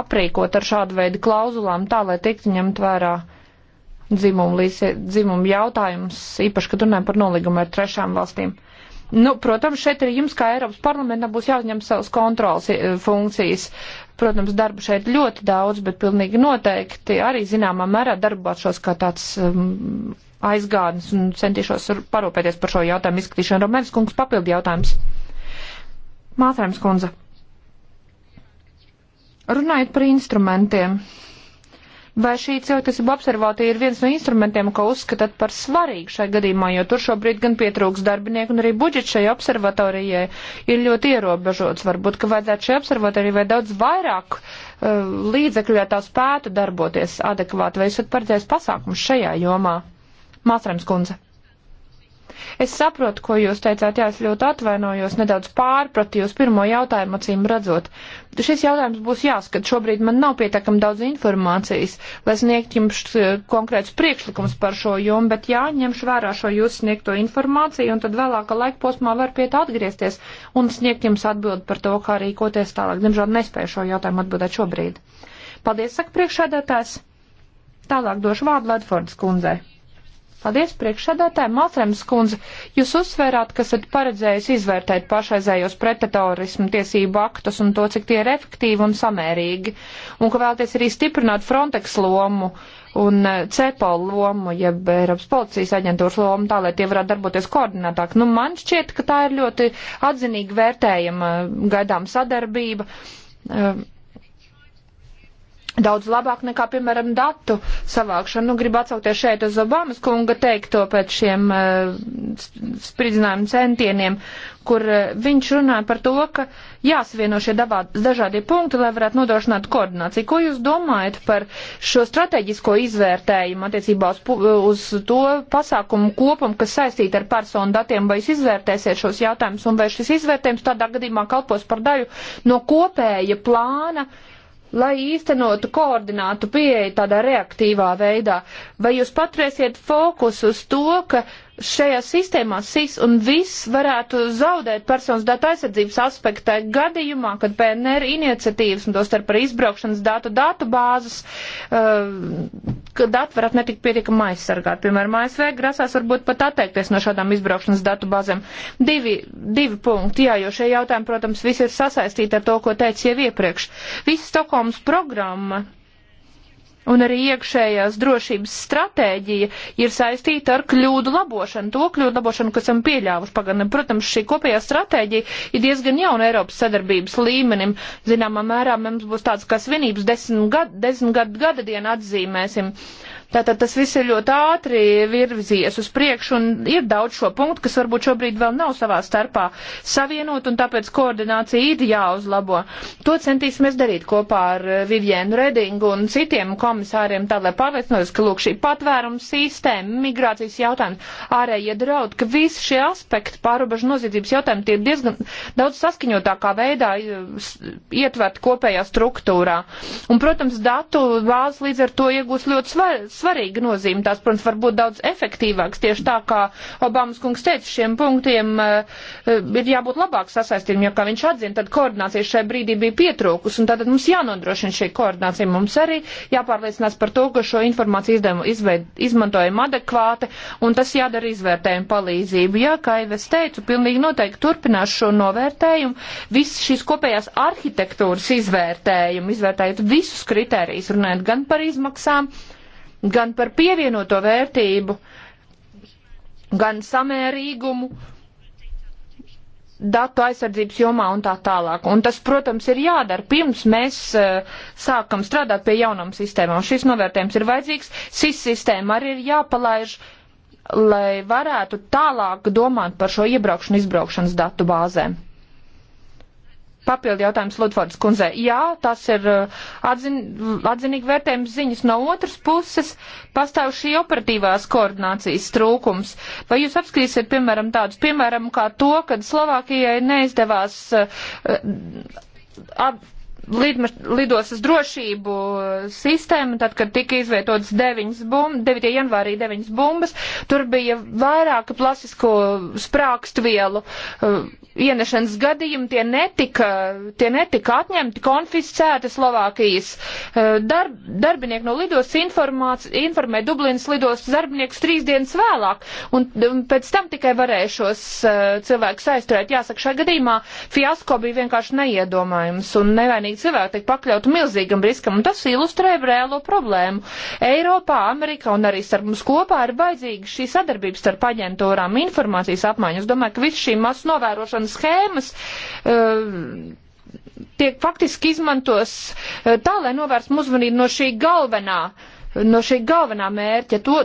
[SPEAKER 3] aprīkot ar šādu veidu klauzulām tā, lai tiktu ņemt vērā dzimumu, līdz, dzimumu jautājums, īpaši, kad runājam par nolīgumu ar trešām valstīm. Nu, protams, šeit arī jums, kā Eiropas parlamentam, būs jāuzņem savas kontrolas eh, funkcijas. Protams, darbu šeit ļoti daudz, bet pilnīgi noteikti arī zināmā mērā darbāšos kā tāds um, aizgādnis un centīšos parūpēties par šo jautājumu izskatīšanu. Romēns kungs papildi jautājums. Mātrēms kundze. Runājot par instrumentiem. Vai šī cilvēktiesība observācija ir viens no instrumentiem, ko uzskatāt par svarīgu šai gadījumā, jo tur šobrīd gan pietrūks darbinieku un arī budžets šai observatorijai ir ļoti ierobežots. Varbūt, ka vajadzētu šai observatorijai vai daudz vairāk uh, līdzekļu, lai tā spētu darboties adekvāti, vai esat paredzējis pasākumus šajā jomā? Māsrams kundze. Es saprotu, ko jūs teicāt, jā, es ļoti atvainojos, nedaudz pārpratu jūs pirmo jautājumu acīm redzot. Šis jautājums būs jāskat. Šobrīd man nav pietiekami daudz informācijas, lai sniegtu jums eh, konkrēts priekšlikums par šo jomu, bet jā, ņemšu vērā šo jūsu sniegto informāciju un tad vēlāka laika posmā var pie tā atgriezties un sniegt jums atbildi par to, kā rīkoties tālāk. Diemžēl nespēju šo jautājumu atbildēt šobrīd. Paldies, saka priekšādātājs. Tālāk došu vārdu Ledfordas kundzei. Paldies, priekšsādātāji Maltrems kundze. Jūs uzsvērāt, ka esat paredzējis izvērtēt pašreizējos pretterorismu tiesību aktus un to, cik tie ir efektīvi un samērīgi, un ka vēlaties arī stiprināt Frontex lomu un eh, CEPO lomu, jeb Eiropas policijas aģentūras lomu, tā, lai tie varētu darboties koordinētāk. Nu, man šķiet, ka tā ir ļoti atzinīgi vērtējama gaidām sadarbība. Uh, daudz labāk nekā, piemēram, datu savākšana. Nu, gribu atsaukties šeit uz Obamas kunga teikto pēc šiem uh, spridzinājumu centieniem, kur uh, viņš runāja par to, ka jāsavieno šie davā, dažādie punkti, lai varētu nodrošināt koordināciju. Ko jūs domājat par šo strateģisko izvērtējumu attiecībā uz, uz to pasākumu kopumu, kas saistīta ar personu datiem? Vai jūs izvērtēsiet šos jautājumus un vai šis izvērtējums tādā gadījumā kalpos par daļu no kopēja plāna? lai īstenotu koordinātu pieeju tādā reaktīvā veidā? Vai jūs paturēsiet fokus uz to, ka šajā sistēmā SIS un viss varētu zaudēt personas datu aizsardzības aspektā gadījumā, kad PNR iniciatīvas un tos starp par izbraukšanas datu datu bāzes uh, ka dati varētu netikt pietiekami aizsargāt. Piemēram, ASV grasās varbūt pat atteikties no šādām izbraukšanas datu bāzēm. Divi, divi punkti, jā, jo šie jautājumi, protams, visi ir sasaistīti ar to, ko teicu jau iepriekš. Visa Stokholmas programma Un arī iekšējās drošības stratēģija ir saistīta ar kļūdu labošanu, to kļūdu labošanu, kas esam pieļāvuši pagadnē. Protams, šī kopējā stratēģija ir diezgan jauna Eiropas sadarbības līmenim. Zināmā mērā mums būs tāds kā svinības desmit gadu, desmit gadu gada dienu atzīmēsim. Uh, Tātad tas viss ir ļoti ātri virzies uz priekšu un ir daudz šo punktu, kas varbūt šobrīd vēl nav savā starpā savienot un tāpēc koordinācija ir jāuzlabo. To centīsimies darīt kopā ar Vivienu Redingu un citiem komisāriem, tā lai pārliecinos, ka lūk šī patvērums sistēma, migrācijas jautājums, ārējie draudi, ka visi šie aspekti pārobežu noziedzības jautājumi tie diezgan daudz saskaņotākā veidā e, ietverti kopējā struktūrā. Un, protams, datu bāzes līdz ar to iegūs ļoti svarīgs svarīga nozīme. Tās, protams, var būt daudz efektīvāks. Tieši tā, kā Obamas kungs teica, šiem punktiem eh, eh, ir jābūt labāk sasaistītiem, jo, kā viņš atzina, tad koordinācija šajā brīdī bija pietrūkus, un tātad mums jānodrošina šī koordinācija. Mums arī jāpārliecinās par to, ka šo informāciju izdevumu izveid, izmantojam adekvāti, un tas jādara izvērtējumu palīdzību. Jā, kā jau es teicu, pilnīgi noteikti turpinās šo novērtējumu, visas šīs kopējās arhitektūras izvērtējumu, izvērtējot visus kritērijus, runājot gan par izmaksām, gan par pievienoto vērtību, gan samērīgumu datu aizsardzības jomā un tā tālāk. Un tas, protams, ir jādara pirms mēs uh, sākam strādāt pie jaunām sistēmām. Šis novērtējums ir vajadzīgs, šis sistēma arī ir jāpalaiž, lai varētu tālāk domāt par šo iebraukšanu izbraukšanas datu bāzēm. Papildi jautājums Ludfords kundzei. Jā, tas ir uh, atzin, atzinīgi vērtējums ziņas. No otras puses pastāv šī operatīvās koordinācijas trūkums. Vai jūs apskatīsiet, piemēram, tādus, piemēram, kā to, kad Slovākijai neizdevās uh, uh at, lidostas drošību sistēmu, tad, kad tika izvietotas 9. Bum, 9. janvārī 9 bumbas, tur bija vairāki plasisko sprākstu vielu uh, ienešanas gadījumi, tie netika, tie netika atņemti, konfiscēti Slovākijas. Uh, darb, darbinieki no lidostas informē Dublinas lidostas darbiniekus trīs dienas vēlāk, un, un pēc tam tikai varēja šos uh, cilvēkus aizturēt. Jāsaka, šajā gadījumā fiasko bija vienkārši neiedomājums un nevainīgs cilvēki tiek pakļauti milzīgam riskam, un tas ilustrē reālo problēmu. Eiropā, Amerikā un arī starp mums kopā ir vajadzīga šī sadarbība starp aģentūrām, informācijas apmaiņas. Domāju, ka viss šī masu novērošanas schēmas. Uh, tiek faktiski izmantos eh, tā, lai novērstu uzmanību no šī galvenā uh, no šī galvenā mērķa to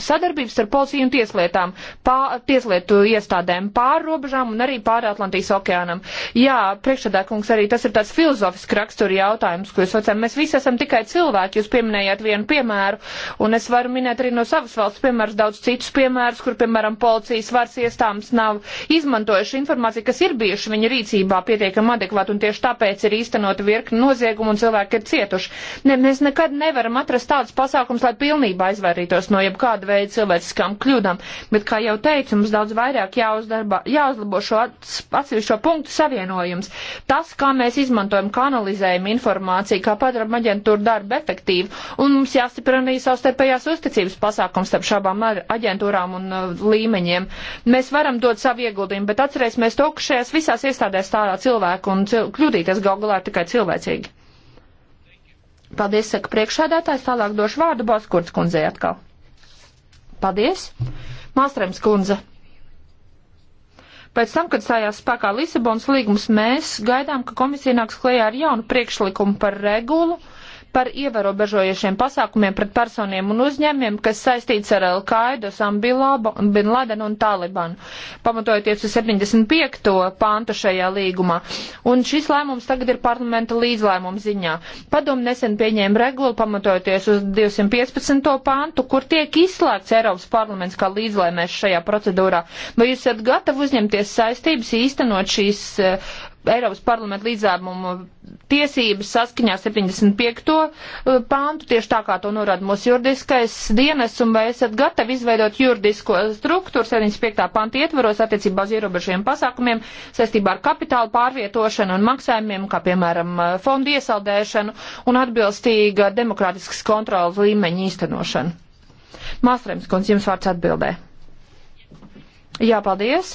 [SPEAKER 3] sadarbības ar policiju un tieslietām, pā, tieslietu iestādēm pāri robežām un arī pāri Atlantijas okeānam. Jā, priekšsēdēkungs, arī tas ir tāds filozofisks rakstura jautājums, ko jūs vecām. Mēs visi esam tikai cilvēki, jūs pieminējāt vienu piemēru, un es varu minēt arī no savas valsts piemērus daudz citus piemērus, kur, piemēram, policijas varas iestāmas nav izmantojuši informāciju, kas ir bijuši viņa rīcībā pietiekami adekvāti, un tieši tāpēc ir īstenota virkni noziegumu un cilvēki ir cietuši. Ne, mēs nekad nevaram atrast tādus pasākumus, pasākums, lai pilnībā aizvairītos no jebkāda veida cilvēciskām kļūdām. Bet, kā jau teicu, mums daudz vairāk jāuzdarba, jāuzlabo šo atsevišķo punktu savienojums. Tas, kā mēs izmantojam, kā analizējam informāciju, kā padaram aģentūru darbu efektīvu, un mums jāstiprina arī savstarpējās uzticības pasākums starp šabām aģentūrām un uh, līmeņiem. Mēs varam dot savu ieguldījumu, bet atcerēsimies to, ka šajās visās iestādēs stāvā cilvēku un cil kļūdīties galvā ir tikai cilvēcīgi. Paldies, saka priekšsēdētājs. Tālāk došu vārdu Baskurts kundzei atkal. Paldies. Māstrēms kundze. Pēc tam, kad stājās spēkā Lisabonas līgums, mēs gaidām, ka komisija nāks klajā ar jaunu priekšlikumu par regulu par ievarobežojušiem pasākumiem pret personiem un uzņēmiem, kas saistīts ar Al-Qaidu, Sambilābu, Bin Ladenu un Talibanu, pamatojoties uz 75. pāntu šajā līgumā. Un šis lēmums tagad ir parlamenta līdzlēmuma ziņā. Padomu nesen pieņēma regulu, pamatojoties uz 215. pāntu, kur tiek izslēgts Eiropas parlaments kā līdzlēmēs šajā procedūrā. Vai jūs esat gatavi uzņemties saistības īstenot šīs eh, Eiropas parlamenta līdzlēmumu tiesības saskaņā 75. Eh, pāntu, tieši tā kā to norāda mūsu juridiskais dienas, un vai esat gatavi izveidot juridisko struktūru 75. pāntu ietvaros attiecībā uz ierobežiem pasākumiem saistībā ar kapitālu pārvietošanu un maksājumiem, kā piemēram eh, fondu iesaldēšanu un atbilstīga demokrātiskas kontrolas līmeņa īstenošanu. Māstrēms, kundz, jums vārds atbildē. Jā, paldies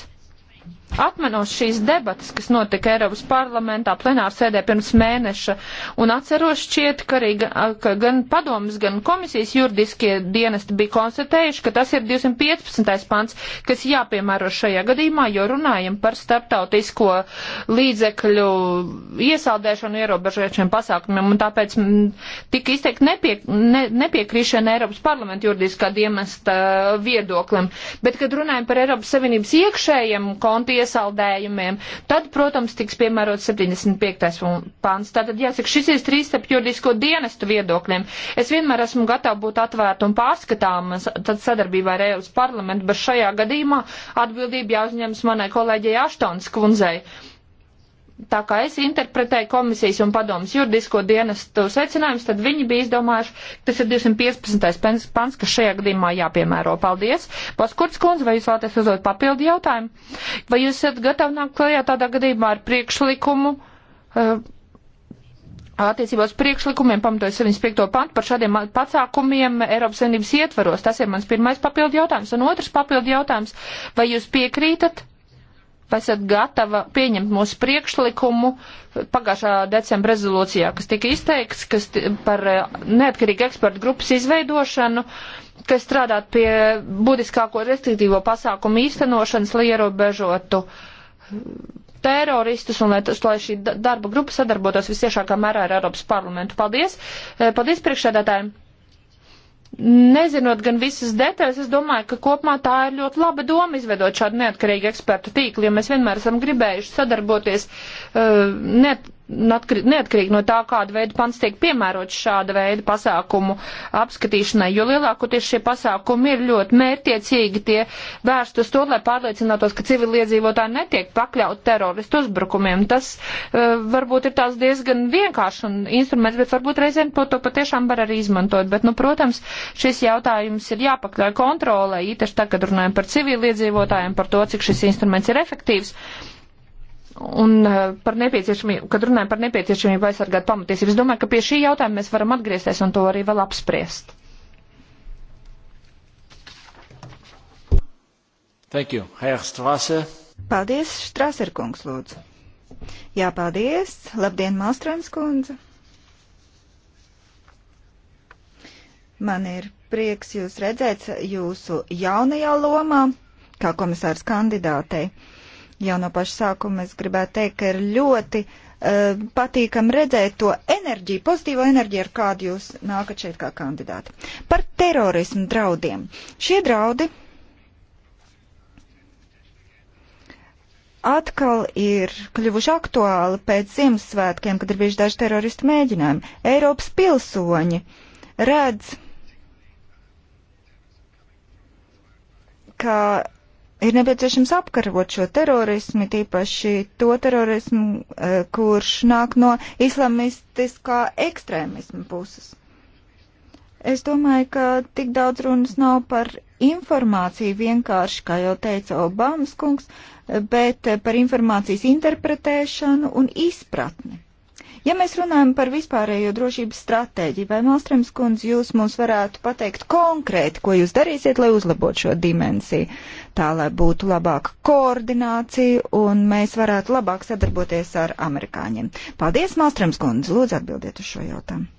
[SPEAKER 3] atmenos šīs debatas, kas notika Eiropas parlamentā plenāru sēdē pirms mēneša, un atceros šķiet, ka arī ka gan padomas, gan komisijas juridiskie dienesti bija konstatējuši, ka tas ir 215. pants, kas jāpiemēro šajā gadījumā, jo runājam par starptautisko līdzekļu iesaldēšanu ierobežojušiem pasākumiem, un tāpēc tika izteikt nepie, ne, nepiekrīšana Eiropas parlamenta juridiskā dienesta viedoklim. Bet, kad runājam par Eiropas Savienības iekšējiem kontiem, iesaldējumiem, tad, protams, tiks piemērot 75. pants. Tātad, jāsaka, šis ir trīs starp juridisko dienestu viedokļiem. Es vienmēr esmu gatava būt atvērta un pārskatāma tad sadarbībā ar Eiropas parlamentu, bet šajā gadījumā atbildība jāuzņemas manai kolēģei Aštons kundzei tā kā es interpretēju komisijas un padomas juridisko dienestu secinājumus, tad viņi bija izdomājuši, ka tas ir 215. pants, kas šajā gadījumā jāpiemēro. Paldies! Paskurts kundze, vai jūs vēlaties uzdot papildu jautājumu? Vai jūs esat gatavi nākt klajā tādā gadījumā ar priekšlikumu? Uh, eh, Attiecībās priekšlikumiem pamatojas 75. pantu par šādiem pasākumiem Eiropas Savienības ietvaros. Tas ir mans pirmais papildu jautājums. Un otrs papildu jautājums, vai jūs piekrītat vai esat gatava pieņemt mūsu priekšlikumu pagājušā decembra rezolūcijā, kas tika izteikts kas par eh, neatkarīgu ekspertu grupas izveidošanu, kas strādāt pie būtiskāko restriktīvo pasākumu īstenošanas, lai ierobežotu teroristus un lai, lai šī darba grupa sadarbotos visiešākā mērā ar Eiropas parlamentu. Paldies! Eh, paldies priekšsēdētājiem! Nezinot gan visas detaļas, es domāju, ka kopumā tā ir ļoti laba doma izveidot šādu neatkarīgu ekspertu tīklu, jo mēs vienmēr esam gribējuši sadarboties uh, neatkarīgi neatkarīgi no tā, kāda veida pants tiek piemērots šāda veida pasākumu apskatīšanai, jo lielākoties šie pasākumi ir ļoti mērtiecīgi, tie vērst uz to, lai pārliecinātos, ka civiliedzīvotāji netiek pakļaut teroristu uzbrukumiem. Tas uh, varbūt ir tās diezgan vienkāršs instruments, bet varbūt reizēm to, to patiešām var arī izmantot. Bet, nu, protams, šis jautājums ir jāpakļauj kontrolē, īpaši tagad runājam par civiliedzīvotājiem, par to, cik šis instruments ir efektīvs. Uh, un eh, par nepieciešamību, kad runājam par nepieciešamību aizsargāt pamatiesības, domāju, ka pie šī jautājuma mēs varam atgriezties un to arī vēl apspriest.
[SPEAKER 1] Thank you. Herr Strasser. Paldies, Strasser kungs, lūdzu. Jā, paldies. Labdien, Malstrāms kundze. Man ir prieks jūs redzēt jūsu jaunajā lomā kā komisārs kandidātei. Jau no paša sākuma es gribētu teikt, ka ir ļoti uh, patīkam redzēt to enerģiju, pozitīvo enerģiju, ar kādu jūs nākat šeit kā kandidāti. Par terorismu draudiem. Šie draudi atkal ir kļuvuši aktuāli pēc Ziemassvētkiem, kad ir bijuši daži teroristu mēģinājumi. Eiropas pilsoņi redz, ka ir nepieciešams apkarot šo terorismu, tīpaši to terorismu, e, kurš nāk no islamistiskā ekstrēmisma puses. Es domāju, ka tik daudz runas nav par informāciju vienkārši, kā jau teica Obamas kungs, bet par informācijas interpretēšanu un izpratni. Ja mēs runājam par vispārējo drošības stratēģiju, vai Malstrēms kundze jūs mums varētu pateikt konkrēti, ko jūs darīsiet, lai uzlabotu šo dimensiju, tā lai būtu labāka koordinācija un mēs varētu labāk sadarboties ar amerikāņiem? Paldies, Malstrēms kundze, lūdzu atbildiet uz šo jautājumu.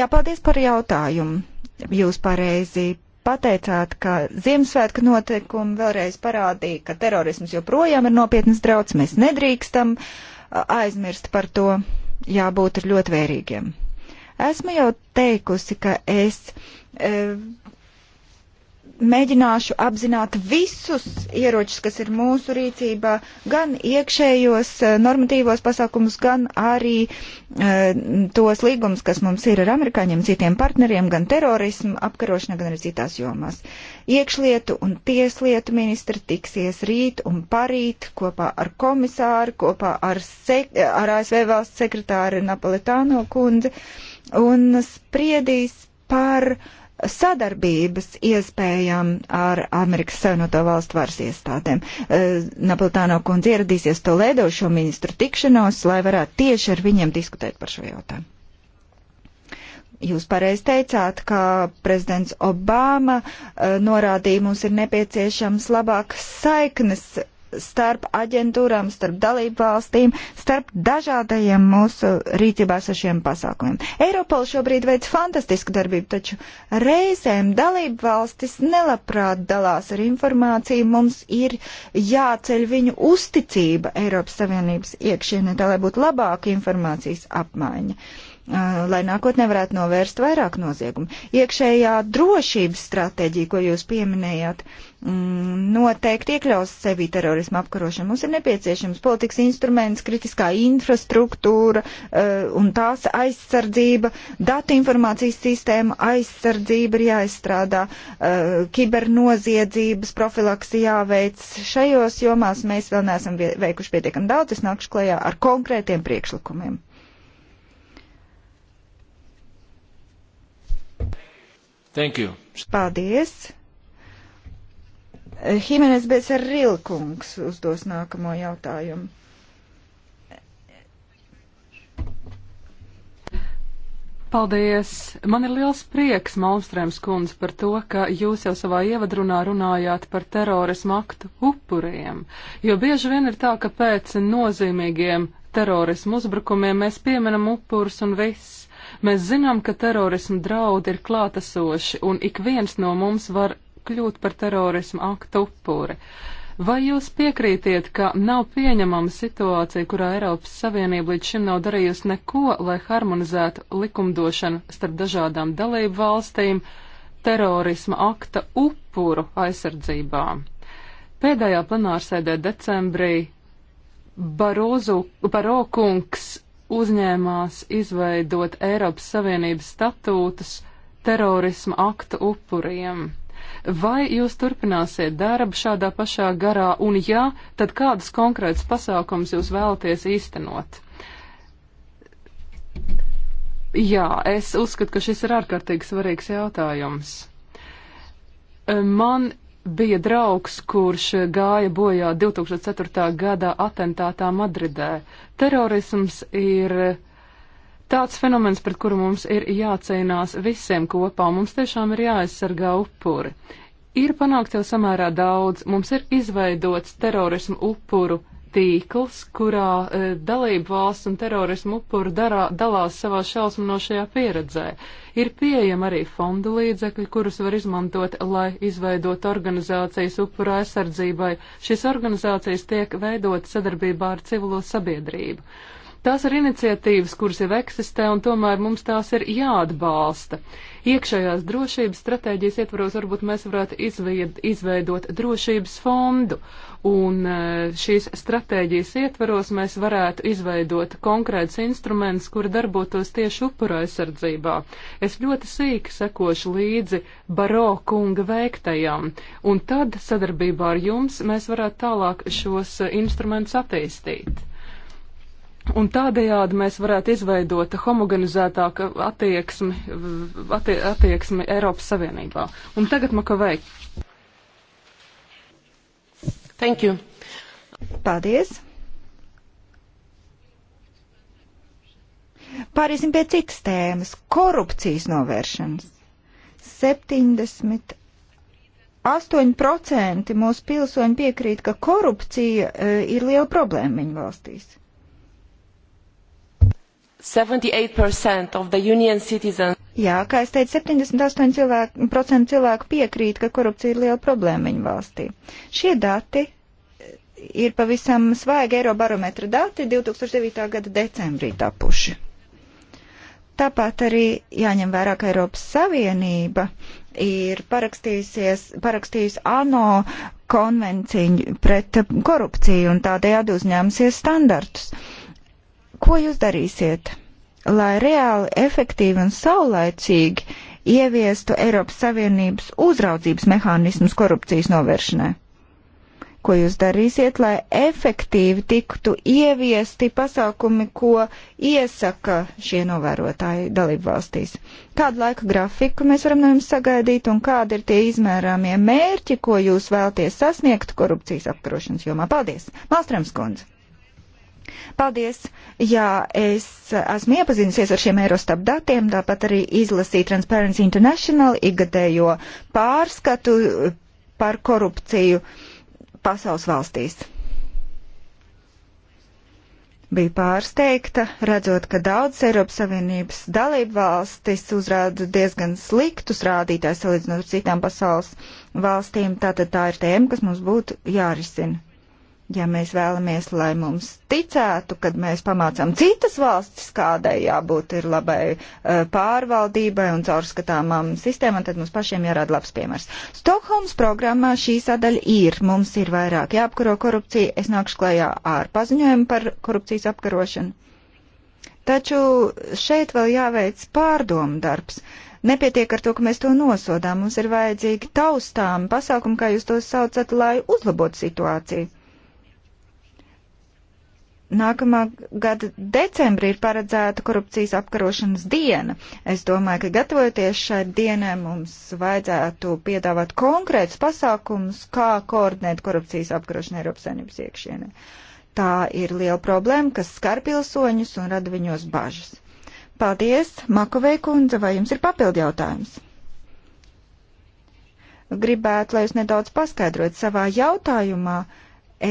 [SPEAKER 1] Jā, paldies par jautājumu. Jūs pareizi pateicāt, ka Ziemassvētku notikumi vēlreiz parādīja, ka terorisms joprojām ir nopietnas draudz, mēs nedrīkstam uh, aizmirst par to, jābūt ļoti vērīgiem. Esmu jau teikusi, ka es e, mēģināšu apzināt visus ieročus, kas ir mūsu rīcībā, gan iekšējos eh, normatīvos pasākumus, gan arī e, tos līgumus, kas mums ir ar amerikāņiem, citiem partneriem, gan terorismu apkarošanā, gan arī citās jomās. Iekšlietu un tieslietu ministri tiksies rīt un parīt kopā ar komisāru, kopā ar, sek ar ASV valsts sekretāri Napolitāno kundzi un spriedīs par uh, sadarbības iespējām ar Amerikas Savienoto Valstu varas iestādēm. Eh, Napolitāno kundze ieradīsies to lēdošo ministru tikšanos, lai varētu tieši ar viņiem diskutēt par šo jautājumu. Jūs pareizi teicāt, ka prezidents Obama eh, norādīja, mums ir nepieciešams labākas saiknes starp aģentūrām, starp dalību valstīm, starp dažādajiem mūsu rīcībā sašiem pasākumiem. Eiropola šobrīd veic fantastisku darbību, taču reizēm dalību valstis nelabprāt dalās ar informāciju. Mums ir jāceļ viņu uzticība Eiropas Savienības iekšienē, tā lai būtu labāka informācijas apmaiņa lai nākotnē varētu novērst vairāk noziegumu. Iekšējā drošības stratēģija, ko jūs pieminējāt, mm, noteikti iekļaus sevi terorismu apkarošanu. Mums ir nepieciešams politikas instruments, kritiskā infrastruktūra un tās aizsardzība, datu informācijas sistēma, aizsardzība ir jāizstrādā, kibernoziedzības profilaksi jāveic. Šajos jomās mēs vēl neesam veikuši pietiekam daudz, es nākušu klajā ar konkrētiem priekšlikumiem. Thank you. Paldies. Himenes Bēsar Rilkungs
[SPEAKER 2] uzdos nākamo jautājumu. Paldies! Man ir liels prieks, Malmstrēms kundze, par to, ka jūs jau savā ievadrunā runājāt par terorismu aktu upuriem, jo bieži vien ir tā, ka pēc nozīmīgiem terorismu uzbrukumiem mēs pieminam upurus un viss. Mēs zinām, ka terorismu draudi ir klātesoši, un ik viens no mums var kļūt par terorismu aktu upuri. Vai jūs piekrītiet, ka nav pieņemama situācija, kurā Eiropas Savienība līdz šim nav darījusi neko, lai harmonizētu likumdošanu starp dažādām dalību valstīm terorisma akta upuru aizsardzībā? Pēdējā plenārsēdē decembrī Barozu, Barokungs uzņēmās izveidot Eiropas Savienības statūtus terorisma aktu upuriem. Vai jūs turpināsiet darbu šādā pašā garā, un ja, tad kādus konkrētus pasākums jūs vēlaties īstenot? Jā, es uzskatu, ka šis ir ārkārtīgi svarīgs jautājums. Man bija draugs, kurš gāja bojā 2004. gadā atentātā Madridē. Terorisms ir tāds fenomens, pret kuru mums ir jācīnās visiem kopā, un mums tiešām ir jāaizsargā upuri. Ir panākts jau samērā daudz, mums ir izveidots terorismu upuru tīkls, kurā e, dalību valsts un terorismu upuri darā, dalās savā šausminošajā pieredzē. Ir pieejama arī fondu līdzekļi, kurus var izmantot, lai izveidot organizācijas upuru aizsardzībai. Šīs organizācijas tiek veidot sadarbībā ar civilo sabiedrību. Tās ir iniciatīvas, kuras jau eksistē, un tomēr mums tās ir jāatbalsta. Iekšējās drošības stratēģijas ietvaros varbūt mēs varētu izvied, izveidot drošības fondu, un e, šīs stratēģijas ietvaros mēs varētu izveidot konkrēts instruments, kur darbotos tieši upura aizsardzībā. Es ļoti sīki sekošu līdzi Baro kunga veiktajām, un tad sadarbībā ar jums mēs varētu tālāk šos e, instrumentus attīstīt. Un tādējādi mēs varētu izveidot homogenizētāku attieksmi, attie, attieksmi Eiropas Savienībā. Un tagad Makavei. Thank you. Paldies.
[SPEAKER 1] Pāriesim pie citas tēmas - korupcijas novēršanas. 70 8% mūsu pilsoņi piekrīt, ka korupcija uh, ir liela problēma viņu valstīs.
[SPEAKER 3] 78% of the union citizens.
[SPEAKER 1] Jā, kā es teicu, 78% cilvēku, cilvēku piekrīt, ka korupcija ir liela problēma viņu valstī. Šie dati eh, ir pavisam svaigi Eirobarometra dati 2009. gada decembrī tapuši. Tāpat arī jāņem vērā, ka Eiropas Savienība ir parakstījusi ANO konvenciju pret korupciju un tādējādi uzņēmusies standartus. Uh, Ko jūs darīsiet, lai reāli, efektīvi un saulaicīgi ieviestu Eiropas Savienības uzraudzības mehānismus korupcijas novēršanai? Ko jūs darīsiet, lai efektīvi tiktu ieviesti pasākumi, ko iesaka šie novērotāji dalību valstīs? Kādu laika grafiku mēs varam no jums sagaidīt un kādi ir tie izmērāmie mērķi, ko jūs vēlties sasniegt korupcijas apkarošanas jomā? Paldies! Malstrams kundze! Paldies! Jā, es esmu iepazinusies ar šiem Eurostab datiem, tāpat arī izlasīju Transparency International ikgadējo pārskatu par korupciju pasaules valstīs. Bija pārsteigta, redzot, ka daudzas Eiropas Savienības dalību valstis uzrāda diezgan sliktus rādītājus salīdzinot ar citām pasaules valstīm. Tātad tā ir tēma, kas mums būtu jārisina. Ja mēs vēlamies, lai mums ticētu, kad mēs pamācām citas valstis, kādai jābūt ir labai e, pārvaldībai un caurskatāmām sistēmām, tad mums pašiem jārāda labs piemērs. Stokholmas programmā šī sadaļa ir. Mums ir vairāk jāapkaro korupcija. Es nākšu klajā ar paziņojumu par korupcijas apkarošanu. Taču šeit vēl jāveic pārdomu darbs. Nepietiek ar to, ka mēs to nosodām. Mums ir vajadzīgi taustām pasākumi, kā jūs tos saucat, lai uzlabotu situāciju. Nākamā gada decembrī ir paredzēta korupcijas apkarošanas diena. Es domāju, ka gatavoties šai dienai mums vajadzētu piedāvāt konkrētus pasākumus, kā koordinēt korupcijas apkarošanu Eiropas saimnības iekšienē. Tā ir liela problēma, kas skar pilsoņus un rada viņos bažas. Paldies, Makovei kundze, vai jums ir papildi jautājums? Gribētu, lai jūs nedaudz paskaidrot savā jautājumā.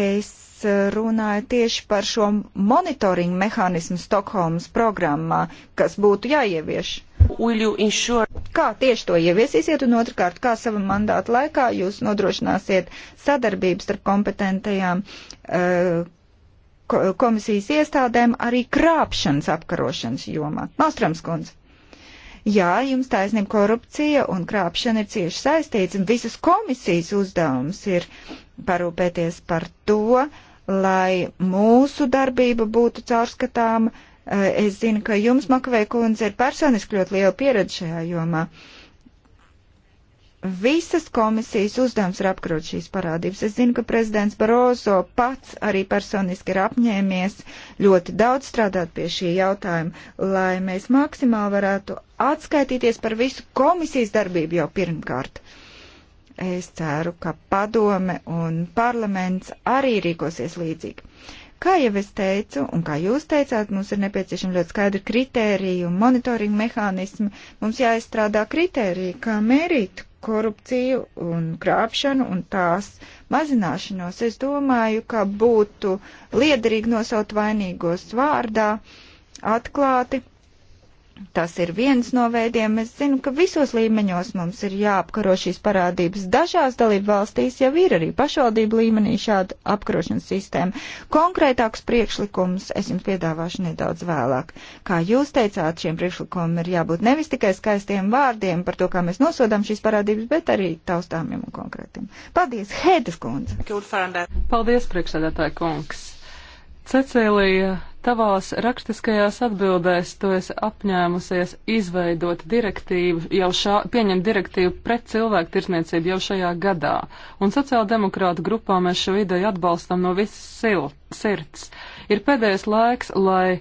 [SPEAKER 1] Es runāja tieši par šo monitoringu mehānismu Stokholmas programmā, kas būtu jāievieš. Kā tieši to ieviesīsiet, un otrkārt, kā sava mandāta laikā jūs nodrošināsiet sadarbību starp kompetentajām uh, komisijas iestādēm arī krāpšanas apkarošanas jomā? Nostrams kundze. Jā, jums taisnība korupcija un krāpšana ir cieši saistīts, un visas komisijas uzdevums ir parūpēties par to, lai mūsu darbība būtu caurskatāma. Eh, es zinu, ka jums, Makavei kundze, ir personiski ļoti liela pieredze šajā jomā. Visas komisijas uzdevums ir apkarot šīs parādības. Es zinu, ka prezidents Barozo pats arī personiski ir apņēmies ļoti daudz strādāt pie šī jautājuma, lai mēs maksimāli varētu atskaitīties par visu komisijas darbību jau pirmkārt. Uh, Es ceru, ka padome un parlaments arī rīkosies līdzīgi. Kā jau es teicu, un kā jūs teicāt, mums ir nepieciešami ļoti skaidri kritēriji un monitoringa mehānismi. Mums jāizstrādā kritēriji, kā mērīt korupciju un krāpšanu un tās mazināšanos. Es domāju, ka būtu liederīgi nosaukt vainīgos vārdā atklāti Tas ir viens no veidiem. Es zinu, ka visos līmeņos mums ir jāapkaro šīs parādības. Dažās dalību valstīs jau ir arī pašvaldību līmenī šāda apkarošanas sistēma. Konkrētāks priekšlikums es jums piedāvāšu nedaudz vēlāk. Kā jūs teicāt, šiem priekšlikumiem ir jābūt nevis tikai skaistiem vārdiem par to, kā mēs nosodām šīs parādības, bet arī taustāmiem un konkrētiem.
[SPEAKER 2] Paldies, Hēdes kundze! Paldies, priekšsēdētāja kungs! Cecēlija, tavās rakstiskajās atbildēs tu esi apņēmusies izveidot direktīvu, jau šā, pieņemt direktīvu pret cilvēku tirsniecību jau šajā gadā. Un sociāldemokrāta grupā mēs šo ideju atbalstam no visas sirds. Ir pēdējais laiks, lai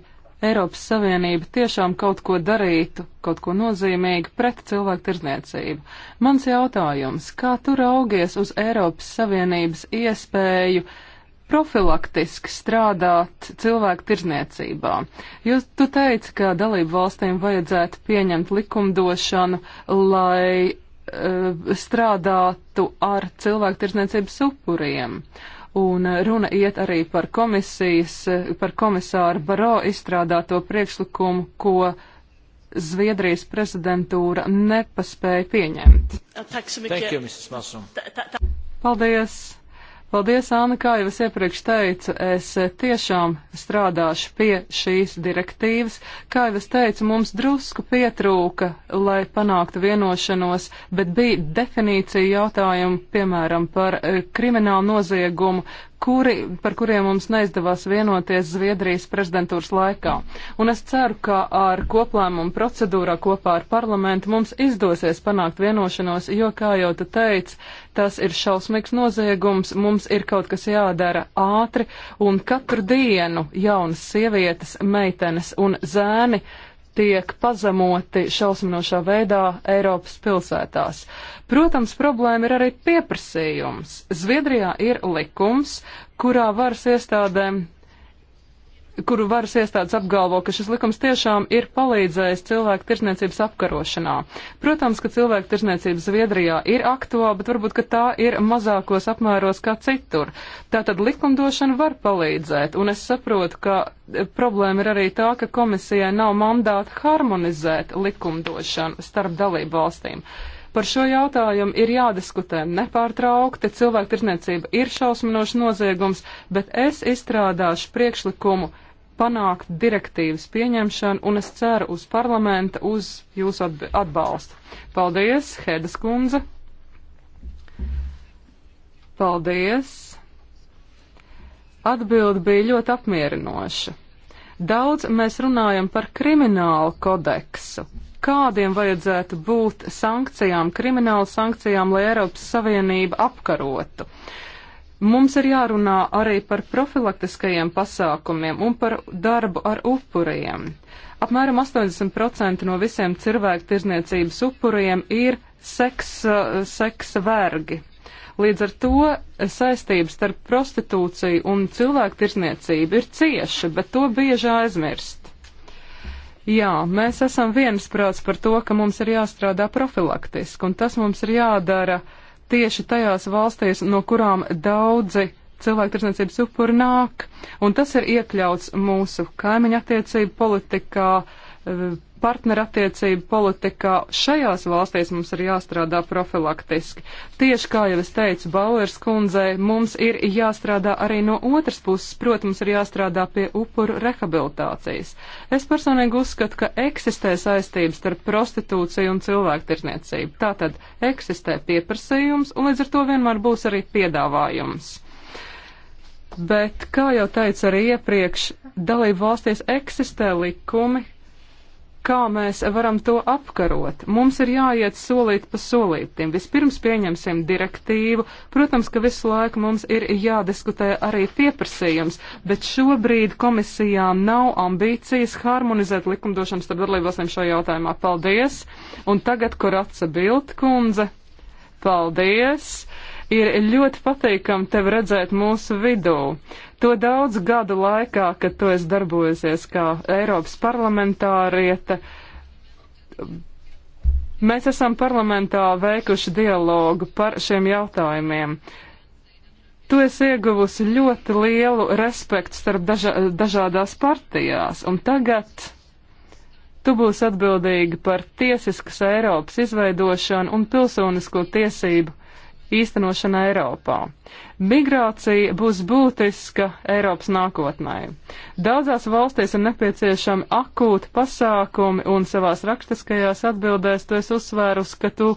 [SPEAKER 2] Eiropas Savienība tiešām kaut ko darītu, kaut ko nozīmīgu pret cilvēku tirsniecību. Mans jautājums, kā tu raugies uz Eiropas Savienības iespēju? profilaktiski strādāt cilvēku tirzniecībā. Jūs tu teici, ka dalību valstīm vajadzētu pieņemt likumdošanu, lai uh, strādātu ar cilvēku tirzniecības upuriem. Un eh, runa iet arī par komisijas, eh, par komisāru Baro izstrādāto priekšlikumu, ko Zviedrijas prezidentūra nepaspēja pieņemt.
[SPEAKER 1] Thank you,
[SPEAKER 2] Paldies! Paldies, Anna, kā jau es iepriekš teicu, es tiešām strādāšu pie šīs direktīvas. Kā jau es teicu, mums drusku pietrūka, lai panāktu vienošanos, bet bija definīcija jautājumu, piemēram, par eh, kriminālu noziegumu, kuri, par kuriem mums neizdevās vienoties Zviedrijas prezidentūras laikā. Un es ceru, ka ar koplēmumu procedūrā kopā ar parlamentu mums izdosies panākt vienošanos, jo, kā jau te teicu, tas ir šausmīgs noziegums, mums ir kaut kas jādara ātri, un katru dienu jaunas sievietes, meitenes un zēni tiek pazemoti šausminošā veidā Eiropas pilsētās. Protams, problēma ir arī pieprasījums. Zviedrijā ir likums, kurā varas iestādēm kuru varas iestādes apgalvo, ka šis likums tiešām ir palīdzējis cilvēku tirsniecības apkarošanā. Protams, ka cilvēku tirsniecība Zviedrijā ir aktuāla, bet varbūt, ka tā ir mazākos apmēros kā citur. Tātad likumdošana var palīdzēt, un es saprotu, ka e, problēma ir arī tā, ka komisijai nav mandāta harmonizēt likumdošanu starp dalību valstīm. Par šo jautājumu ir jādiskutē nepārtraukti. Cilvēktirdzniecība ir šausminošs noziegums, bet es izstrādāšu priekšlikumu panākt direktīvas pieņemšanu, un es ceru uz parlamenta, uz jūsu atbalstu. Paldies, Hedas kundze! Paldies! Atbilde bija ļoti apmierinoša. Daudz mēs runājam par kriminālu kodeksu. Kādiem vajadzētu būt sankcijām, kriminālu sankcijām, lai Eiropas Savienība apkarotu? Uh, Mums ir jārunā arī par profilaktiskajiem pasākumiem un par darbu ar upuriem. Apmēram 80% no visiem cilvēku tirzniecības upuriem ir seksa, eh, seksa vergi. Līdz ar to saistības starp prostitūciju un cilvēku tirzniecību ir cieša, bet to bieži aizmirst. Jā, mēs esam viensprāts par to, ka mums ir jāstrādā profilaktiski, un tas mums ir jādara uh, tieši tajās valstīs, no kurām daudzi cilvēktirdzniecības upuri nāk, un tas ir iekļauts mūsu kaimiņu attiecību politikā, eh, partnerattiecību politikā šajās valstīs mums ir jāstrādā profilaktiski. Tieši kā jau es teicu Bauers kundzei, mums ir jāstrādā arī no otras puses, protams, ir jāstrādā pie upuru rehabilitācijas. Es personīgi uzskatu, ka eksistē saistības starp prostitūciju un cilvēktirniecību. Tātad eksistē pieprasījums un līdz ar to vienmēr būs arī piedāvājums. Bet, kā jau teicu arī iepriekš, dalību valstīs eksistē likumi, kā mēs varam to apkarot. Mums ir jāiet solīt pa solītim. Vispirms pieņemsim direktīvu. Protams, ka visu laiku mums ir jādiskutē arī pieprasījums, bet šobrīd komisijā nav ambīcijas harmonizēt likumdošanu starp dalībvalstīm šajā jautājumā. Paldies! Un tagad Koraca Bilt kundze. Paldies! Ir ļoti pateikami tevi redzēt mūsu vidū. To daudz gadu laikā, kad tu esi darbojusies kā Eiropas parlamentāriete, mēs esam parlamentā veikuši dialogu par šiem jautājumiem. Tu esi ieguvusi ļoti lielu respektu starp daža, dažādās partijās, un tagad tu būsi atbildīga par tiesiskas Eiropas izveidošanu un pilsonisko tiesību īstenošana Eiropā. Migrācija būs būtiska Eiropas nākotnē. Daudzās valstīs ir nepieciešami akūti pasākumi, un savās rakstiskajās atbildēs tu esi uzsvērus, ka tu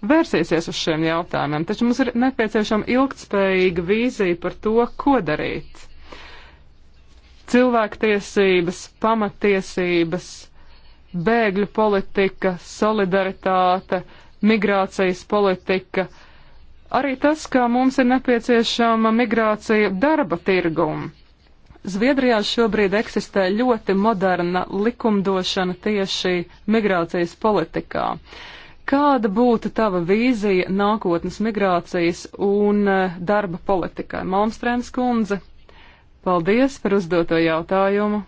[SPEAKER 2] vērsīsies uz šiem jautājumiem, taču mums ir nepieciešama ilgtspējīga vīzija par to, ko darīt. Cilvēktiesības, pamatiesības, bēgļu politika, solidaritāte, uh, migrācijas politika, arī tas, ka mums ir nepieciešama migrācija darba tirgumu. Zviedrijā šobrīd eksistē ļoti moderna likumdošana tieši migrācijas politikā. Kāda būtu tava vīzija nākotnes migrācijas un e, darba politikai? Malmstrēms kundze, paldies par uzdoto jautājumu.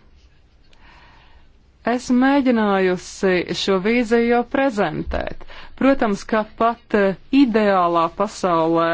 [SPEAKER 2] Esmu mēģinājusi šo vīziju jau prezentēt. Protams, ka pat eh, ideālā pasaulē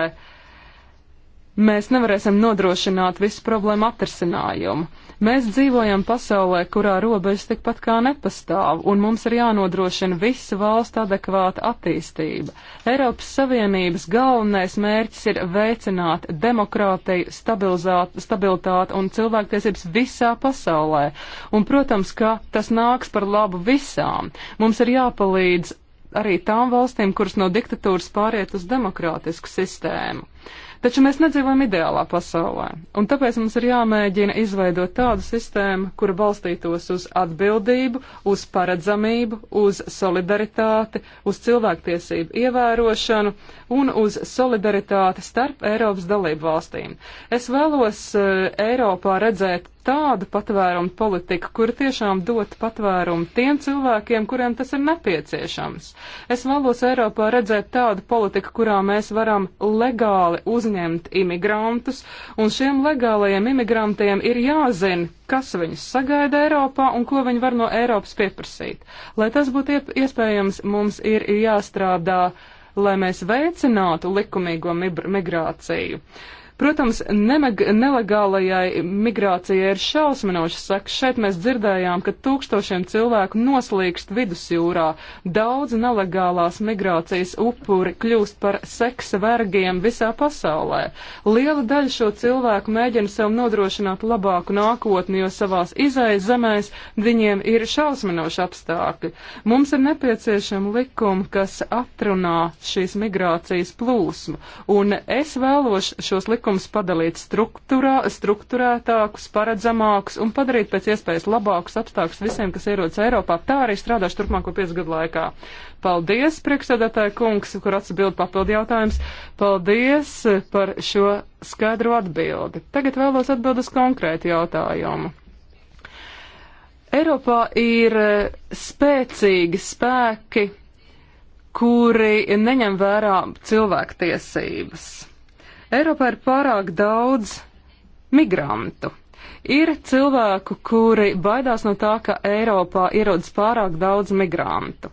[SPEAKER 2] mēs nevarēsim nodrošināt visu problēmu atrisinājumu. Mēs dzīvojam pasaulē, kurā robežas tikpat kā nepastāv, un mums ir jānodrošina visa valsts adekvāta attīstība. Eiropas Savienības galvenais mērķis ir veicināt demokrātiju, stabilitāti un cilvēktiesības visā pasaulē. Un, protams, ka tas nāks par labu visām. Mums ir jāpalīdz arī tām valstīm, kuras no diktatūras pāriet uz demokrātisku sistēmu. Taču mēs nedzīvojam ideālā pasaulē, un tāpēc mums ir jāmēģina izveidot tādu sistēmu, kura balstītos uz atbildību, uz paredzamību, uz solidaritāti, uz cilvēktiesību ievērošanu un uz solidaritāti starp Eiropas dalību valstīm. Es vēlos uh, Eiropā redzēt tādu patvērumu politiku, kur tiešām dot patvērumu tiem cilvēkiem, kuriem tas ir nepieciešams. Es vēlos Eiropā redzēt tādu politiku, kurā mēs varam legāli uzņemt imigrantus, un šiem legālajiem imigrantiem ir jāzina, kas viņus sagaida Eiropā un ko viņi var no Eiropas pieprasīt. Lai tas būtu iespējams, mums ir jāstrādā, lai mēs veicinātu likumīgo migrāciju. Protams, nemeg, nelegālajai migrācijai ir šausminošas sekas. Šeit mēs dzirdējām, ka tūkstošiem cilvēku noslīkst vidusjūrā. Daudz nelegālās migrācijas upuri kļūst par seksa vergiem visā pasaulē. Liela daļa šo cilvēku mēģina sev nodrošināt labāku nākotni, jo savās izaizemēs viņiem ir šausminoši apstākļi. Mums ir nepieciešama likuma, kas atrunā šīs migrācijas plūsmu, un es vēlos šos likumus likums padalīt struktūrā, struktūrētākus, paredzamākus un padarīt pēc iespējas labākus apstākļus visiem, kas ierodas Eiropā. Tā arī strādāšu turpmāko piecu gadu laikā. Paldies, priekšsēdētāja kungs, kur atbild papildu jautājums. Paldies par šo skaidro atbildi. Tagad vēlos atbild uz konkrētu jautājumu. Eiropā ir spēcīgi spēki, kuri neņem vērā cilvēktiesības. Eiropā ir pārāk daudz migrantu. Ir cilvēku, kuri baidās no tā, ka Eiropā ierodas pārāk daudz migrantu.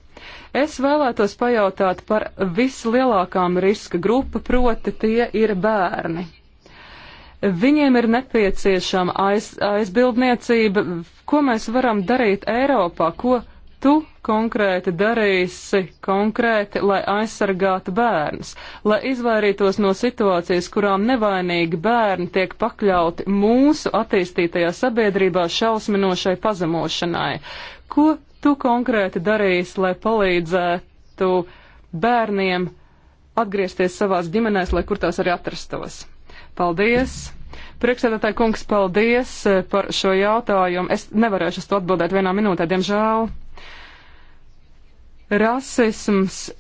[SPEAKER 2] Es vēlētos pajautāt par vislielākām riska grupa, proti tie ir bērni. Viņiem ir nepieciešama aiz, aizbildniecība, ko mēs varam darīt Eiropā, ko tu konkrēti darīsi konkrēti, lai aizsargātu bērns, lai izvairītos no situācijas, kurām nevainīgi bērni tiek pakļauti mūsu attīstītajā sabiedrībā šausminošai pazemošanai. Ko tu konkrēti darīsi, lai palīdzētu bērniem atgriezties savās ģimenēs, lai kur tās arī atrastos? Paldies! Priekšsēdētāji kungs, paldies par šo jautājumu. Es nevarēšu uz to atbildēt vienā minūtē, diemžēl. Rasisms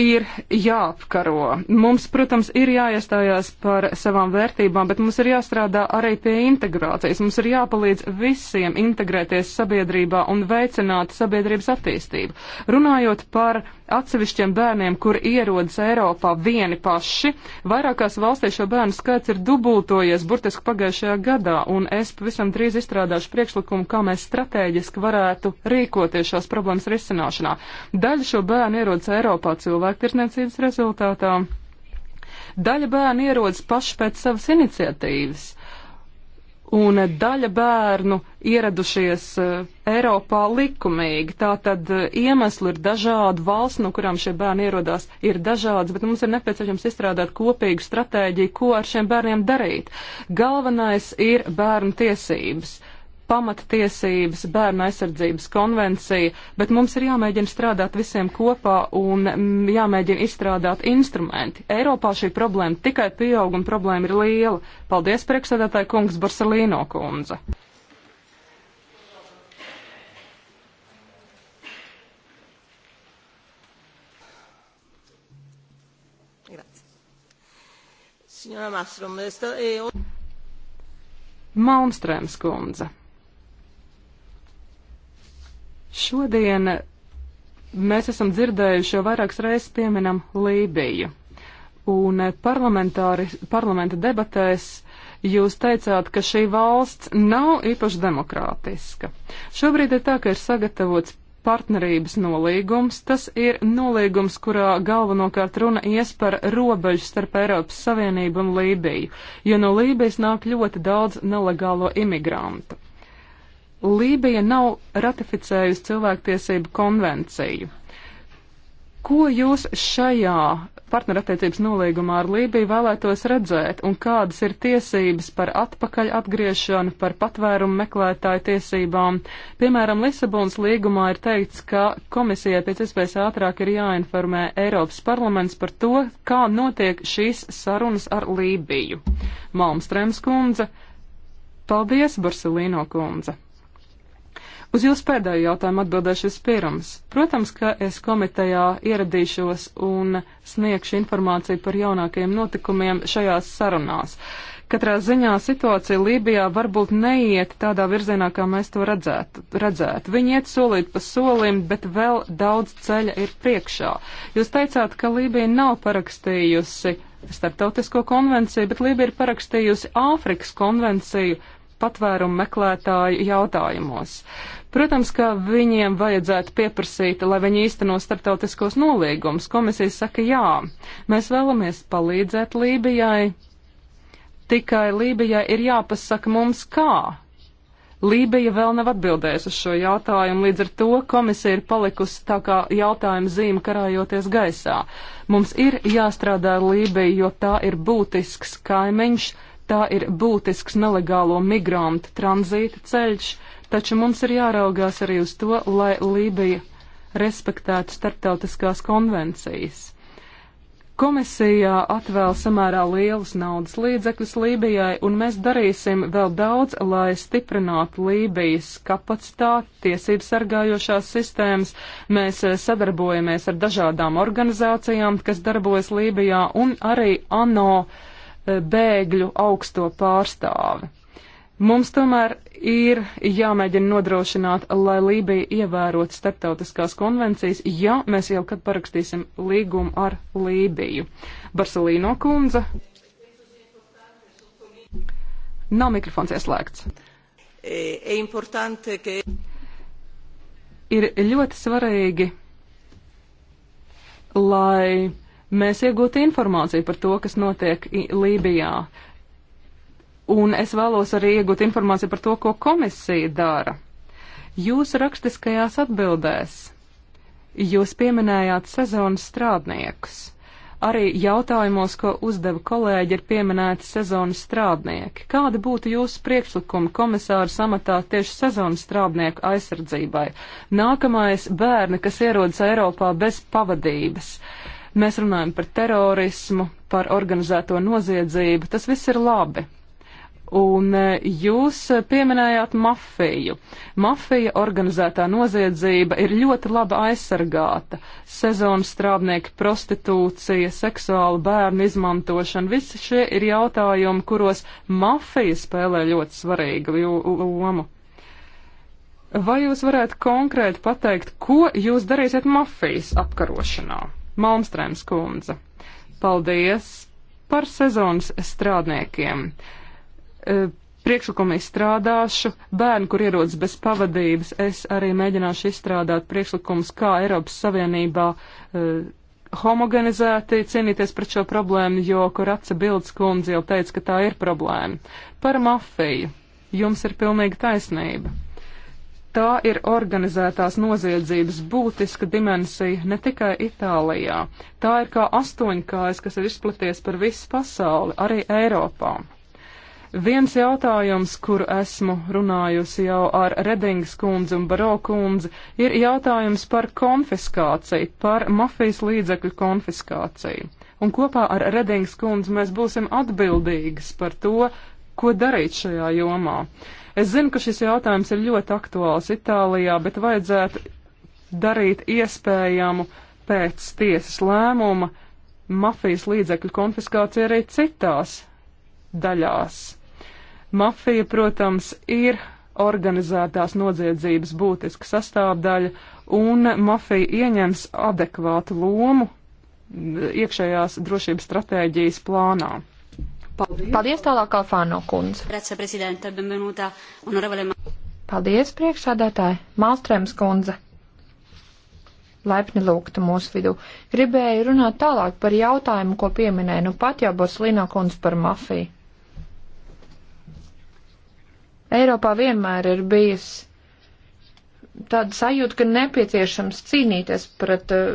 [SPEAKER 2] ir jāapkaro. Mums, protams, ir jāiestājās par savām vērtībām, bet mums ir jāstrādā arī pie integrācijas. Mums ir jāpalīdz visiem integrēties sabiedrībā un veicināt sabiedrības attīstību. Runājot par atsevišķiem bērniem, kuri ierodas Eiropā vieni paši. Vairākās valstīs šo bērnu skaits ir dubultojies burtiski pagājušajā gadā, un es pavisam drīz izstrādāšu priekšlikumu, kā mēs strateģiski varētu rīkoties šās problēmas risināšanā. Daļa šo bērnu ierodas Eiropā cilvēktirdzniecības rezultātā. Daļa bērnu ierodas paši pēc savas iniciatīvas un daļa bērnu ieradušies e, Eiropā likumīgi. Tātad e, iemesli ir dažādi, valsts, no kurām šie bērni ierodās, ir dažādas, bet mums ir nepieciešams izstrādāt kopīgu stratēģiju, ko ar šiem bērniem darīt. Galvenais ir bērnu tiesības pamatiesības, bērnu aizsardzības konvencija, bet mums ir jāmēģina strādāt visiem kopā un mm, jāmēģina izstrādāt instrumenti. Eiropā šī problēma tikai pieaug un problēma ir liela. Paldies, priekšsēdētāji kungs Barcelīno kundze. Eh, Malmstrēms kundze. Šodien mēs esam dzirdējuši jau vairākas reizes pieminam Lībiju. Un parlamenta debatēs jūs teicāt, ka šī valsts nav īpaši demokrātiska. Šobrīd ir tā, ka ir sagatavots partnerības nolīgums. Tas ir nolīgums, kurā galvenokārt runa ies par robežu starp Eiropas Savienību un Lībiju, jo no Lībijas nāk ļoti daudz nelegālo imigrantu. Lībija nav ratificējusi cilvēktiesību konvenciju. Ko jūs šajā partnerattiecības nolīgumā ar Lībiju vēlētos redzēt un kādas ir tiesības par atpakaļ atgriešanu, par patvērumu meklētāju tiesībām? Piemēram, Lisabonas līgumā ir teikts, ka komisijai pēc iespējas ātrāk ir jāinformē Eiropas parlaments par to, kā notiek šīs sarunas ar Lībiju. Malmstrēms kundze, paldies, Barcelino kundze! Uz jūsu pēdējo jautājumu atbildēšu vispirms. Protams, ka es komitejā ieradīšos un sniegšu informāciju par jaunākajiem notikumiem šajās sarunās. Katrā ziņā situācija Lībijā varbūt neiet tādā virzienā, kā mēs to redzētu. redzētu. Viņi iet solīt pa solim, bet vēl daudz ceļa ir priekšā. Jūs teicāt, ka Lībija nav parakstījusi starptautisko konvenciju, bet Lībija ir parakstījusi Āfrikas konvenciju patvērumu meklētāju jautājumos. Protams, ka viņiem vajadzētu pieprasīt, lai viņi īsteno starptautiskos noliegumus. Komisija saka, jā, mēs vēlamies palīdzēt Lībijai, tikai Lībijai ir jāpasaka mums kā. Lībija vēl nav atbildējusi uz šo jautājumu, līdz ar to komisija ir palikusi tā kā jautājuma zīme karājoties gaisā. Mums ir jāstrādā ar Lībiju, jo tā ir būtisks kaimiņš, tā ir būtisks nelegālo migrantu tranzīta ceļš, taču mums ir jāraugās arī uz to, lai Lībija respektētu starptautiskās konvencijas. Komisijā atvēl samērā lielus naudas līdzekļus Lībijai, un mēs darīsim vēl daudz, lai stiprinātu Lībijas kapacitāti, tiesību sargājošās sistēmas. Mēs eh, sadarbojamies ar dažādām organizācijām, kas darbojas Lībijā, un arī ANO eh, bēgļu augsto pārstāvi. Mums tomēr ir jāmēģina nodrošināt, lai Lībija ievērotu starptautiskās konvencijas, ja mēs jau kad parakstīsim līgumu ar Lībiju. Barcelīno kundze. Nav mikrofons ieslēgts. E, e ir ļoti svarīgi, lai mēs iegūtu informāciju par to, kas notiek Lībijā un es vēlos arī iegūt informāciju par to, ko komisija dara. Jūsu rakstiskajās atbildēs jūs pieminējāt sezonas strādniekus. Arī jautājumos, ko uzdeva kolēģi, ir pieminēti sezonas strādnieki. Kāda būtu jūsu priekšlikuma komisāra samatā tieši sezonas strādnieku aizsardzībai? Nākamais - bērni, kas ierodas Eiropā bez pavadības. Mēs runājam par terorismu, par organizēto noziedzību. Tas viss ir labi. Un e, jūs pieminējāt mafiju. Mafija organizētā noziedzība ir ļoti labi aizsargāta. Sezonas strādnieki, prostitūcija, seksuāla bērnu izmantošana, visi šie ir jautājumi, kuros mafija spēlē ļoti svarīgu lomu. Vai jūs varētu konkrēti pateikt, ko jūs darīsiet mafijas apkarošanā? Malmstrēms kundze. Paldies par sezonas strādniekiem. Uh, E, priekšlikumu izstrādāšu. Bērni, kur ierodas bez pavadības, es arī mēģināšu izstrādāt priekšlikumus, kā Eiropas Savienībā uh, homogenizēti cīnīties pret šo problēmu, jo Koraca Bildes kundze jau teica, ka tā ir problēma. Par mafiju. Jums ir pilnīga taisnība. Tā ir organizētās noziedzības būtiska dimensija ne tikai Itālijā. Tā ir kā astoņkājas, kas ir izplaties par visu pasauli, arī Eiropā. Viens jautājums, kur esmu runājusi jau ar Redingas kundzi un Baro kundzi, ir jautājums par konfiskāciju, par mafijas līdzekļu konfiskāciju. Un kopā ar Redingas kundzi mēs būsim atbildīgas par to, ko darīt šajā jomā. Es zinu, ka šis jautājums ir ļoti aktuāls Itālijā, bet vajadzētu darīt iespējamu pēc tiesas lēmuma mafijas līdzekļu konfiskāciju arī citās daļās. Mafija, protams, ir organizētās nodziedzības būtiska sastāvdaļa, un mafija ieņems adekvātu lomu iekšējās drošības stratēģijas plānā.
[SPEAKER 3] Paldies, Paldies
[SPEAKER 2] tālāk, Alfāno kundze.
[SPEAKER 3] Paldies, priekšsādātāji, Malstrēms kundze. Laipni lūgta mūsu vidū. Gribēju runāt tālāk par jautājumu, ko pieminēja nu pat jau Borslīna kundze par mafiju. Eiropā vienmēr ir bijis tāda sajūta, ka nepieciešams cīnīties pret eh,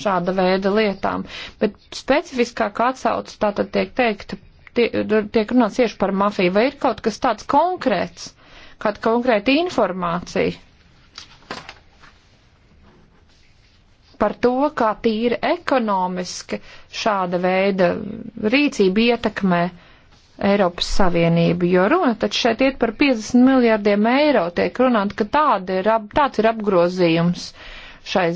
[SPEAKER 3] šāda veida lietām, bet specifiskāk atsauc tātad tiek teikt, tie, tiek runāts tieši par mafiju, vai ir kaut kas tāds konkrēts, kāda konkrēta informācija par to, kā tīri ekonomiski šāda veida rīcība ietekmē uh, Eiropas Savienību, jo runa tad šeit iet par 50 miljārdiem eiro, tiek runāt, ka tāda ir, ap, tāds ir apgrozījums šai,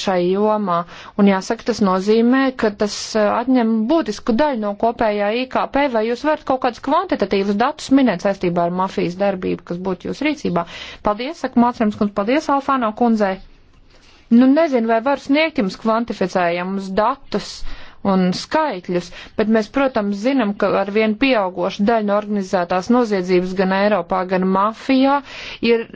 [SPEAKER 3] šai jomā. Un jāsaka, tas nozīmē, ka tas eh, atņem būtisku daļu no kopējā IKP, vai jūs varat kaut kādus kvantitatīvus datus minēt saistībā ar mafijas darbību, kas būtu jūs rīcībā. Paldies, saka Mācrams kundze, paldies Alfāno kundzei. Nu, nezinu, vai var sniegt jums kvantificējumus datus. Uh, un skaitļus, bet mēs, protams, zinām, ka ar vien pieaugošu daļu no organizētās noziedzības gan Eiropā, gan mafijā ir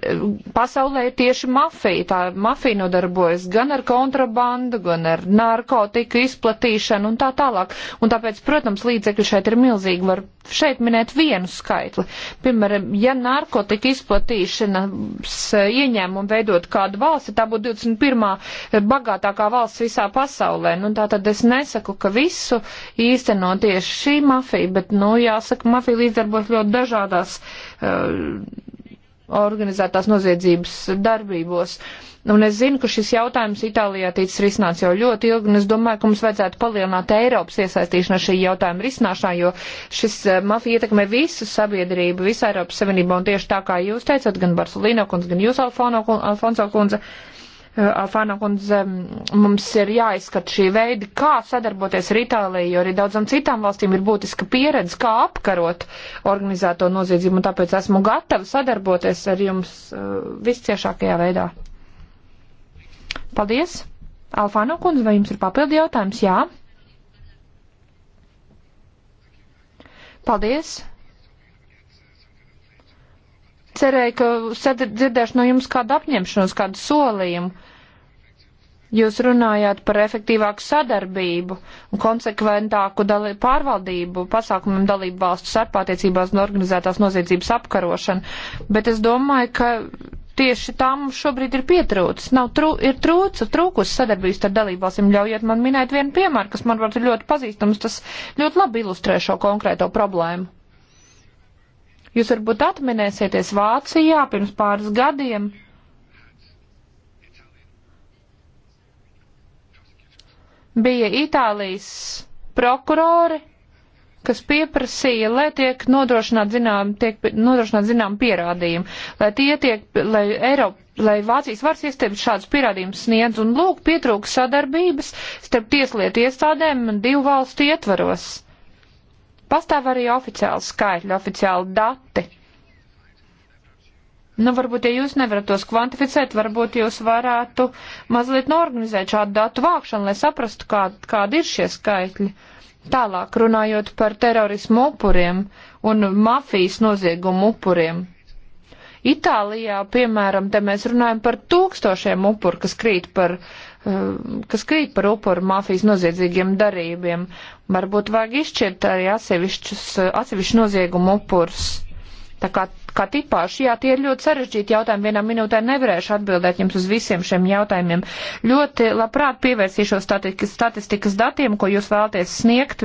[SPEAKER 3] pasaulē ir tieši mafija. Tā mafija nodarbojas gan ar kontrabandu, gan ar narkotiku izplatīšanu un tā tālāk. Un tāpēc, protams, līdzekļi šeit ir milzīgi. Var šeit minēt vienu skaitli. Piemēram, ja narkotika izplatīšanas ieņēmumu veidot kādu valsti, tā būtu 21. bagātākā valsts visā pasaulē. Nu, tā tad es nesaku, ka visu īsteno tieši šī mafija, bet, nu, jāsaka, mafija līdzdarbojas ļoti dažādās uh, organizētās noziedzības darbībos. Un es zinu, ka šis jautājums Itālijā ticis risināts jau ļoti ilgi, un es domāju, ka mums vajadzētu palielināt Eiropas iesaistīšanu šī jautājuma risināšanā, jo šis uh, mafija ietekmē visu sabiedrību, visu Eiropas Savienību, un tieši tā kā jūs teicat, gan Barcelino kundze, gan jūs, Alfono, Alfonso kundze, uh, Eh, Afāna kundze, mums ir jāizskat šī veida, kā sadarboties ar Itāliju, jo arī daudzam citām valstīm ir būtiska pieredze, kā apkarot organizēto noziedzību, un tāpēc esmu gatava sadarboties ar jums eh, visciešākajā veidā. Paldies! Alfāna kundze, vai jums ir papildi jautājums? Jā. Paldies! cerēju, ka dzirdēšu no jums kādu apņemšanos, kādu solījumu. Jūs runājāt par efektīvāku sadarbību un konsekventāku pārvaldību pasākumiem dalību valstu starpātiecībās un organizētās noziedzības apkarošanu, bet es domāju, ka tieši tā mums šobrīd ir pietrūcis. Nav trū, ir trūcis, trūkus sadarbības ar dalībvalstīm. Ļaujiet man minēt vienu piemēru, kas man varbūt ir ļoti pazīstams, tas ļoti labi ilustrē šo konkrēto problēmu. Jūs varbūt atminēsieties Vācijā pirms pāris gadiem. Bija Itālijas prokurori, kas pieprasīja, lai tiek nodrošināt zinām, tiek nodrošināt zinām pierādījumi, lai tie tiek, lai Eiropa, lai Vācijas varas iestādes šādus pierādījumus sniedz, un lūk, pietrūks sadarbības starp tieslietu iestādēm divu valstu ietvaros. Pastāv arī oficiāli skaitļi, oficiāli dati. Nu, varbūt, ja jūs nevarat tos kvantificēt, varbūt jūs varētu mazliet norganizēt šādu datu vākšanu, lai saprastu, kā, kādi ir šie skaitļi. Tālāk runājot par terorismu upuriem un mafijas noziegumu upuriem. Itālijā, piemēram, te mēs runājam par tūkstošiem upuru, kas krīt par uh, Ehm, kas krīt par upuru mafijas noziedzīgiem darībiem. Varbūt vajag izšķirt arī eh, atsevišķu noziegumu upurus. Tā kā, kā tipāši, jā, tie ir ļoti sarežģīti jautājumi. Vienā minūtē nevarēšu atbildēt jums uz visiem šiem jautājumiem. Ļoti labprāt pievērsīšos statistikas datiem, ko jūs vēlaties sniegt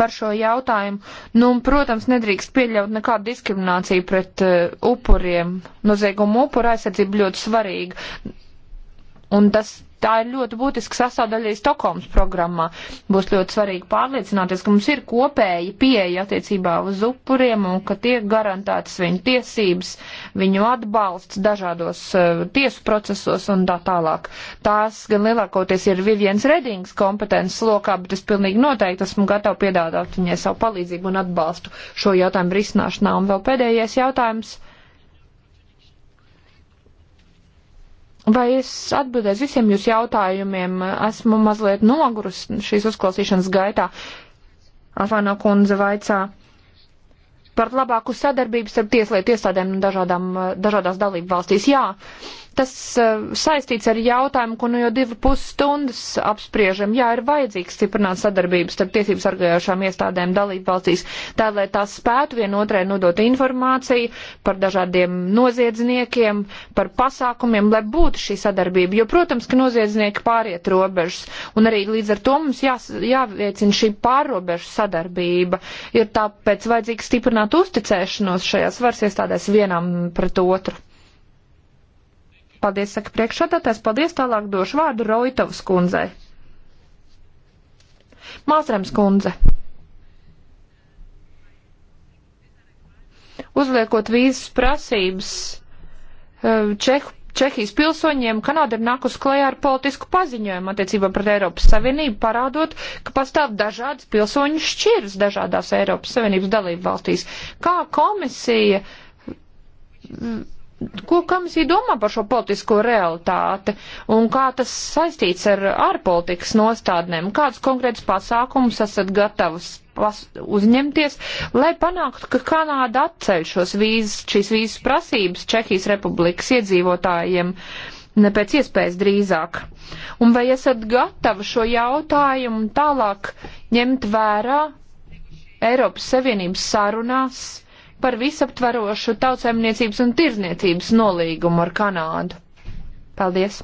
[SPEAKER 3] par šo jautājumu. Nu, un, protams, nedrīkst pieļaut nekādu diskrimināciju pret uh, upuriem. Nozieguma upura aizsardzība ļoti svarīga. Un tas tā ir ļoti būtiska sastāvdaļa Stokholmas programmā. Būs ļoti svarīgi pārliecināties, ka mums ir kopēji pieeja attiecībā uz upuriem un ka tiek garantētas viņu tiesības, viņu atbalsts dažādos uh, tiesu procesos un tā tālāk. Tās gan lielākoties ir Vivienas Redings kompetences lokā, bet es pilnīgi noteikti esmu gatava piedāvāt viņai savu palīdzību un atbalstu šo jautājumu risināšanā. Un vēl pēdējais jautājums. Uh, Vai es atbildēšu visiem jūsu jautājumiem? Esmu mazliet nogurus šīs uzklausīšanas gaitā. Afāna kundze vaicā par labāku sadarbību starp tieslietu iestādēm dažādām, dažādās dalību valstīs. Jā, uh, Tas uh, saistīts ar jautājumu, ko nu jau divu pusstundas apspriežam. Jā, ir vajadzīgs stiprināt sadarbības starp tiesības argājošām iestādēm dalību valstīs, tā lai tās spētu vienotrai nodot informāciju par dažādiem noziedzniekiem, par pasākumiem, lai būtu šī sadarbība. Jo, protams, ka noziedznieki pāriet robežas, un arī līdz ar to mums jā, jāveicina šī pārrobežu sadarbība. Ir tāpēc vajadzīgs stiprināt uzticēšanos šajās varas iestādēs vienam pret otru. Paldies, saka priekšsādātājs. Paldies, tālāk došu vārdu Roitovas kundzei. Māsrems kundze. Uzliekot vīzas prasības eh, Čehu Čehijas pilsoņiem Kanāda ir nākus klajā ar politisku paziņojumu attiecībā pret Eiropas Savienību, parādot, ka pastāv dažādas pilsoņu šķiras dažādās Eiropas Savienības dalību valstīs. Kā komisija ko komisija domā par šo politisko realitāti un kā tas saistīts ar ārpolitikas nostādnēm? Kādus konkrētus pasākumus esat gatavs uzņemties, lai panāktu, ka Kanāda atceļ šos vīzes, šīs vīzes prasības Čehijas republikas iedzīvotājiem? Ne pēc iespējas drīzāk. Un vai esat gatavi šo jautājumu tālāk ņemt vērā Eiropas Savienības sarunās par visaptvarošu tautsēmniecības un tirzniecības nolīgumu ar Kanādu. Paldies.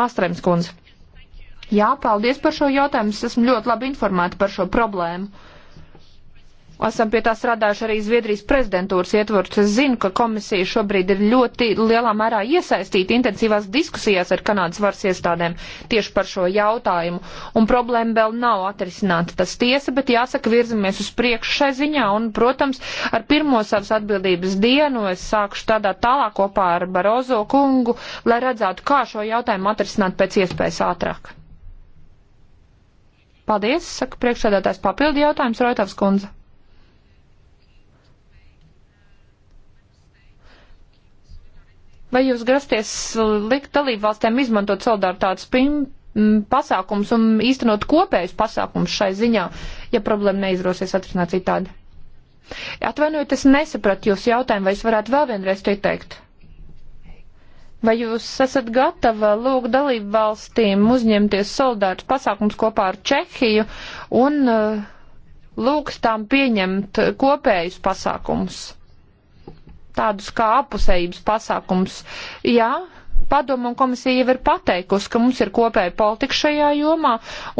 [SPEAKER 3] Māstrēms kundze. Jā, paldies par šo jautājumu. Es esmu ļoti labi informēta par šo problēmu. Esam pie tā strādājuši arī Zviedrijas prezidentūras ietvaros. Es zinu, ka komisija šobrīd ir ļoti lielā mērā iesaistīta intensīvās diskusijās ar Kanādas varas iestādēm tieši par šo jautājumu. Un problēma vēl nav atrisināta. Tas tiesa, bet jāsaka, virzamies uz priekšu šai ziņā. Un, protams, ar pirmo savas atbildības dienu es sākušu tādā tālāk kopā ar Barozo kungu, lai redzētu, kā šo jautājumu atrisināt pēc iespējas ātrāk. Paldies, saka priekšsēdētājs papildi jautājums Roitovs kundze. Vai jūs grasties likt dalībvalstēm izmantot solidaritātes pasākums un īstenot kopējus pasākums šai ziņā, ja problēma neizrosies atrisināt citādi? Atvainojiet, es nesapratu jūsu jautājumu, vai es varētu vēl vienreiz to teikt? Vai jūs esat gatava lūgt dalību valstīm uzņemties soldātus pasākums kopā ar Čehiju un uh, lūgst tām pieņemt kopējus pasākumus? tādus kā apusējības pasākums. Jā, padomu un komisija jau ir pateikusi, ka mums ir kopēja politika šajā jomā,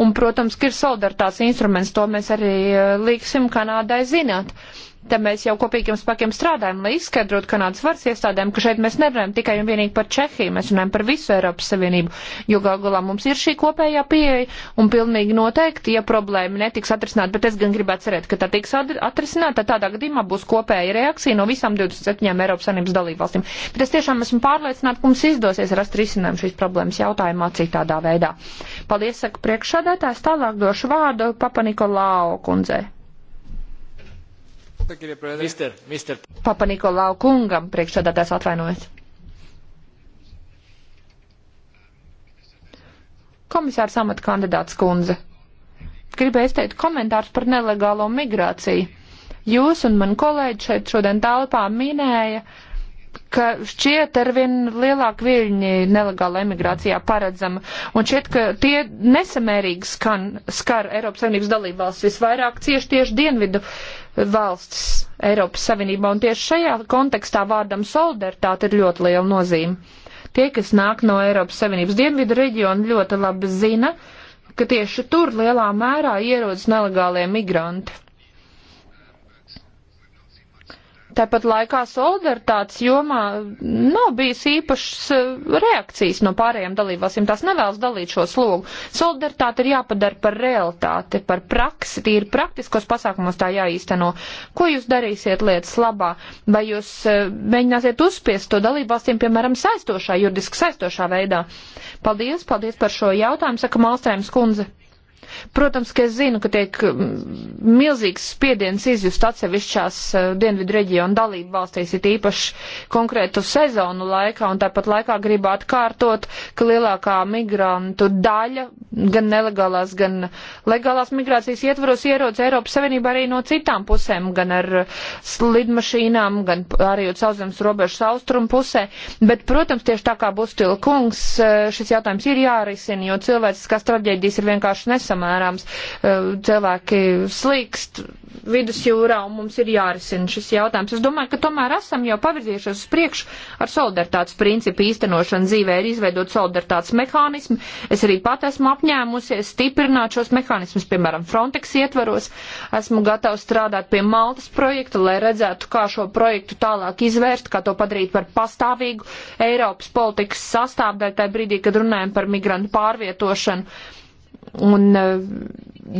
[SPEAKER 3] un, protams, ka ir solidaritātes instruments, to mēs arī eh, liksim Kanādai zināt. Uh, Te mēs jau kopīgiem spēkiem strādājam, lai izskaidrotu Kanādas varas iestādēm, ka šeit mēs nerunājam tikai un vienīgi par Čehiju, mēs runājam par visu Eiropas Savienību, jo gal galā mums ir šī kopējā pieeja un pilnīgi noteikti, ja problēma netiks atrisināt, bet es gan gribētu cerēt, ka tā tiks atrisināt, tad tādā gadījumā būs kopēja reakcija no visām 27 Eiropas Savienības dalībvalstīm. Bet es tiešām esmu pārliecināta, ka mums izdosies rast risinājumu šīs problēmas jautājumā citādā veidā. Paldies, saka priekšādētājs, tālāk došu vārdu Papa Nikolau kundzei.
[SPEAKER 1] Mister, mister.
[SPEAKER 3] Papa Nikolau kungam priekšsēdētājs atvainojas. Komisārs amata kandidāts kundze. Gribēju izteikt komentārus par nelegālo migrāciju. Jūs un man kolēģi šeit šodien telpā minēja, ka šķiet arvien lielāka viļņi nelegāla emigrācijā paredzama, un šķiet, ka tie nesamērīgi skan, skar Eiropas Savienības dalībvalsts visvairāk cieši tieši dienvidu valstis Eiropas Savienībā, un tieši šajā kontekstā vārdam solidaritāte ir ļoti liela nozīme. Tie, kas nāk no Eiropas Savienības dienvidu reģiona, ļoti labi zina, ka tieši tur lielā mērā ierodas nelegālie migranti. Tāpat laikā solidaritātes jomā nav bijis īpašas eh, reakcijas no pārējām dalībvalstīm. Tās nevēlas dalīt šo slogu. Solidaritāte ir jāpadara par realitāti, par praksi, tīri praktiskos pasākumos tā jāīsteno. Ko jūs darīsiet lietas labā? Vai jūs eh, mēģināsiet uzspiest to dalībvalstīm, piemēram, saistošā, juridiski saistošā veidā? Paldies, paldies par šo jautājumu, saka Malstrēms kundze. Protams, ka es zinu, ka tiek milzīgs spiediens izjust atsevišķās e, dienvidu reģionu dalību valstīs, it īpaši konkrētu sezonu laikā, un tāpat laikā gribu atkārtot, ka lielākā migrantu daļa, gan nelegālās, gan legālās migrācijas ietvaros ierodas Eiropas Savienībā arī no citām pusēm, gan ar slidmašīnām, e, gan arī uz sauszemes robežas austrumu pusē, bet, protams, tieši tā kā būs tilkungs, e, šis jautājums ir jārisina, jo cilvēciskās traģēdijas ir vienkārši nesamērīgas nesamērāms. Eh, cilvēki slīkst vidusjūrā un mums ir jārisina šis jautājums. Es domāju, ka tomēr esam jau pavirzījušies uz priekšu ar solidaritātes principu īstenošanu dzīvē, ir izveidot solidaritātes mehānismu. Es arī pat esmu apņēmusies stiprināt šos mehānismus, piemēram, Frontex ietvaros. Esmu gatavs strādāt pie Maltas projekta, lai redzētu, kā šo projektu tālāk izvērst, kā to padarīt par pastāvīgu Eiropas politikas sastāvdaļu tajā brīdī, kad runājam par migrantu pārvietošanu Un eh,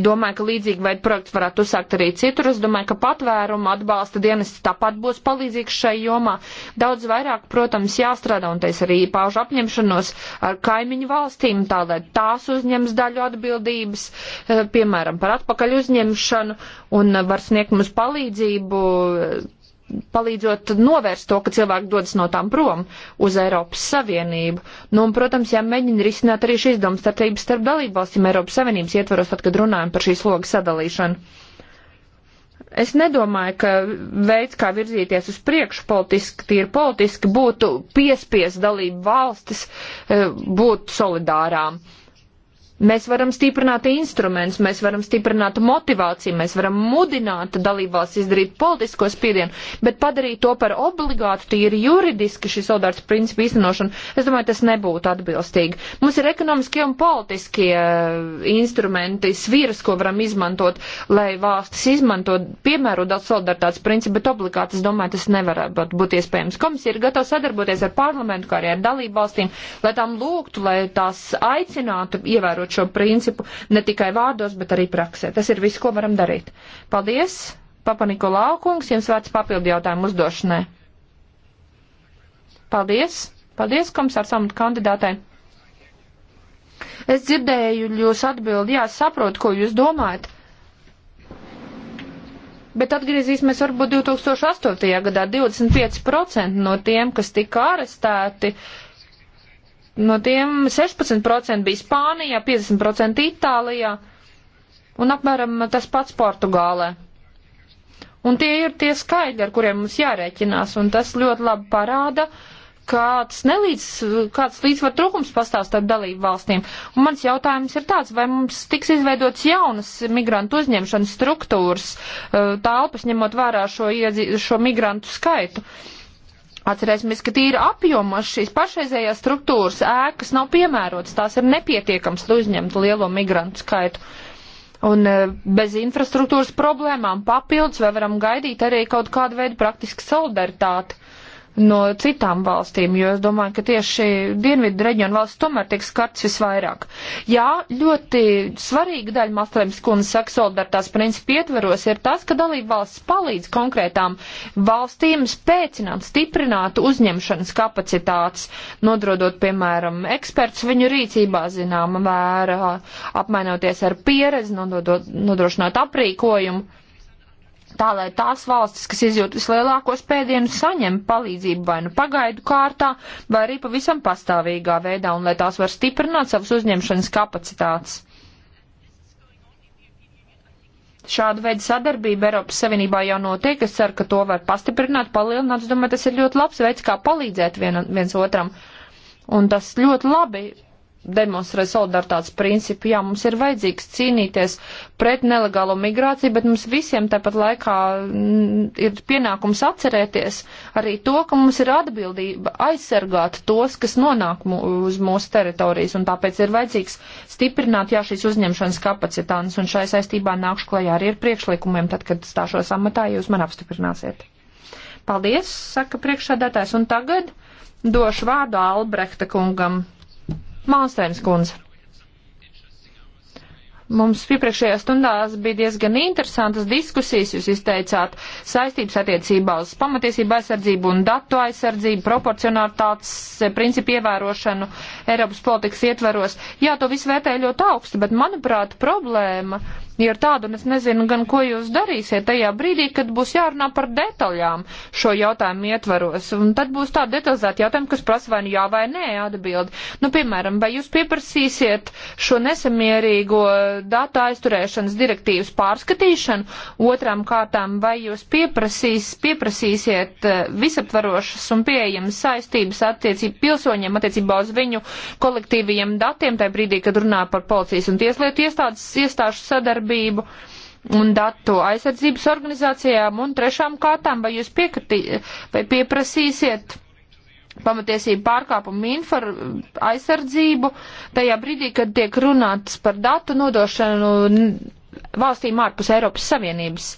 [SPEAKER 3] domāju, ka līdzīgi veidu projekts varētu uzsākt arī citur. Es domāju, ka patvēruma atbalsta dienas tāpat būs palīdzīgs šai jomā. Daudz vairāk, protams, jāstrādā, un es arī paužu apņemšanos ar kaimiņu valstīm, tā lai tās uzņems daļu atbildības, eh, piemēram, par atpakaļ uzņemšanu, un eh, var sniegt mums palīdzību palīdzot novērst to, ka cilvēki dodas no tām prom uz Eiropas Savienību. Nu, un, protams, jāmēģina risināt arī šīs domstarpības starp dalībvalstīm Eiropas Savienības ietvaros, tad, kad runājam par šīs logas sadalīšanu. Es nedomāju, ka veids, kā virzīties uz priekšu politiski, tīri politiski, būtu piespies dalību valstis eh, būt solidārām. Uh, Mēs varam stiprināt instrumentus, mēs varam stiprināt motivāciju, mēs varam mudināt dalībvalsts izdarīt politisko spiedienu, bet padarīt to par obligātu, tīri juridiski šis odārts principu īstenošanu, es domāju, tas nebūtu atbilstīgi. Mums ir ekonomiskie un politiskie eh, instrumenti, sviras, ko varam izmantot, lai valstis izmanto, piemērot solidaritātes principu, bet obligāti, es domāju, tas nevarētu būt iespējams. Komisija ir gatava sadarboties ar parlamentu, kā arī ar dalībvalstīm, lai tām lūgtu, lai tās aicinātu ievērot ievērot šo principu ne tikai vārdos, bet arī praksē. Tas ir viss, ko varam darīt. Paldies, Papa Nikolau kungs, jums vārds papildu jautājumu uzdošanai. Paldies, paldies komisārs amatu kandidātai. Es dzirdēju jūs atbildi, jā, saprotu, ko jūs domājat. Bet atgriezīsimies varbūt 2008. gadā. 25% no tiem, kas tika arestēti, uh, no tiem 16% bija Spānijā, 50% Itālijā un apmēram tas pats Portugālē. Un tie ir tie skaidri, ar kuriem mums jārēķinās, un tas ļoti labi parāda, kāds, nelīdz, kāds līdzvar trūkums pastāv starp dalību valstīm. Un mans jautājums ir tāds, vai mums tiks izveidots jaunas migrantu uzņemšanas struktūras, uh, tālpas ņemot vērā šo, iedzi, šo migrantu skaitu. Uh, Atcerēsimies, ka tīra apjomos šīs pašreizējās struktūras ēkas nav piemērotas, tās ir nepietiekams, lai uzņemtu lielo migrantu skaitu. Un e, bez infrastruktūras problēmām papildus vai varam gaidīt arī kaut kādu veidu praktisku solidaritāti no citām valstīm, jo es domāju, ka tieši dienvidu reģionu valsts tomēr tiek skarts visvairāk. Jā, ļoti svarīga daļa Maslēmas kundzes saka solidaritātes principu ietveros ir tas, ka dalība valsts palīdz konkrētām valstīm spēcināt, stiprināt uzņemšanas kapacitātes, nodrodot, piemēram, eksperts viņu rīcībā zināma mērā, apmainoties ar pieredzi, nododot, nodrošināt aprīkojumu tā lai tās valstis, kas izjūt vislielāko spēdienu, saņem palīdzību vai nu pagaidu kārtā, vai arī pavisam pastāvīgā veidā, un lai tās var stiprināt savas uzņemšanas kapacitātes. Šāda veida sadarbība Eiropas Savienībā jau notiek, es ceru, ka to var pastiprināt, palielināt, es domāju, tas ir ļoti labs veids, kā palīdzēt vien, viens otram. Un tas ļoti labi demonstrē solidaritātes principu. Jā, mums ir vajadzīgs cīnīties pret nelegālo migrāciju, bet mums visiem tāpat laikā mm, ir pienākums atcerēties arī to, ka mums ir atbildība aizsargāt tos, kas nonāk uz mūsu teritorijas, un tāpēc ir vajadzīgs stiprināt, jā, šīs uzņemšanas kapacitātes, un šai saistībā nākšu klajā arī ar priekšlikumiem, tad, kad stāšos amatā, jūs man apstiprināsiet. Paldies, saka priekšsādātājs, un tagad došu vārdu Albrehta kungam Mālstrēms kundze. Mums iepriekšējā stundās bija diezgan interesantas diskusijas. Jūs izteicāt saistības attiecībā uz pamatiesību aizsardzību un datu aizsardzību, proporcionalitātes eh, principu ievērošanu Eiropas politikas ietvaros. Jā, to visu vērtēju ļoti augstu, bet manuprāt problēma ir tāda, un es nezinu gan, ko jūs darīsiet tajā brīdī, kad būs jārunā par detaļām šo jautājumu ietvaros. Un tad būs tā detalizēta jautājuma, kas prasa vai nu jā vai nē atbildi. Nu, piemēram, vai jūs pieprasīsiet šo nesamierīgo datu aizturēšanas direktīvas pārskatīšanu, otrām kārtām, vai jūs pieprasīs, pieprasīsiet eh, visaptvarošas un pieejamas saistības attiecību pilsoņiem attiecībā uz viņu kolektīvajiem datiem, tajā brīdī, kad runā par policijas un tieslietu iestādes iestāžu sadarbību sadarbību un datu aizsardzības organizācijām un trešām kārtām, vai jūs piekritī, vai pieprasīsiet pamatiesību pārkāpumu infar aizsardzību tajā brīdī, kad tiek runāts par datu nodošanu valstīm ārpus Eiropas Savienības.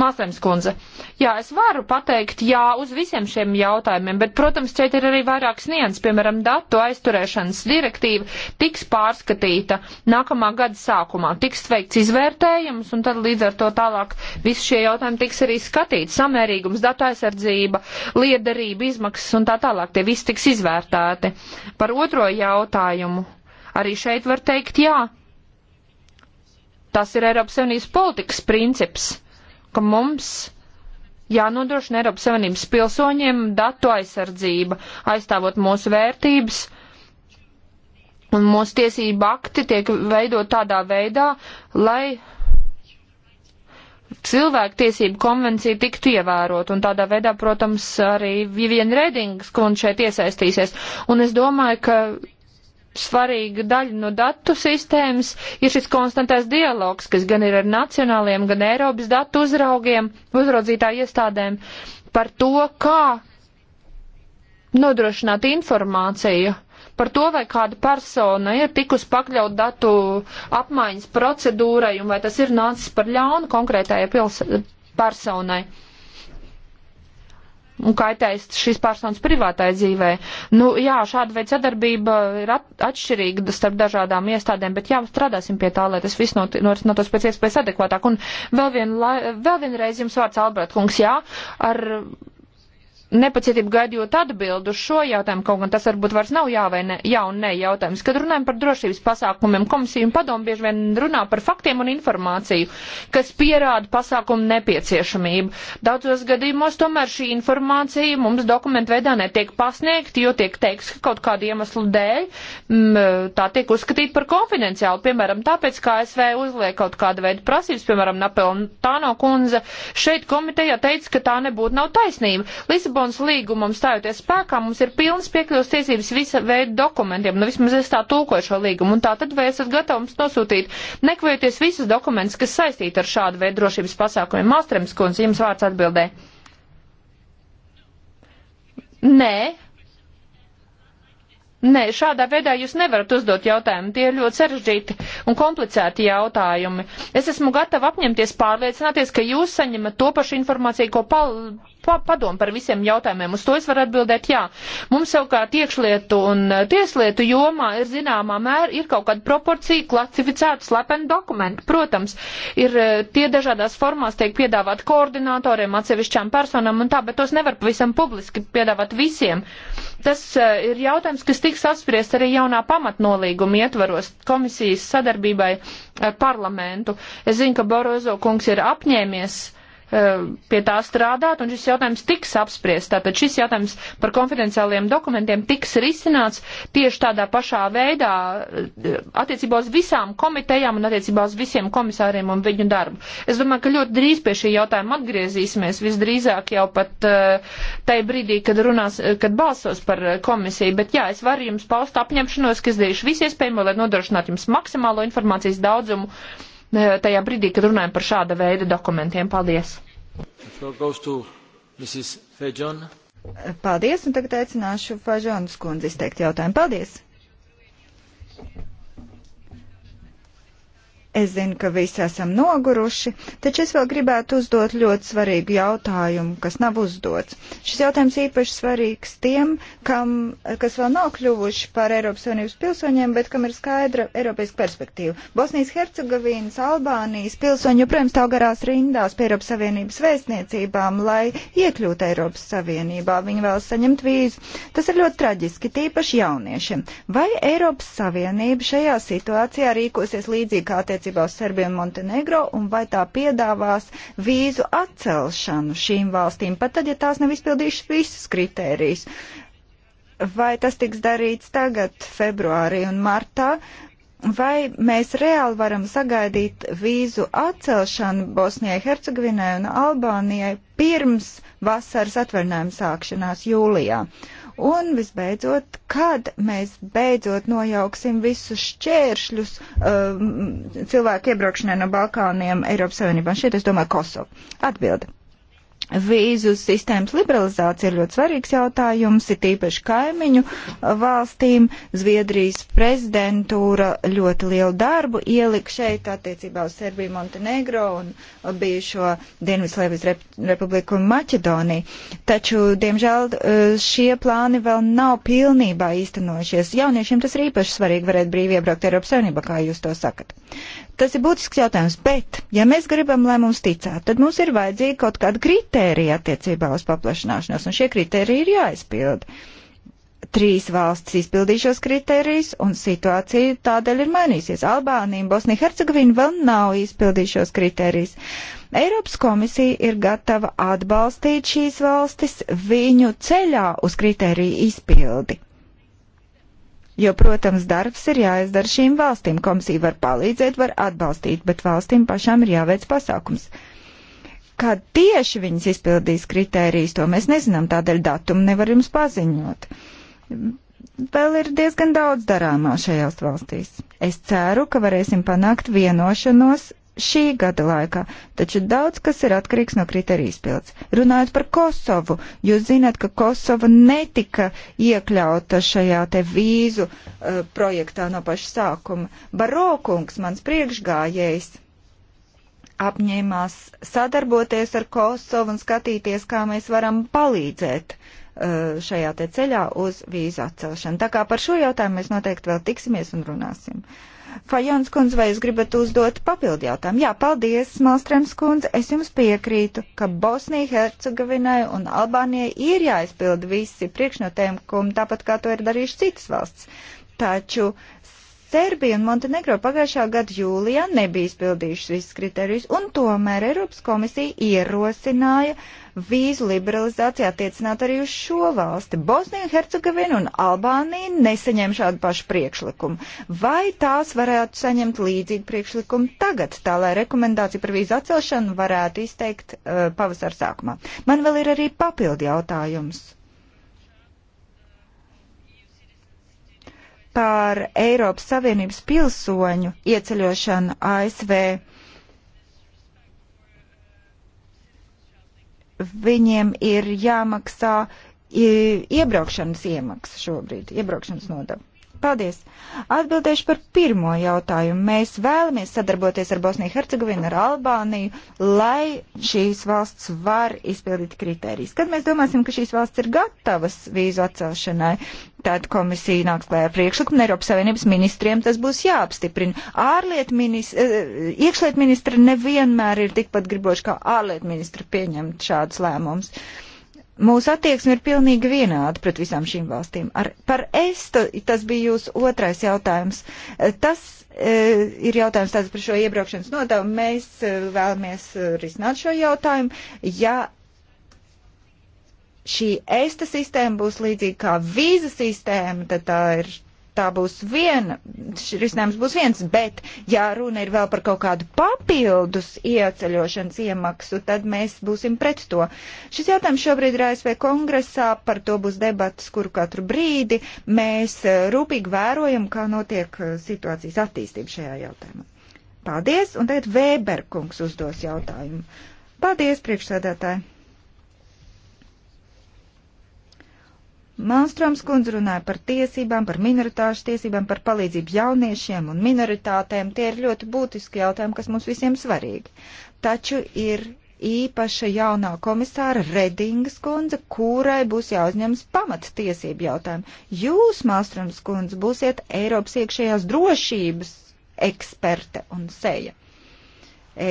[SPEAKER 3] Māsaims kundze, jā, es varu pateikt jā uz visiem šiem jautājumiem, bet, protams, šeit ir arī vairāks nians, piemēram, datu aizturēšanas direktīva tiks pārskatīta nākamā gada sākumā, tiks veikts izvērtējums, un tad līdz ar to tālāk visi šie jautājumi tiks arī skatīti, samērīgums, datu aizsardzība, liederība, izmaksas un tā tālāk, tie visi tiks izvērtēti. Par otro jautājumu arī šeit var teikt jā. Tas ir Eiropas Savienības politikas princips ka mums jānodrošina Eiropas Savienības pilsoņiem datu aizsardzība, aizstāvot mūsu vērtības. Un mūsu tiesība akti tiek veidot tādā veidā, lai cilvēktiesību konvencija tiktu ievērot, un tādā veidā, protams, arī Vivian Redings kundze šeit iesaistīsies. Un es domāju, ka svarīga daļa no datu sistēmas ir šis konstantais dialogs, kas gan ir ar nacionāliem, gan Eiropas datu uzraugiem, uzraudzītāju iestādēm par to, kā nodrošināt informāciju par to, vai kāda persona ir tikus pakļaut datu apmaiņas procedūrai un vai tas ir nācis par ļaunu konkrētajai personai un kaitēs šīs personas privātai dzīvē. Nu, jā, šāda veida sadarbība ir at, atšķirīga starp dažādām iestādēm, bet jā, strādāsim pie tā, lai tas viss not, notos pēc iespējas adekvātāk. Un vēl, vien, lai, vēl vienreiz jums vārds, Albert kungs, jā, ar nepacietību gaidot atbildu uz šo jautājumu, kaut gan tas varbūt vairs nav jā vai ne, jā un nē jautājums. Kad runājam par drošības pasākumiem, komisija un padomu bieži vien runā par faktiem un informāciju, kas pierāda pasākumu nepieciešamību. Daudzos gadījumos tomēr šī informācija mums dokumentu veidā netiek pasniegta, jo tiek teiks, ka kaut kādu iemeslu dēļ m, mm, tā tiek uzskatīta par konfidenciālu. Piemēram, tāpēc, ka ASV uzliek kaut kādu veidu prasības, piemēram, Napelnāno kundze šeit komitejā teica, ka tā nebūtu nav taisnība. Lisabon Lisabonas līgumam stājoties spēkā, mums ir pilnas piekļuvas tiesības visa veida dokumentiem, nu vismaz es tā tulkoju šo līgumu, un tā tad vai esat gatavs nosūtīt, nekvējoties visus dokumentus, kas saistīti ar šādu veidu drošības pasākumiem. Māstrēms kundze, jums vārds atbildē. Nē. Nē, šādā veidā jūs nevarat uzdot jautājumu. Tie ir ļoti sarežģīti un komplicēti jautājumi. Es esmu gatava apņemties pārliecināties, ka jūs saņemat to pašu informāciju, ko pal pa, padomu par visiem jautājumiem. Uz to es varu atbildēt jā. Mums savukārt iekšlietu un e, tieslietu jomā ir zināmā mēra, ir kaut kāda proporcija klasificēta slepeni dokumenti. Protams, ir e, tie dažādās formās tiek piedāvāt koordinatoriem, atsevišķām personām un tā, bet tos nevar pavisam publiski piedāvāt visiem. Tas e, ir jautājums, kas tiks apspriest arī jaunā pamatnolīguma ietvaros komisijas sadarbībai ar parlamentu. Es zinu, ka Borozo kungs ir apņēmies uh, Eh, pie tā strādāt, un šis jautājums tiks apspriests. Tātad šis jautājums par konfidenciāliem dokumentiem tiks risināts tieši tādā pašā veidā eh, attiecībā uz visām komitejām un attiecībā uz visiem komisāriem un viņu darbu. Es domāju, ka ļoti drīz pie šī jautājuma atgriezīsimies, visdrīzāk jau pat eh, tai brīdī, kad, runās, kad balsos par komisiju, bet jā, es varu jums paust apņemšanos, ka es darīšu visu iespējamo, lai nodrošinātu jums maksimālo informācijas daudzumu tajā brīdī, kad runājam par šāda veida dokumentiem. Paldies!
[SPEAKER 1] Paldies, un tagad aicināšu Fažonas kundzi izteikt jautājumu. Paldies! Es zinu, ka visi esam noguruši, taču es vēl gribētu uzdot ļoti svarīgu jautājumu, kas nav uzdots. Šis jautājums īpaši svarīgs tiem, kam, kas vēl nav kļuvuši par Eiropas Savienības pilsoņiem, bet kam ir skaidra Eiropas perspektīva. Bosnijas Hercegovīnas, Albānijas pilsoņi joprojām stāv garās rindās pie Eiropas Savienības vēstniecībām, lai iekļūtu Eiropas Savienībā. Viņi vēl saņemt vīzu. Tas ir ļoti traģiski, tīpaši jauniešiem. Vai Eiropas Savienība šajā situācijā rīkosies līdzīgi kā attiecībā? attiecībā uz Serbiju un Montenegro, un vai tā piedāvās vīzu atcelšanu šīm valstīm, pat tad, ja tās nav izpildījušas visus kritērijus. Vai tas tiks darīts tagad, februārī un martā, vai mēs reāli varam sagaidīt vīzu atcelšanu Bosnijai, Hercegovinai un Albānijai pirms vasaras atvaļinājuma sākšanās jūlijā? Uh, Un visbeidzot, kad mēs beidzot nojauksim visus šķēršļus um, cilvēku iebraukšanai no Balkāniem Eiropas Savienībā? Šeit es domāju Kosovu. Atbildi. Vīzu sistēmas liberalizācija ir ļoti svarīgs jautājums, ir tīpaši kaimiņu valstīm. Zviedrijas prezidentūra ļoti lielu darbu ielika šeit attiecībā uz Serbiju, Montenegro un bijušo Dienvidslēvijas rep republiku un Maķedoniju. Taču, diemžēl, šie plāni vēl nav pilnībā īstenojušies. Jauniešiem tas ir īpaši svarīgi varēt brīvi iebraukt Eiropas Savienībā, kā jūs to sakat tas ir būtisks jautājums, bet, ja mēs gribam, lai mums ticētu, tad mums ir vajadzīgi kaut kāda kritērija attiecībā uz paplašināšanos, un šie kritēriji ir jāizpilda. Trīs valstis izpildīja šos kritērijus, un situācija tādēļ ir mainīsies. Albānija, Bosnija, Hercegovina vēl nav izpildījušos šos kritērijus. Eiropas komisija ir gatava atbalstīt šīs valstis viņu ceļā uz kritēriju izpildi. Jo, protams, darbs ir jāizdara šīm valstīm. Komisija var palīdzēt, var atbalstīt, bet valstīm pašām ir jāveic pasākums. Kā tieši viņas izpildīs kritērijas, to mēs nezinām, tādēļ datumu nevar jums paziņot. Vēl ir diezgan daudz darāmā šajās valstīs. Es ceru, ka varēsim panākt vienošanos šī gada laikā, taču daudz kas ir atkarīgs no kriterijas pilds. Runājot par Kosovu, jūs zināt, ka Kosova netika iekļauta šajā te vīzu uh, projektā no paša sākuma. Barokungs, mans priekšgājējs, apņēmās sadarboties ar Kosovu un skatīties, kā mēs varam palīdzēt uh, šajā te ceļā uz vīzu atcelšanu. Tā kā par šo jautājumu mēs noteikti vēl tiksimies un runāsim. Uh, Fajons kundze, vai jūs gribat uzdot papildu jautājumu? Jā, paldies, Malstrēms kundze. Es jums piekrītu, ka Bosnija, Hercegovinai un Albānijai ir jāizpilda visi priekšnoteikumi, tāpat kā to ir darījuši citas valsts. Taču Serbija un Montenegro pagājušā gada jūlijā nebija izpildījušas visas kriterijas, un tomēr Eiropas komisija ierosināja uh, vīzu liberalizācija attiecinātu arī uz šo valsti. Bosnija, Hercegovina un Albānija nesaņem šādu pašu priekšlikumu. Vai tās varētu saņemt līdzīgu priekšlikumu tagad, tā lai rekomendācija par vīzu atcelšanu varētu izteikt uh, pavasar sākumā? Man vēl ir arī papildi jautājums. par Eiropas Savienības pilsoņu ieceļošanu ASV. viņiem ir jāmaksā iebraukšanas iemaksa šobrīd, iebraukšanas nodeva. Paldies! Atbildēšu par pirmo jautājumu. Mēs vēlamies sadarboties ar Bosniju, Hercegovinu, ar Albāniju, lai šīs valsts var izpildīt kritērijas. Kad mēs domāsim, ka šīs valsts ir gatavas vīzu atcelšanai, tad komisija nāks klājā ar priekšlikumu, Eiropas Savienības ministriem tas būs jāapstiprina. Ārlietu ministra, eh, iekšlietu ministra nevienmēr ir tikpat griboši kā ārlietu ministra pieņemt šādus lēmumus. Uh, Mūsu attieksme ir pilnīgi vienāda pret visām šīm valstīm. Ar, par es, ta, tas bija jūsu otrais jautājums. E, tas e, ir jautājums tāds par šo iebraukšanas nodevu. Mēs e, vēlamies e, risināt šo jautājumu. Ja šī esta sistēma būs līdzīga kā vīza sistēma, tad tā ir tā būs viena, risinājums būs viens, bet ja runa ir vēl par kaut kādu papildus ieceļošanas iemaksu, tad mēs būsim pret to. Šis jautājums šobrīd ir ASV kongresā, par to būs debats, kuru katru brīdi mēs eh, rūpīgi vērojam, kā notiek eh, situācijas attīstība šajā jautājumā. Paldies, un tagad Vēberkungs uzdos jautājumu. Paldies, priekšsēdētāji! Mālstroms kundze runāja par tiesībām, par minoritāšu tiesībām, par palīdzību jauniešiem un minoritātēm. Tie ir ļoti būtiski jautājumi, kas mums visiem svarīgi. Taču ir īpaša jaunā komisāra Redingas kundze, kurai būs jāuzņems pamats tiesību jautājumu. Jūs, Mālstroms kundze, būsiet Eiropas iekšējās drošības eksperte un seja.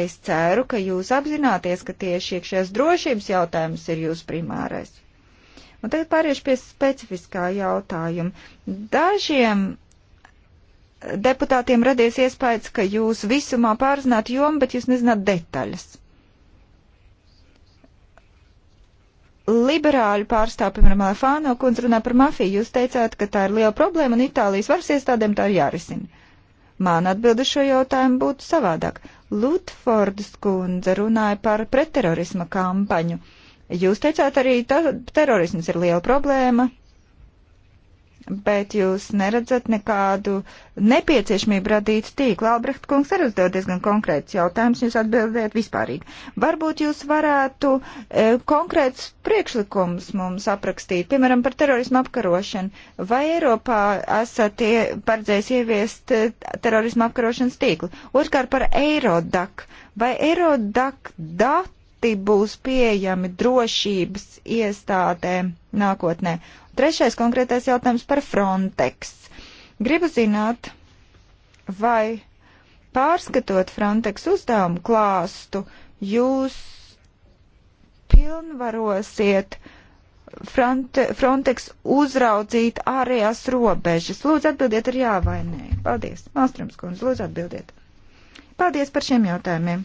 [SPEAKER 1] Es ceru, ka jūs apzināties, ka tieši iekšējās drošības jautājums ir jūsu primārais Un tagad pāriešu pie specifiskā jautājuma. Dažiem deputātiem radies iespējas, ka jūs visumā pārzināt jomu, bet jūs nezināt detaļas. Liberāļu pārstāv, piemēram, Alfāno kundze runā par mafiju. Jūs teicāt, ka tā ir liela problēma un Itālijas varas iestādēm tā ir jārisina. Māna atbildi šo jautājumu būtu savādāk. Lutfordas kundze runāja par pretterorisma kampaņu. Uh, Jūs teicāt arī, ta, terorisms ir liela problēma, bet jūs neredzat nekādu nepieciešamību radīt tīklu. Albrecht kungs arī uzdev diezgan konkrēts jautājums, jūs atbildējat vispārīgi. Varbūt jūs varētu e, konkrēts priekšlikums mums aprakstīt, piemēram, par terorismu apkarošanu. Vai Eiropā esat paredzējis ieviest e, terorismu apkarošanas tīklu? Otrkārt par Eirodak. Vai Eirodak datu? dati būs pieejami drošības iestādēm nākotnē. Trešais konkrētais jautājums par Frontex. Gribu zināt, vai pārskatot Frontex uzdevumu klāstu, jūs pilnvarosiet Fronte, Frontex uzraudzīt ārējās robežas. Lūdzu atbildiet ar jā vai nē. Paldies. Māstrums kundze, lūdzu atbildiet. Paldies par šiem jautājumiem.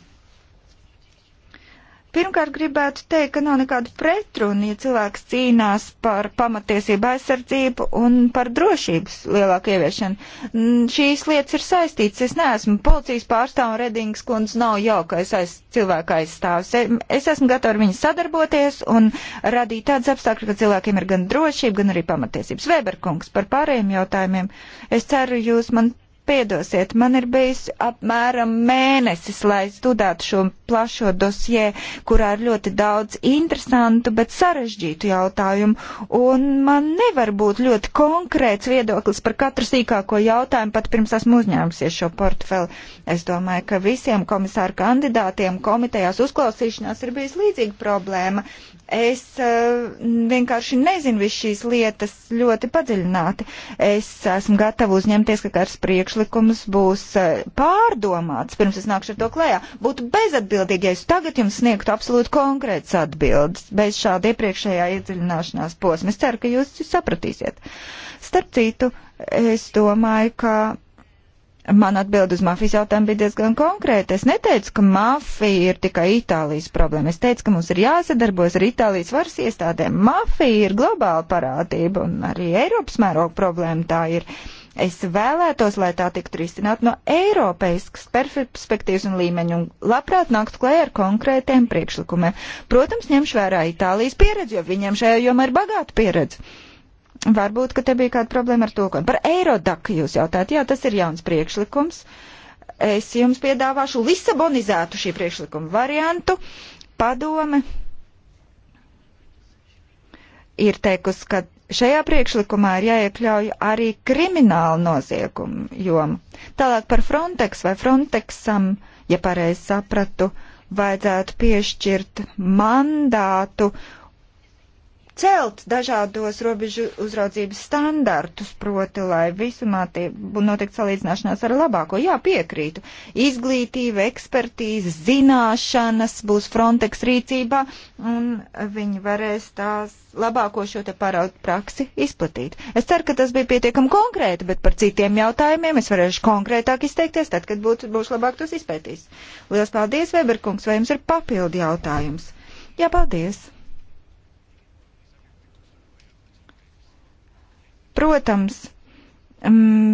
[SPEAKER 1] Pirmkārt, gribētu teikt, ka nav nekādu pretrunu, ja cilvēks cīnās par pamatiesību aizsardzību un par drošības lielāku ieviešanu. Mm, šīs lietas ir saistītas. Es neesmu policijas pārstāv un Redings kundze nav jaukais aiz, cilvēka aizstāvs. E, es esmu gatava ar viņu sadarboties un radīt tādas apstākļas, ka cilvēkiem ir gan drošība, gan arī pamatiesības. Vēberkungs par pārējiem jautājumiem. Es ceru, jūs man Piedosiet, man ir bijis apmēram mēnesis, lai studētu šo plašo dosjē, kurā ir ļoti daudz interesantu, bet sarežģītu jautājumu, un man nevar būt ļoti konkrēts viedoklis par katru sīkāko jautājumu, pat pirms esmu uzņēmusies šo portfeli. Es domāju, ka visiem komisāru kandidātiem komitejās uzklausīšanās ir bijis līdzīga problēma. Es uh, vienkārši nezinu visu šīs lietas ļoti padziļināti. Es esmu gatava uzņemties, ka kāds priekšlikums būs uh, pārdomāts, pirms es nākšu ar to klējā. Būtu bezatbildīgi, ja es tagad jums sniegtu absolūti konkrētas atbildes, bez šāda iepriekšējā iedziļināšanās posma. Es ceru, ka jūs sapratīsiet. Starp citu, es domāju, ka Man atbild uz mafijas jautājumu bija diezgan konkrēta. Es neteicu, ka mafija ir tikai Itālijas problēma. Es teicu, ka mums ir jāsadarbojas ar Itālijas varas iestādēm. Mafija ir globāla parādība un arī Eiropas mēroga problēma tā ir. Es vēlētos, lai tā tiktu risināta no eiropeiskas perspektīvas un līmeņa un labprāt nāktu klē ar konkrētiem priekšlikumiem. Protams, ņemšu vērā Itālijas pieredzi, jo viņiem šajā jomā ir bagāta pieredze. Varbūt, ka te bija kāda problēma ar tulkojumu. Par Eirodaku jūs jautājat. Jā, tas ir jauns priekšlikums. Es jums piedāvāšu Lisabonizētu šī priekšlikuma variantu. Padome ir teikusi, ka šajā priekšlikumā ir jāiekļauj arī krimināla nozieguma joma. Tālāk par Frontex vai Frontexam, ja pareizi sapratu, vajadzētu piešķirt mandātu uh, celt dažādos robežu uzraudzības standartus, proti, lai visumā tie notiek salīdzināšanās ar labāko. Jā, piekrītu. Izglītība, ekspertīze, zināšanas būs Frontex rīcībā, un viņi varēs tās labāko šo te paraudu praksi izplatīt. Es ceru, ka tas bija pietiekami konkrēti, bet par citiem jautājumiem es varēšu konkrētāk izteikties tad, kad būtu, būšu labāk tos izpētījis. Lielas paldies, Weberkungs, vai jums ir papildi jautājums? Jā, paldies! Protams, mm,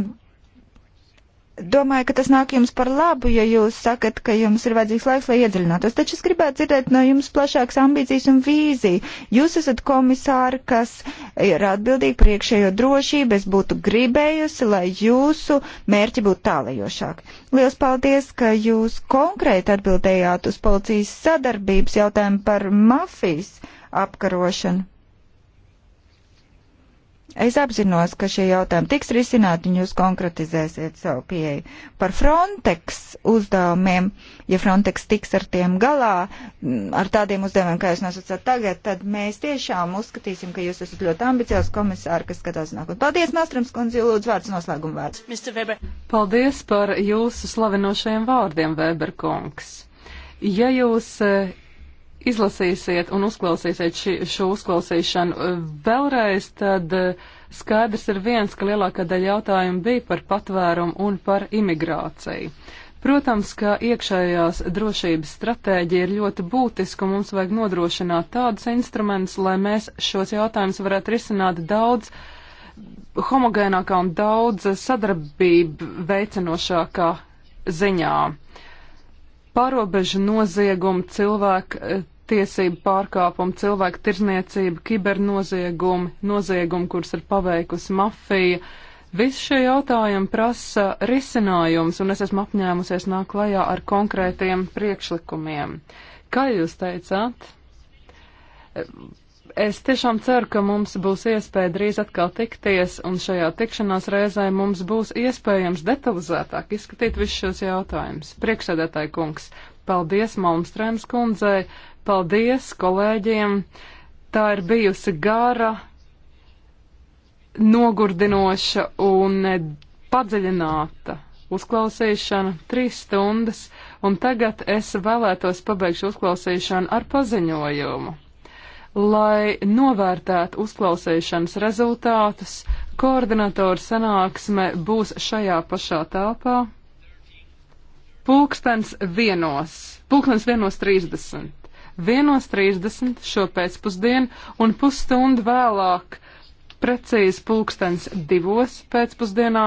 [SPEAKER 1] domāju, ka tas nāk jums par labu, ja jūs sakat, ka jums ir vajadzīgs laiks, lai iedziļinātos. Taču es gribētu dzirdēt no jums plašākas ambīcijas un vīziju. Jūs esat komisāri, kas ir atbildīgi par iekšējo drošību. Es būtu gribējusi, lai jūsu mērķi būtu tālajošāk. Lielas paldies, ka jūs konkrēti atbildējāt uz policijas sadarbības jautājumu par mafijas apkarošanu. Es apzinos, ka šie jautājumi tiks risināti un jūs konkretizēsiet savu pieeju. Par Frontex uzdevumiem, ja Frontex tiks ar tiem galā, ar tādiem uzdevumiem, kā jūs nosacāt tagad, tad mēs tiešām uzskatīsim, ka jūs esat ļoti ambiciozs komisāri, kas skatās nākotnē. Paldies, Nostrams kundze, lūdzu vārds noslēguma vārds.
[SPEAKER 2] Paldies par jūsu slavinošajiem vārdiem, Weber kungs. Ja jūs eh, izlasīsiet un uzklausīsiet ši, šo uzklausīšanu eh, vēlreiz, tad eh, skaidrs ir viens, ka lielākā daļa jautājumu bija par patvērumu un par imigrāciju. Protams, ka iekšējās drošības stratēģija ir ļoti būtiska, un mums vajag nodrošināt tādus instrumentus, lai mēs šos jautājumus varētu risināt daudz homogēnākā un daudz sadarbību veicinošākā ziņā. Pārobežu noziegumi, cilvēku eh, tiesību pārkāpumi, cilvēku tirzniecība, kibernoziegumi, noziegumi, kurus ir paveikusi mafija. Visi šie jautājumi prasa risinājums, un es esmu apņēmusies nāk klajā ar konkrētiem priekšlikumiem. Kā jūs teicāt? Es tiešām ceru, ka mums būs iespēja drīz atkal tikties, un šajā tikšanās reizē mums būs iespējams detalizētāk izskatīt visus šos jautājumus. Priekšsēdētāji kungs, paldies Malmstrēms kundzei, Paldies kolēģiem! Tā ir bijusi gara, nogurdinoša un padziļināta uzklausīšana, trīs stundas, un tagad es vēlētos pabeigšu uzklausīšanu ar paziņojumu. Lai novērtētu uzklausīšanas rezultātus, koordinatoru sanāksme būs šajā pašā telpā. Pulkstens vienos, pulkstens vienos trīsdesmit. 1.30 šo pēcpusdienu un pusstundu vēlāk, precīzi pulkstens divos pēcpusdienā,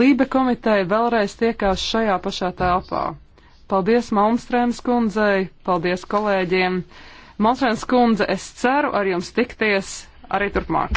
[SPEAKER 2] Lībe komiteja vēlreiz tiekās šajā pašā telpā. Paldies Malmstrēmas kundzei, paldies kolēģiem. Malmstrēmas kundze, es ceru ar jums tikties arī turpmāk.